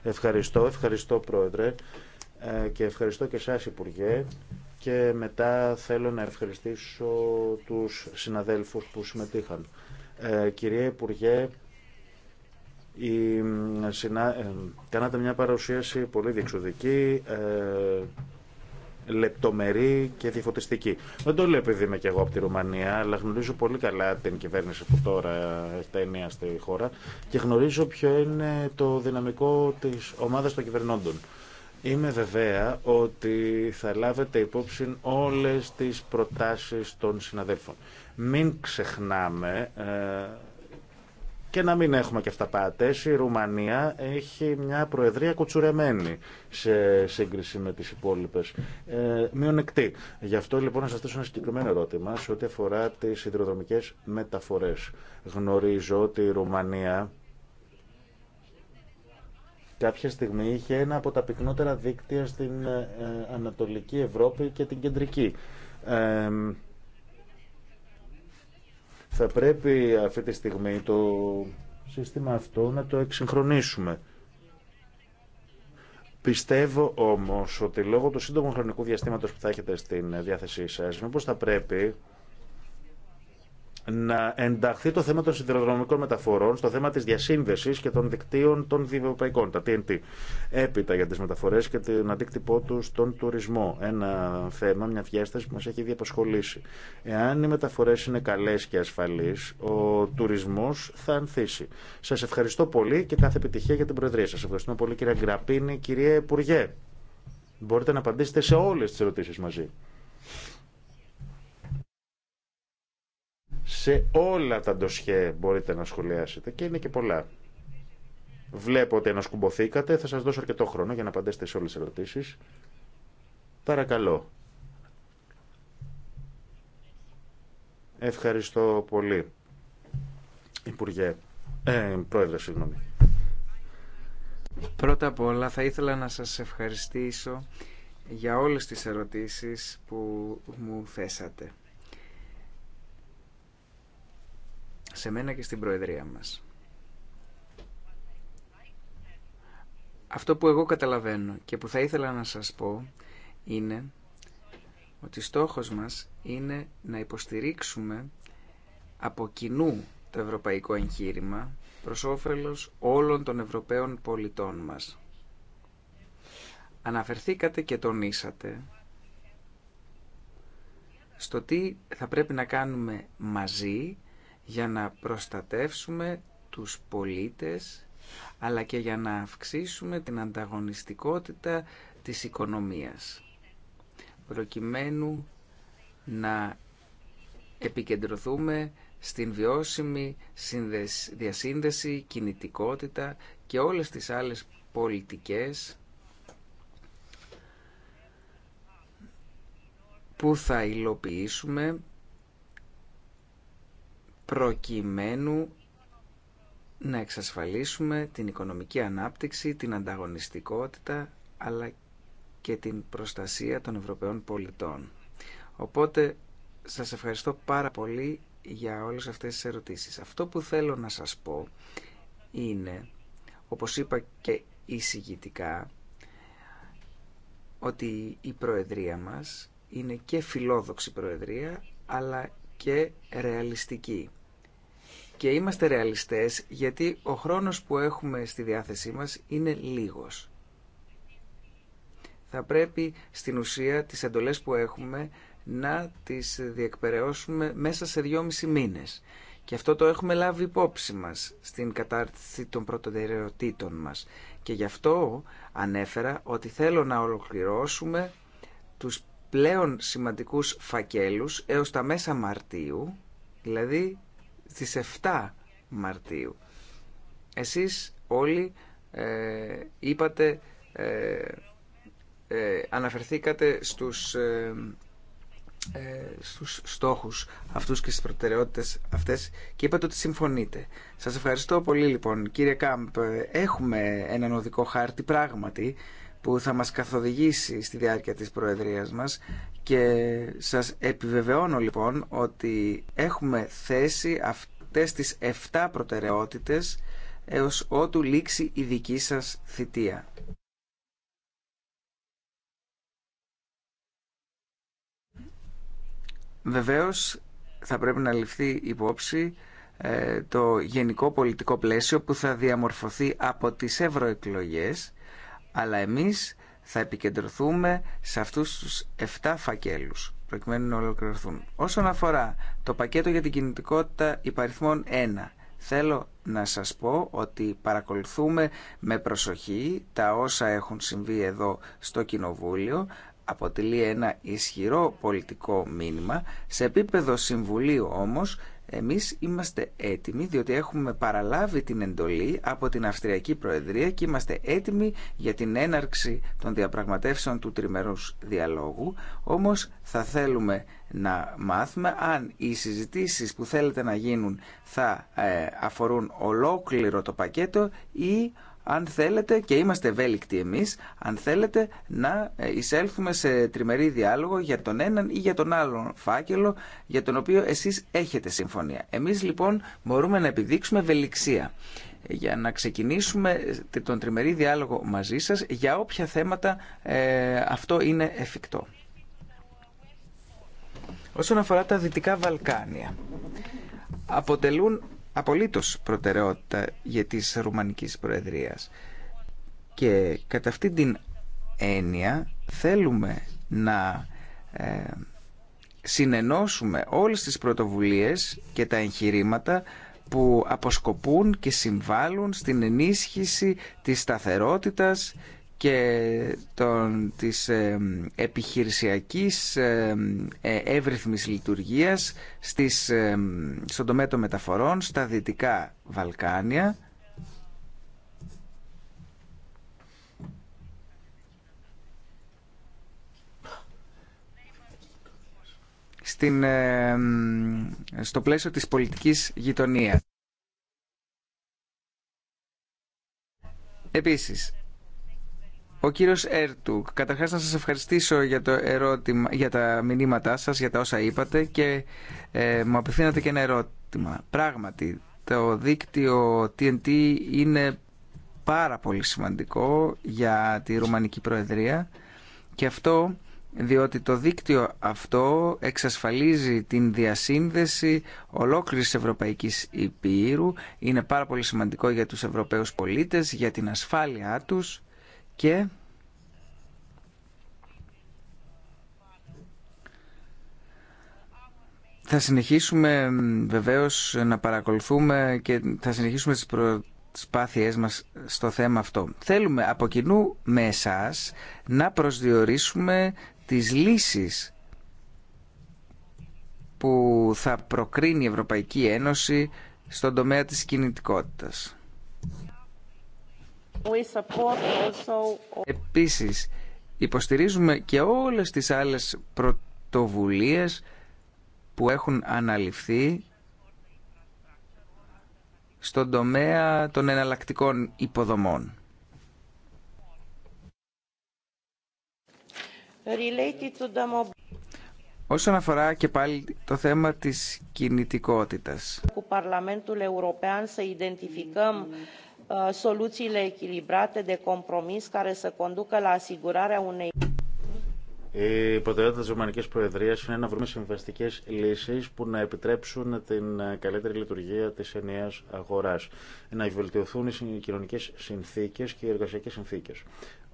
Ευχαριστώ, ευχαριστώ Πρόεδρε ε, και ευχαριστώ και εσάς Υπουργέ και μετά θέλω να ευχαριστήσω τους συναδέλφους που συμμετείχαν. Ε, κυρία Υπουργέ, η, ε, συνα... Ε, κάνατε μια παρουσίαση πολύ διεξοδική, λεπτομερή και διαφωτιστική. Δεν το λέω επειδή είμαι και εγώ από τη Ρουμανία, αλλά γνωρίζω πολύ καλά την κυβέρνηση που τώρα έχει τα ενία στη χώρα και γνωρίζω ποιο είναι το δυναμικό τη ομάδα των κυβερνώντων. Είμαι βεβαία ότι θα λάβετε υπόψη όλες τις προτάσεις των συναδέλφων. Μην ξεχνάμε ε, και να μην έχουμε και πατές, Η Ρουμανία έχει μια προεδρία κουτσουρεμένη σε σύγκριση με τις υπόλοιπε. Ε, μειονεκτή. Γι' αυτό λοιπόν να σα θέσω ένα συγκεκριμένο ερώτημα σε ό,τι αφορά τι υδροδρομικές μεταφορές. Γνωρίζω ότι η Ρουμανία κάποια στιγμή είχε ένα από τα πυκνότερα δίκτυα στην ε, ε, Ανατολική Ευρώπη και την Κεντρική. Ε, θα πρέπει αυτή τη στιγμή το σύστημα αυτό να το εξυγχρονίσουμε. Πιστεύω όμως ότι λόγω του σύντομου χρονικού διαστήματος που θα έχετε στην διάθεσή σας, μήπως θα πρέπει να ενταχθεί το θέμα των σιδηροδρομικών μεταφορών στο θέμα τη διασύνδεση και των δικτύων των διευρωπαϊκών, τα TNT. Έπειτα για τι μεταφορέ και την αντίκτυπό του στον τουρισμό. Ένα θέμα, μια διάσταση που μα έχει διαπασχολήσει. Εάν οι μεταφορέ είναι καλέ και ασφαλεί, ο τουρισμό θα ανθίσει. Σα ευχαριστώ πολύ και κάθε επιτυχία για την Προεδρία Σα Ευχαριστούμε πολύ κύριε Γκραπίνη, κυρία Υπουργέ. Μπορείτε να απαντήσετε σε όλε τι ερωτήσει μαζί. σε όλα τα ντοσιέ μπορείτε να σχολιάσετε και είναι και πολλά. Βλέπω ότι ανασκουμποθήκατε, θα σας δώσω αρκετό χρόνο για να απαντήσετε σε όλες τις ερωτήσεις. Παρακαλώ. Ευχαριστώ πολύ, Υπουργέ, ε, Πρόεδρε, Πρώτα απ' όλα θα ήθελα να σας ευχαριστήσω για όλες τις ερωτήσεις που μου θέσατε. σε μένα και στην Προεδρία μας. Αυτό που εγώ καταλαβαίνω και που θα ήθελα να σας πω είναι ότι στόχος μας είναι να υποστηρίξουμε από κοινού το ευρωπαϊκό εγχείρημα προς όφελος όλων των Ευρωπαίων πολιτών μας. Αναφερθήκατε και τονίσατε στο τι θα πρέπει να κάνουμε μαζί για να προστατεύσουμε τους πολίτες αλλά και για να αυξήσουμε την ανταγωνιστικότητα της οικονομίας προκειμένου να επικεντρωθούμε στην βιώσιμη διασύνδεση, κινητικότητα και όλες τις άλλες πολιτικές που θα υλοποιήσουμε προκειμένου να εξασφαλίσουμε την οικονομική ανάπτυξη, την ανταγωνιστικότητα αλλά και την προστασία των Ευρωπαίων πολιτών. Οπότε σας ευχαριστώ πάρα πολύ για όλες αυτές τις ερωτήσεις. Αυτό που θέλω να σας πω είναι, όπως είπα και εισηγητικά, ότι η Προεδρία μας είναι και φιλόδοξη Προεδρία αλλά και ρεαλιστική. Και είμαστε ρεαλιστές γιατί ο χρόνος που έχουμε στη διάθεσή μας είναι λίγος. Θα πρέπει στην ουσία τις εντολές που έχουμε να τις διεκπαιρεώσουμε μέσα σε δυόμισι μήνες. Και αυτό το έχουμε λάβει υπόψη μας στην κατάρτιση των πρωτοτεραιοτήτων μας. Και γι' αυτό ανέφερα ότι θέλω να ολοκληρώσουμε τους πλέον σημαντικούς φακέλους έως τα μέσα Μαρτίου, δηλαδή στις 7 Μαρτίου. Εσείς όλοι ε, είπατε, ε, ε αναφερθήκατε στους, ε, ε, στους στόχους αυτούς και στις προτεραιότητες αυτές και είπατε ότι συμφωνείτε. Σας ευχαριστώ πολύ λοιπόν κύριε Κάμπ. Έχουμε έναν οδικό χάρτη πράγματι που θα μας καθοδηγήσει στη διάρκεια της Προεδρίας μας και σας επιβεβαιώνω λοιπόν ότι έχουμε θέσει αυτές τις 7 προτεραιότητες έως ότου λήξει η δική σας θητεία. Βεβαίως θα πρέπει να ληφθεί υπόψη ε, το γενικό πολιτικό πλαίσιο που θα διαμορφωθεί από τις ευρωεκλογές αλλά εμείς θα επικεντρωθούμε σε αυτούς τους 7 φακέλους προκειμένου να ολοκληρωθούν. Όσον αφορά το πακέτο για την κινητικότητα υπαριθμών 1, θέλω να σας πω ότι παρακολουθούμε με προσοχή τα όσα έχουν συμβεί εδώ στο Κοινοβούλιο, αποτελεί ένα ισχυρό πολιτικό μήνυμα. Σε επίπεδο Συμβουλίου όμως εμείς είμαστε έτοιμοι διότι έχουμε παραλάβει την εντολή από την Αυστριακή Προεδρία και είμαστε έτοιμοι για την έναρξη των διαπραγματεύσεων του τριμερούς διαλόγου. Όμως θα θέλουμε να μάθουμε αν οι συζητήσεις που θέλετε να γίνουν θα ε, αφορούν ολόκληρο το πακέτο ή αν θέλετε, και είμαστε ευέλικτοι εμείς, αν θέλετε να ε, εισέλθουμε σε τριμερή διάλογο για τον έναν ή για τον άλλον φάκελο για τον οποίο εσείς έχετε συμφωνία. Εμείς λοιπόν μπορούμε να επιδείξουμε ευελιξία για να ξεκινήσουμε ε, τον τριμερή διάλογο μαζί σας για όποια θέματα ε, αυτό είναι εφικτό. Όσον αφορά τα Δυτικά Βαλκάνια, αποτελούν απολύτως προτεραιότητα για της Ρουμανικής Προεδρίας. Και κατά αυτή την έννοια θέλουμε να ε, συνενώσουμε όλες τις πρωτοβουλίες και τα εγχειρήματα που αποσκοπούν και συμβάλλουν στην ενίσχυση της σταθερότητας και των, της ε, επιχειρησιακής ε, ε λειτουργίας στις, ε, στον τομέα των μεταφορών στα Δυτικά Βαλκάνια στην, ε, στο πλαίσιο της πολιτικής γειτονίας. Επίσης, ο κύριος Έρτουκ, καταρχάς να σας ευχαριστήσω για, το ερώτημα, για τα μηνύματά σας, για τα όσα είπατε και ε, μου απευθύνατε και ένα ερώτημα. Πράγματι, το δίκτυο TNT είναι πάρα πολύ σημαντικό για τη Ρουμανική Προεδρία και αυτό διότι το δίκτυο αυτό εξασφαλίζει την διασύνδεση ολόκληρης Ευρωπαϊκής Υπήρου, είναι πάρα πολύ σημαντικό για τους Ευρωπαίους πολίτες, για την ασφάλειά τους και θα συνεχίσουμε βεβαίως να παρακολουθούμε και θα συνεχίσουμε τις προσπάθειές μας στο θέμα αυτό. Θέλουμε από κοινού με εσάς να προσδιορίσουμε τις λύσεις που θα προκρίνει η Ευρωπαϊκή Ένωση στον τομέα της κινητικότητας. Επίσης, υποστηρίζουμε και όλες τις άλλες πρωτοβουλίες που έχουν αναλυφθεί στον τομέα των εναλλακτικών υποδομών. Όσον αφορά και πάλι το θέμα της κινητικότητας. Uh, soluțiile echilibrate de compromis care să conducă la asigurarea unei. Η προτεραιότητα τη Ρωμανική Προεδρία είναι να βρούμε συμβαστικέ λύσει που να επιτρέψουν την ε, καλύτερη λειτουργία τη ενιαία αγορά, να βελτιωθούν οι κοινωνικέ συνθήκε και οι εργασιακέ συνθήκε,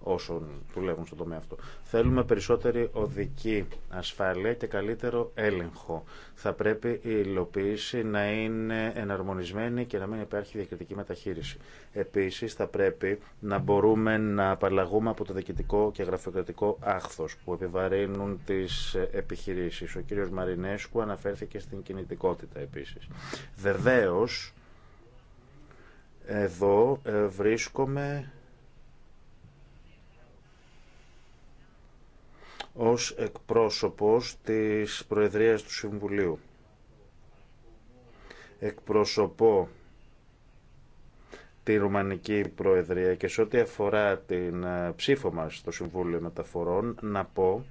όσων δουλεύουν στον τομέα αυτό. Θέλουμε περισσότερη οδική ασφάλεια και καλύτερο έλεγχο. Θα πρέπει η υλοποίηση να είναι εναρμονισμένη και να μην υπάρχει διακριτική μεταχείριση. Επίση, θα πρέπει να μπορούμε να απαλλαγούμε από το διοικητικό και γραφειοκρατικό άχθο που επιβαρύνουν τι επιχειρήσει. Ο κ. Μαρινέσκου αναφέρθηκε στην κινητικότητα επίση. Βεβαίω, εδώ ε, βρίσκομαι ως εκπρόσωπος της Προεδρίας του Συμβουλίου. Εκπροσωπώ τη Ρουμανική Προεδρία και σε ό,τι αφορά την ε, ψήφο μας στο Συμβούλιο Μεταφορών να πω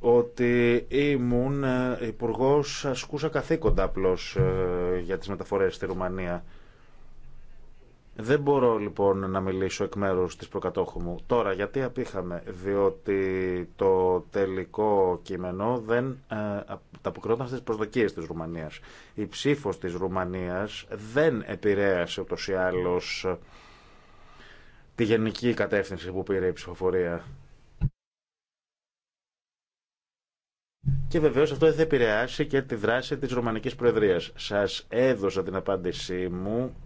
ότι ήμουν ε, υπουργό ασκούσα καθήκοντα απλώς ε, για τις μεταφορές στη Ρουμανία. Δεν μπορώ λοιπόν να μιλήσω εκ μέρους της προκατόχου μου. Τώρα, γιατί απήχαμε, διότι το τελικό κείμενο δεν ε, τα στις προσδοκίες της Ρουμανίας. Η ψήφος της Ρουμανίας δεν επηρέασε ούτως ή άλλως ε, τη γενική κατεύθυνση που πήρε η ψηφοφορία. Και βεβαίως αυτό θα επηρεάσει και τη δράση της Ρουμανικής Προεδρίας. Σας έδωσα την απάντησή μου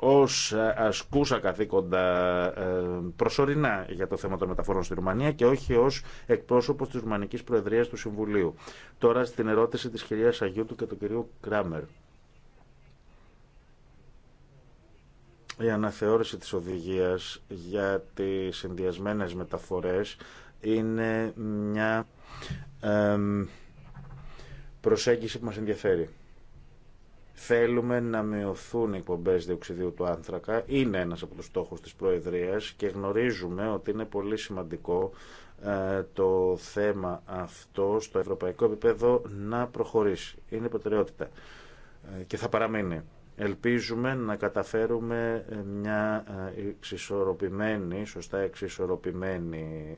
ως ε, ασκούσα καθήκοντα ε, προσωρινά για το θέμα των μεταφορών στη Ρουμανία και όχι ως εκπρόσωπος της Ρουμανικής Προεδρίας του Συμβουλίου. Τώρα στην ερώτηση της κυρίας του και του κυρίου Κράμερ. Η αναθεώρηση της οδηγίας για τις συνδυασμένες μεταφορές είναι μια προσέγγιση που μας ενδιαφέρει. Θέλουμε να μειωθούν οι εκπομπέ διοξιδίου του άνθρακα. Είναι ένα από του στόχου τη Προεδρία και γνωρίζουμε ότι είναι πολύ σημαντικό ε, το θέμα αυτό στο ευρωπαϊκό επίπεδο να προχωρήσει. Είναι προτεραιότητα ε, και θα παραμείνει. Ελπίζουμε να καταφέρουμε μια ε, εξισορροπημένη, σωστά εξισορροπημένη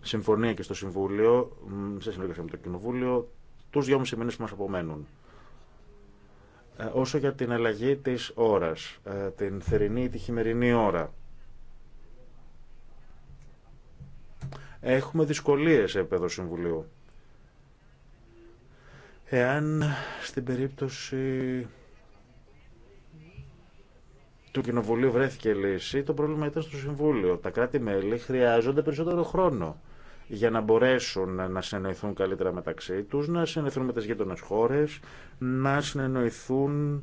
συμφωνία και στο Συμβούλιο, σε συνεργασία με το Κοινοβούλιο, τους δυόμισι μήνες που μας απομένουν. Ε, όσο για την αλλαγή της ώρας, ε, την θερινή ή τη χειμερινή ώρα. Έχουμε δυσκολίες σε επίπεδο Συμβουλίου. Εάν στην περίπτωση του Κοινοβουλίου βρέθηκε λύση, το πρόβλημα ήταν στο Συμβούλιο. Τα κράτη-μέλη χρειάζονται περισσότερο χρόνο για να μπορέσουν να συνεννοηθούν καλύτερα μεταξύ τους, να συνεννοηθούν με τις γείτονες χώρες, να συνεννοηθούν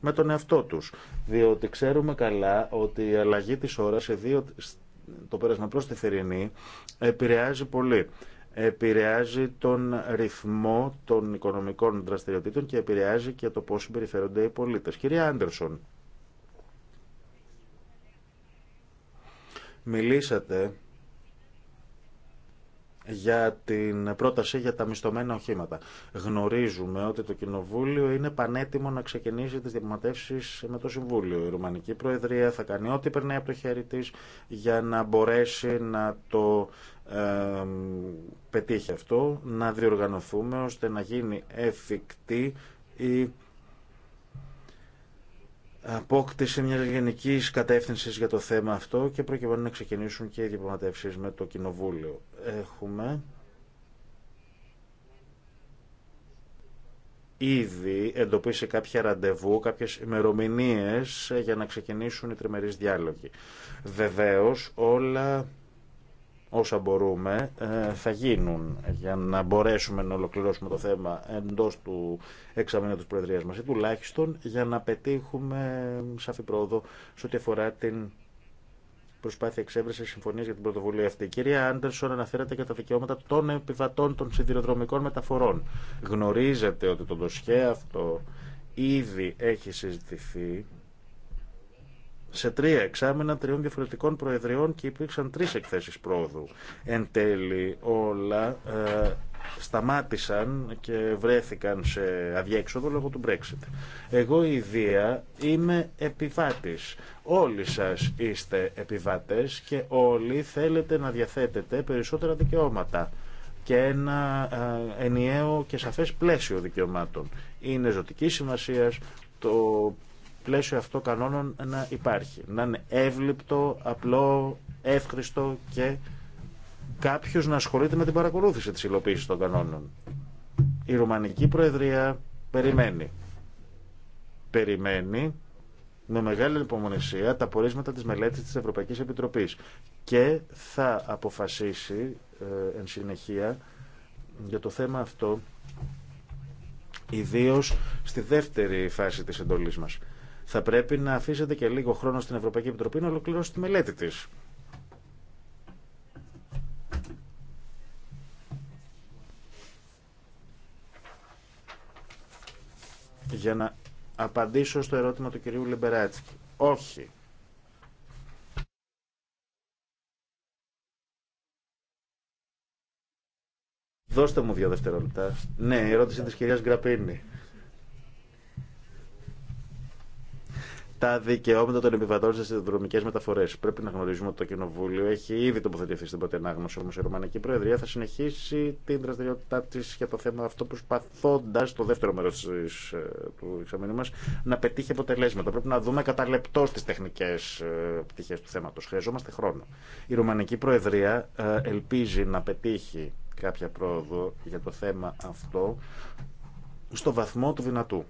με τον εαυτό τους. Διότι ξέρουμε καλά ότι η αλλαγή της ώρας, ιδίω το πέρασμα προς τη θερινή, επηρεάζει πολύ. Επηρεάζει τον ρυθμό των οικονομικών δραστηριοτήτων και επηρεάζει και το πώς συμπεριφέρονται οι πολίτες. Κυρία Άντερσον, μιλήσατε για την πρόταση για τα μισθωμένα οχήματα. Γνωρίζουμε ότι το Κοινοβούλιο είναι πανέτοιμο να ξεκινήσει τις διαπραγματεύσεις με το Συμβούλιο. Η Ρουμανική Προεδρία θα κάνει ό,τι περνάει από το χέρι της για να μπορέσει να το πετύχει αυτό, να διοργανωθούμε ώστε να γίνει εφικτή η απόκτηση μια γενική κατεύθυνση για το θέμα αυτό και προκειμένου να ξεκινήσουν και οι διαπραγματεύσει με το Κοινοβούλιο. Έχουμε ήδη εντοπίσει κάποια ραντεβού, κάποιες ημερομηνίε για να ξεκινήσουν οι τριμερεί διάλογοι. Βεβαίω όλα όσα μπορούμε ε, θα γίνουν για να μπορέσουμε να ολοκληρώσουμε το θέμα εντός του εξαμήνου της Προεδρίας μας ή τουλάχιστον για να πετύχουμε σαφή πρόοδο σε ό,τι αφορά την προσπάθεια εξέβρεση συμφωνίας για την πρωτοβουλία αυτή. Κυρία Άντερσον, αναφέρεται για τα δικαιώματα των επιβατών των σιδηροδρομικών μεταφορών. Γνωρίζετε ότι το ντοσχέ αυτό ήδη έχει συζητηθεί σε τρία εξάμενα τριών διαφορετικών προεδριών και υπήρξαν τρεις εκθέσεις πρόοδου. Εν τέλει όλα ε, σταμάτησαν και βρέθηκαν σε αδιέξοδο λόγω του Brexit. Εγώ η Δία είμαι επιβάτης. Όλοι σας είστε επιβάτες και όλοι θέλετε να διαθέτετε περισσότερα δικαιώματα και ένα ε, ενιαίο και σαφές πλαίσιο δικαιωμάτων. Είναι ζωτική σημασία το πλαίσιο αυτό κανόνων να υπάρχει. Να είναι εύληπτο, απλό, εύχριστο και κάποιο να ασχολείται με την παρακολούθηση τη υλοποίηση των κανόνων. Η Ρουμανική Προεδρία περιμένει. Περιμένει με μεγάλη υπομονησία τα πορίσματα της μελέτης της Ευρωπαϊκής Επιτροπής και θα αποφασίσει ε, εν συνεχεία για το θέμα αυτό ιδίως στη δεύτερη φάση της εντολής μας. Θα πρέπει να αφήσετε και λίγο χρόνο στην Ευρωπαϊκή Επιτροπή να ολοκληρώσει τη μελέτη της. Για να απαντήσω στο ερώτημα του κυρίου Λιμπεράτσκι. Όχι. Δώστε μου δύο δευτερόλεπτα. Ναι, η ερώτηση της κυρίας Γκραπίνη. τα δικαιώματα των επιβατών στι δρομικέ μεταφορέ. Πρέπει να γνωρίζουμε ότι το Κοινοβούλιο έχει ήδη τοποθετηθεί στην πρώτη ανάγνωση, όμω η Ρουμανική Προεδρία θα συνεχίσει την δραστηριότητά τη για το θέμα αυτό, προσπαθώντα το δεύτερο μέρο ε, του εξαμήνου μα να πετύχει αποτελέσματα. Πρέπει να δούμε κατά λεπτό τι τεχνικέ ε, πτυχέ του θέματο. Χρειαζόμαστε χρόνο. Η Ρουμανική Προεδρία ε, ελπίζει να πετύχει κάποια πρόοδο για το θέμα αυτό στο βαθμό του δυνατού.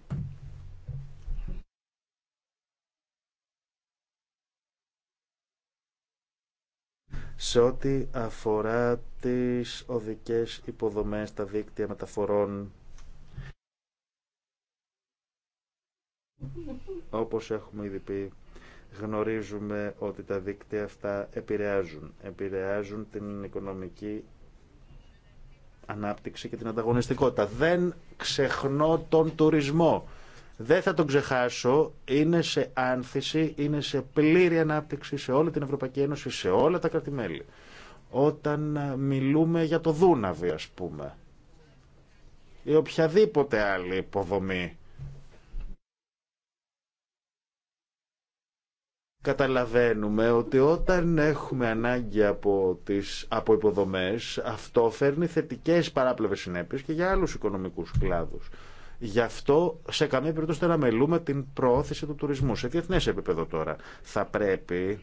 σε ό,τι αφορά τις οδικές υποδομές, τα δίκτυα μεταφορών, όπως έχουμε ήδη πει, γνωρίζουμε ότι τα δίκτυα αυτά επηρεάζουν. Επηρεάζουν την οικονομική ανάπτυξη και την ανταγωνιστικότητα. Δεν ξεχνώ τον τουρισμό. Δεν θα τον ξεχάσω. Είναι σε άνθηση, είναι σε πλήρη ανάπτυξη σε όλη την Ευρωπαϊκή Ένωση, σε όλα τα κρατημέλη. Όταν ε, μιλούμε για το Δούναβι, ας πούμε, ή οποιαδήποτε άλλη υποδομή. Καταλαβαίνουμε ότι όταν έχουμε ανάγκη από, τις, από υποδομές, αυτό φέρνει θετικές παράπλευρες συνέπειες και για άλλους οικονομικούς κλάδους. Γι' αυτό σε καμία περίπτωση δεν αμελούμε την προώθηση του τουρισμού. Σε διεθνέ επίπεδο τώρα θα πρέπει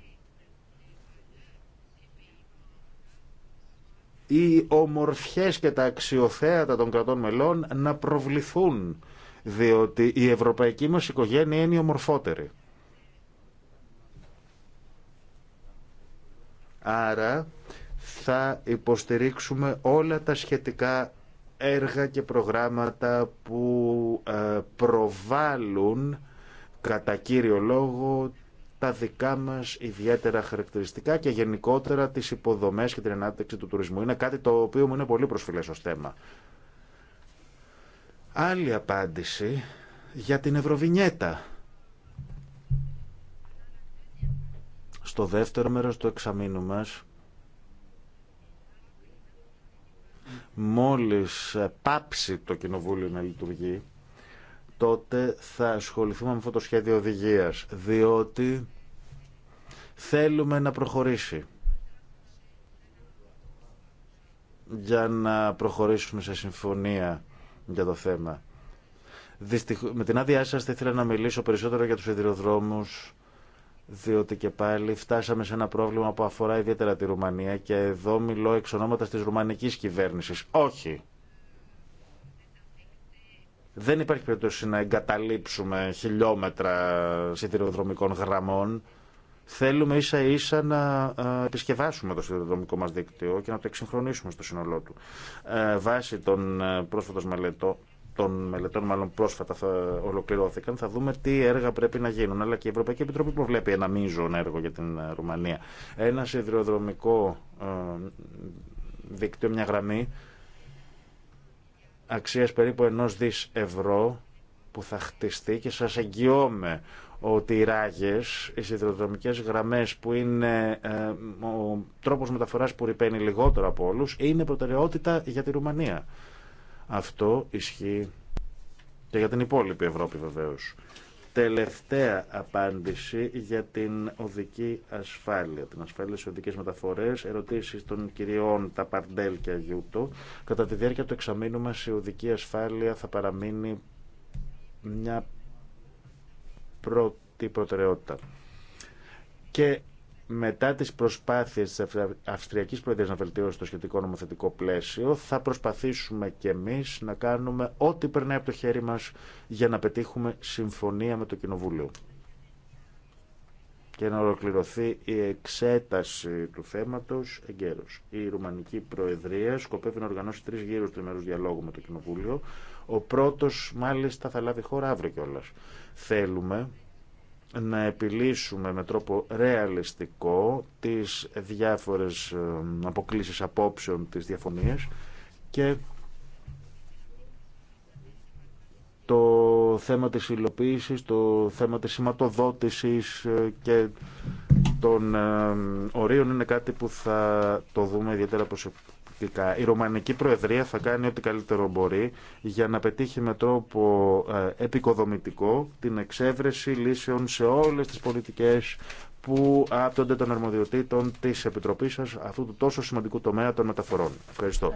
οι ομορφιές και τα αξιοθέατα των κρατών μελών να προβληθούν, διότι η ευρωπαϊκή μας οικογένεια είναι η ομορφότερη. Άρα θα υποστηρίξουμε όλα τα σχετικά έργα και προγράμματα που ε, προβάλλουν κατά κύριο λόγο τα δικά μας ιδιαίτερα χαρακτηριστικά και γενικότερα τις υποδομές και την ανάπτυξη του τουρισμού. Είναι κάτι το οποίο μου είναι πολύ προσφυλές ως θέμα. Άλλη απάντηση για την Ευρωβινιέτα. Στο δεύτερο μέρος του εξαμήνου μας μόλις πάψει το Κοινοβούλιο να λειτουργεί, τότε θα ασχοληθούμε με αυτό το σχέδιο οδηγίας, διότι θέλουμε να προχωρήσει. Για να προχωρήσουμε σε συμφωνία για το θέμα. με την άδειά σας θα ήθελα να μιλήσω περισσότερο για τους σιδηροδρόμους διότι και πάλι φτάσαμε σε ένα πρόβλημα που αφορά ιδιαίτερα τη Ρουμανία και εδώ μιλώ εξ ονόματα της ρουμανικής κυβέρνησης. Όχι. Δεν υπάρχει περίπτωση να εγκαταλείψουμε χιλιόμετρα σιδηροδρομικών γραμμών. Θέλουμε ίσα ίσα να ε, επισκευάσουμε το σιδηροδρομικό μας δίκτυο και να το εξυγχρονίσουμε στο σύνολό του. Ε, βάσει τον ε, πρόσφατων μελετών, των μελετών, μάλλον πρόσφατα θα ολοκληρώθηκαν, θα δούμε τι έργα πρέπει να γίνουν. Αλλά και η Ευρωπαϊκή Επιτροπή προβλέπει ένα μείζον έργο για την ε, Ρουμανία. Ένα σιδηροδρομικό ε, δίκτυο, μια γραμμή αξίας περίπου ενό δι ευρώ που θα χτιστεί και σας εγγυώμαι ότι οι ράγες, οι σιδηροδρομικές γραμμές που είναι ε, ο τρόπος μεταφοράς που ρηπαίνει λιγότερο από όλους είναι προτεραιότητα για τη Ρουμανία. Αυτό ισχύει και για την υπόλοιπη Ευρώπη βεβαίως. Τελευταία απάντηση για την οδική ασφάλεια, την ασφάλεια στις οδικές μεταφορές, ερωτήσεις των κυριών Ταπαρντέλ και Αγιούτο. Κατά τη διάρκεια του εξαμήνου μας η οδική ασφάλεια θα παραμείνει μια πρώτη προτεραιότητα. Και μετά τις προσπάθειες τη Αυστριακής προεδρία να βελτιώσει το σχετικό νομοθετικό πλαίσιο, θα προσπαθήσουμε κι εμείς να κάνουμε ό,τι περνάει από το χέρι μα για να πετύχουμε συμφωνία με το Κοινοβούλιο και να ολοκληρωθεί η εξέταση του θέματο εγκαίρω. Η Ρουμανική Προεδρία σκοπεύει να οργανώσει τρεις γύρους του διαλόγου με το Κοινοβούλιο. Ο πρώτο μάλιστα θα λάβει χώρα αύριο κιόλα. Θέλουμε να επιλύσουμε με τρόπο ρεαλιστικό τις διάφορες αποκλήσεις απόψεων της διαφωνίας και το θέμα της υλοποίησης, το θέμα της σηματοδότησης ε, και των ορίων είναι κάτι που θα το δούμε ιδιαίτερα προσεκτικά η Ρωμανική Προεδρία θα κάνει ό,τι καλύτερο μπορεί για να πετύχει με τρόπο ε, επικοδομητικό την εξέβρεση λύσεων σε όλες τις πολιτικές που άπτονται των αρμοδιοτήτων της Επιτροπής σας αυτού του τόσο σημαντικού τομέα των μεταφορών. Ευχαριστώ.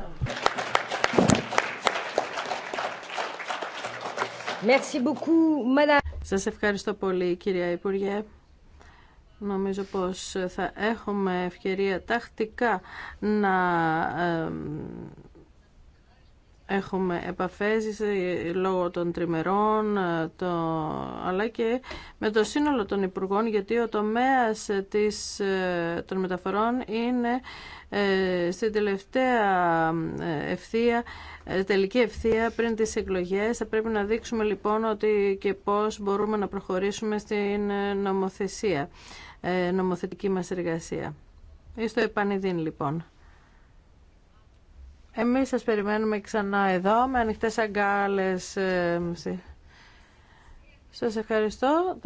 Σας ευχαριστώ πολύ κυρία Υπουργέ. Νομίζω πως θα έχουμε ευκαιρία τακτικά να έχουμε επαφές ε, λόγω των τριμερών ε, το... αλλά και με το σύνολο των υπουργών γιατί ο τομέας ε, της, των μεταφορών είναι στην τελευταία ευθεία, τελική ευθεία πριν τις εκλογές. Θα πρέπει να δείξουμε λοιπόν ότι και πώς μπορούμε να προχωρήσουμε στην νομοθεσία. Ε, νομοθετική μας εργασία. Είστε επανειδήν λοιπόν. Εμείς σας περιμένουμε ξανά εδώ με ανοιχτές αγκάλες. Ε, σας ευχαριστώ.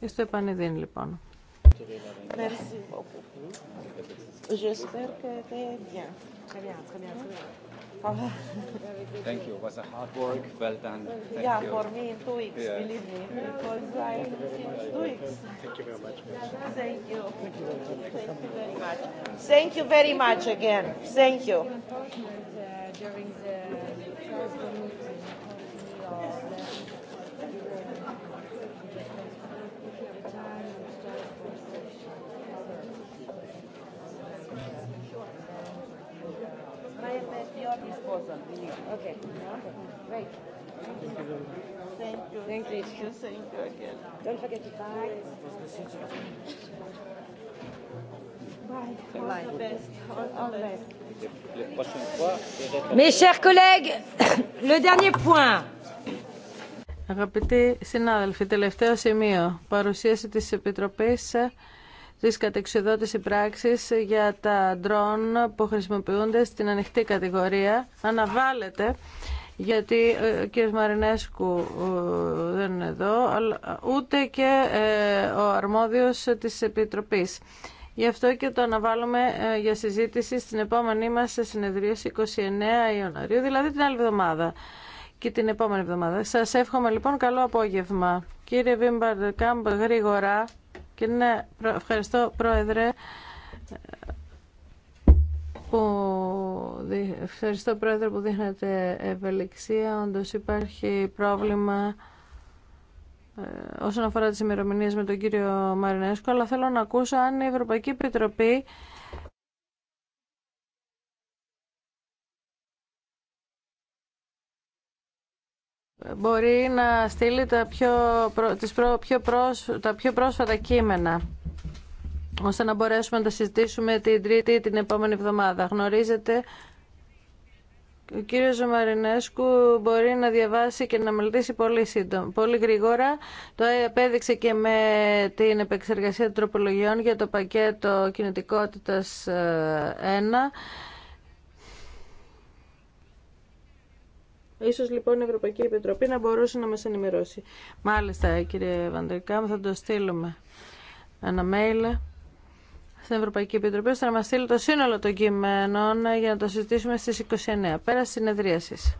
Είστε επανειδήν λοιπόν. Merci Thank you. It was a hard work. Well done. Thank yeah, you. for me in two weeks, yeah. believe me. Because I finished two weeks. Thank you very much. Thank you. Thank you very much. Thank you very much again. Thank you. During the Mes chers collègues, le dernier point. Αγαπητοί συνάδελφοι, τελευταίο σημείο. Παρουσίαση της Επιτροπής της κατεξοδότηση πράξη για τα ντρόν που χρησιμοποιούνται στην ανοιχτή κατηγορία αναβάλλεται γιατί ε, ο κ. Μαρινέσκου ε, δεν είναι εδώ, αλλά ούτε και ε, ο αρμόδιος της Επιτροπής. Γι' αυτό και το αναβάλουμε για συζήτηση στην επόμενή μας συνεδρίαση 29 Ιανουαρίου, δηλαδή την άλλη εβδομάδα και την επόμενη εβδομάδα. Σας εύχομαι λοιπόν καλό απόγευμα. Κύριε Βίμπαρ Κάμπ, γρήγορα. Και ναι, ευχαριστώ Πρόεδρε που ευχαριστώ Πρόεδρε που ευελιξία. Όντως υπάρχει πρόβλημα ε, όσον αφορά τις ημερομηνίες με τον κύριο Μαρινέσκο, αλλά θέλω να ακούσω αν η Ευρωπαϊκή Επιτροπή μπορεί να στείλει τα πιο, τις προ, πιο προς, τα πιο πρόσφατα κείμενα ώστε να μπορέσουμε να τα συζητήσουμε την Τρίτη ή την επόμενη εβδομάδα. Γνωρίζετε, ο κύριος Ζωμαρινέσκου μπορεί να διαβάσει και να μελετήσει πολύ, σύντομα, πολύ γρήγορα. Το επέδειξε και με την επεξεργασία των τροπολογιών για το πακέτο κινητικότητας 1. Ε, Ίσως λοιπόν η Ευρωπαϊκή Επιτροπή να μπορούσε να μας ενημερώσει. Μάλιστα κύριε Βαντερικάμ, θα το στείλουμε ένα mail στην Ευρωπαϊκή Επιτροπή ώστε να μας στείλει το σύνολο των κειμένων για να το συζητήσουμε στις 29. Πέρα συνεδρίασης.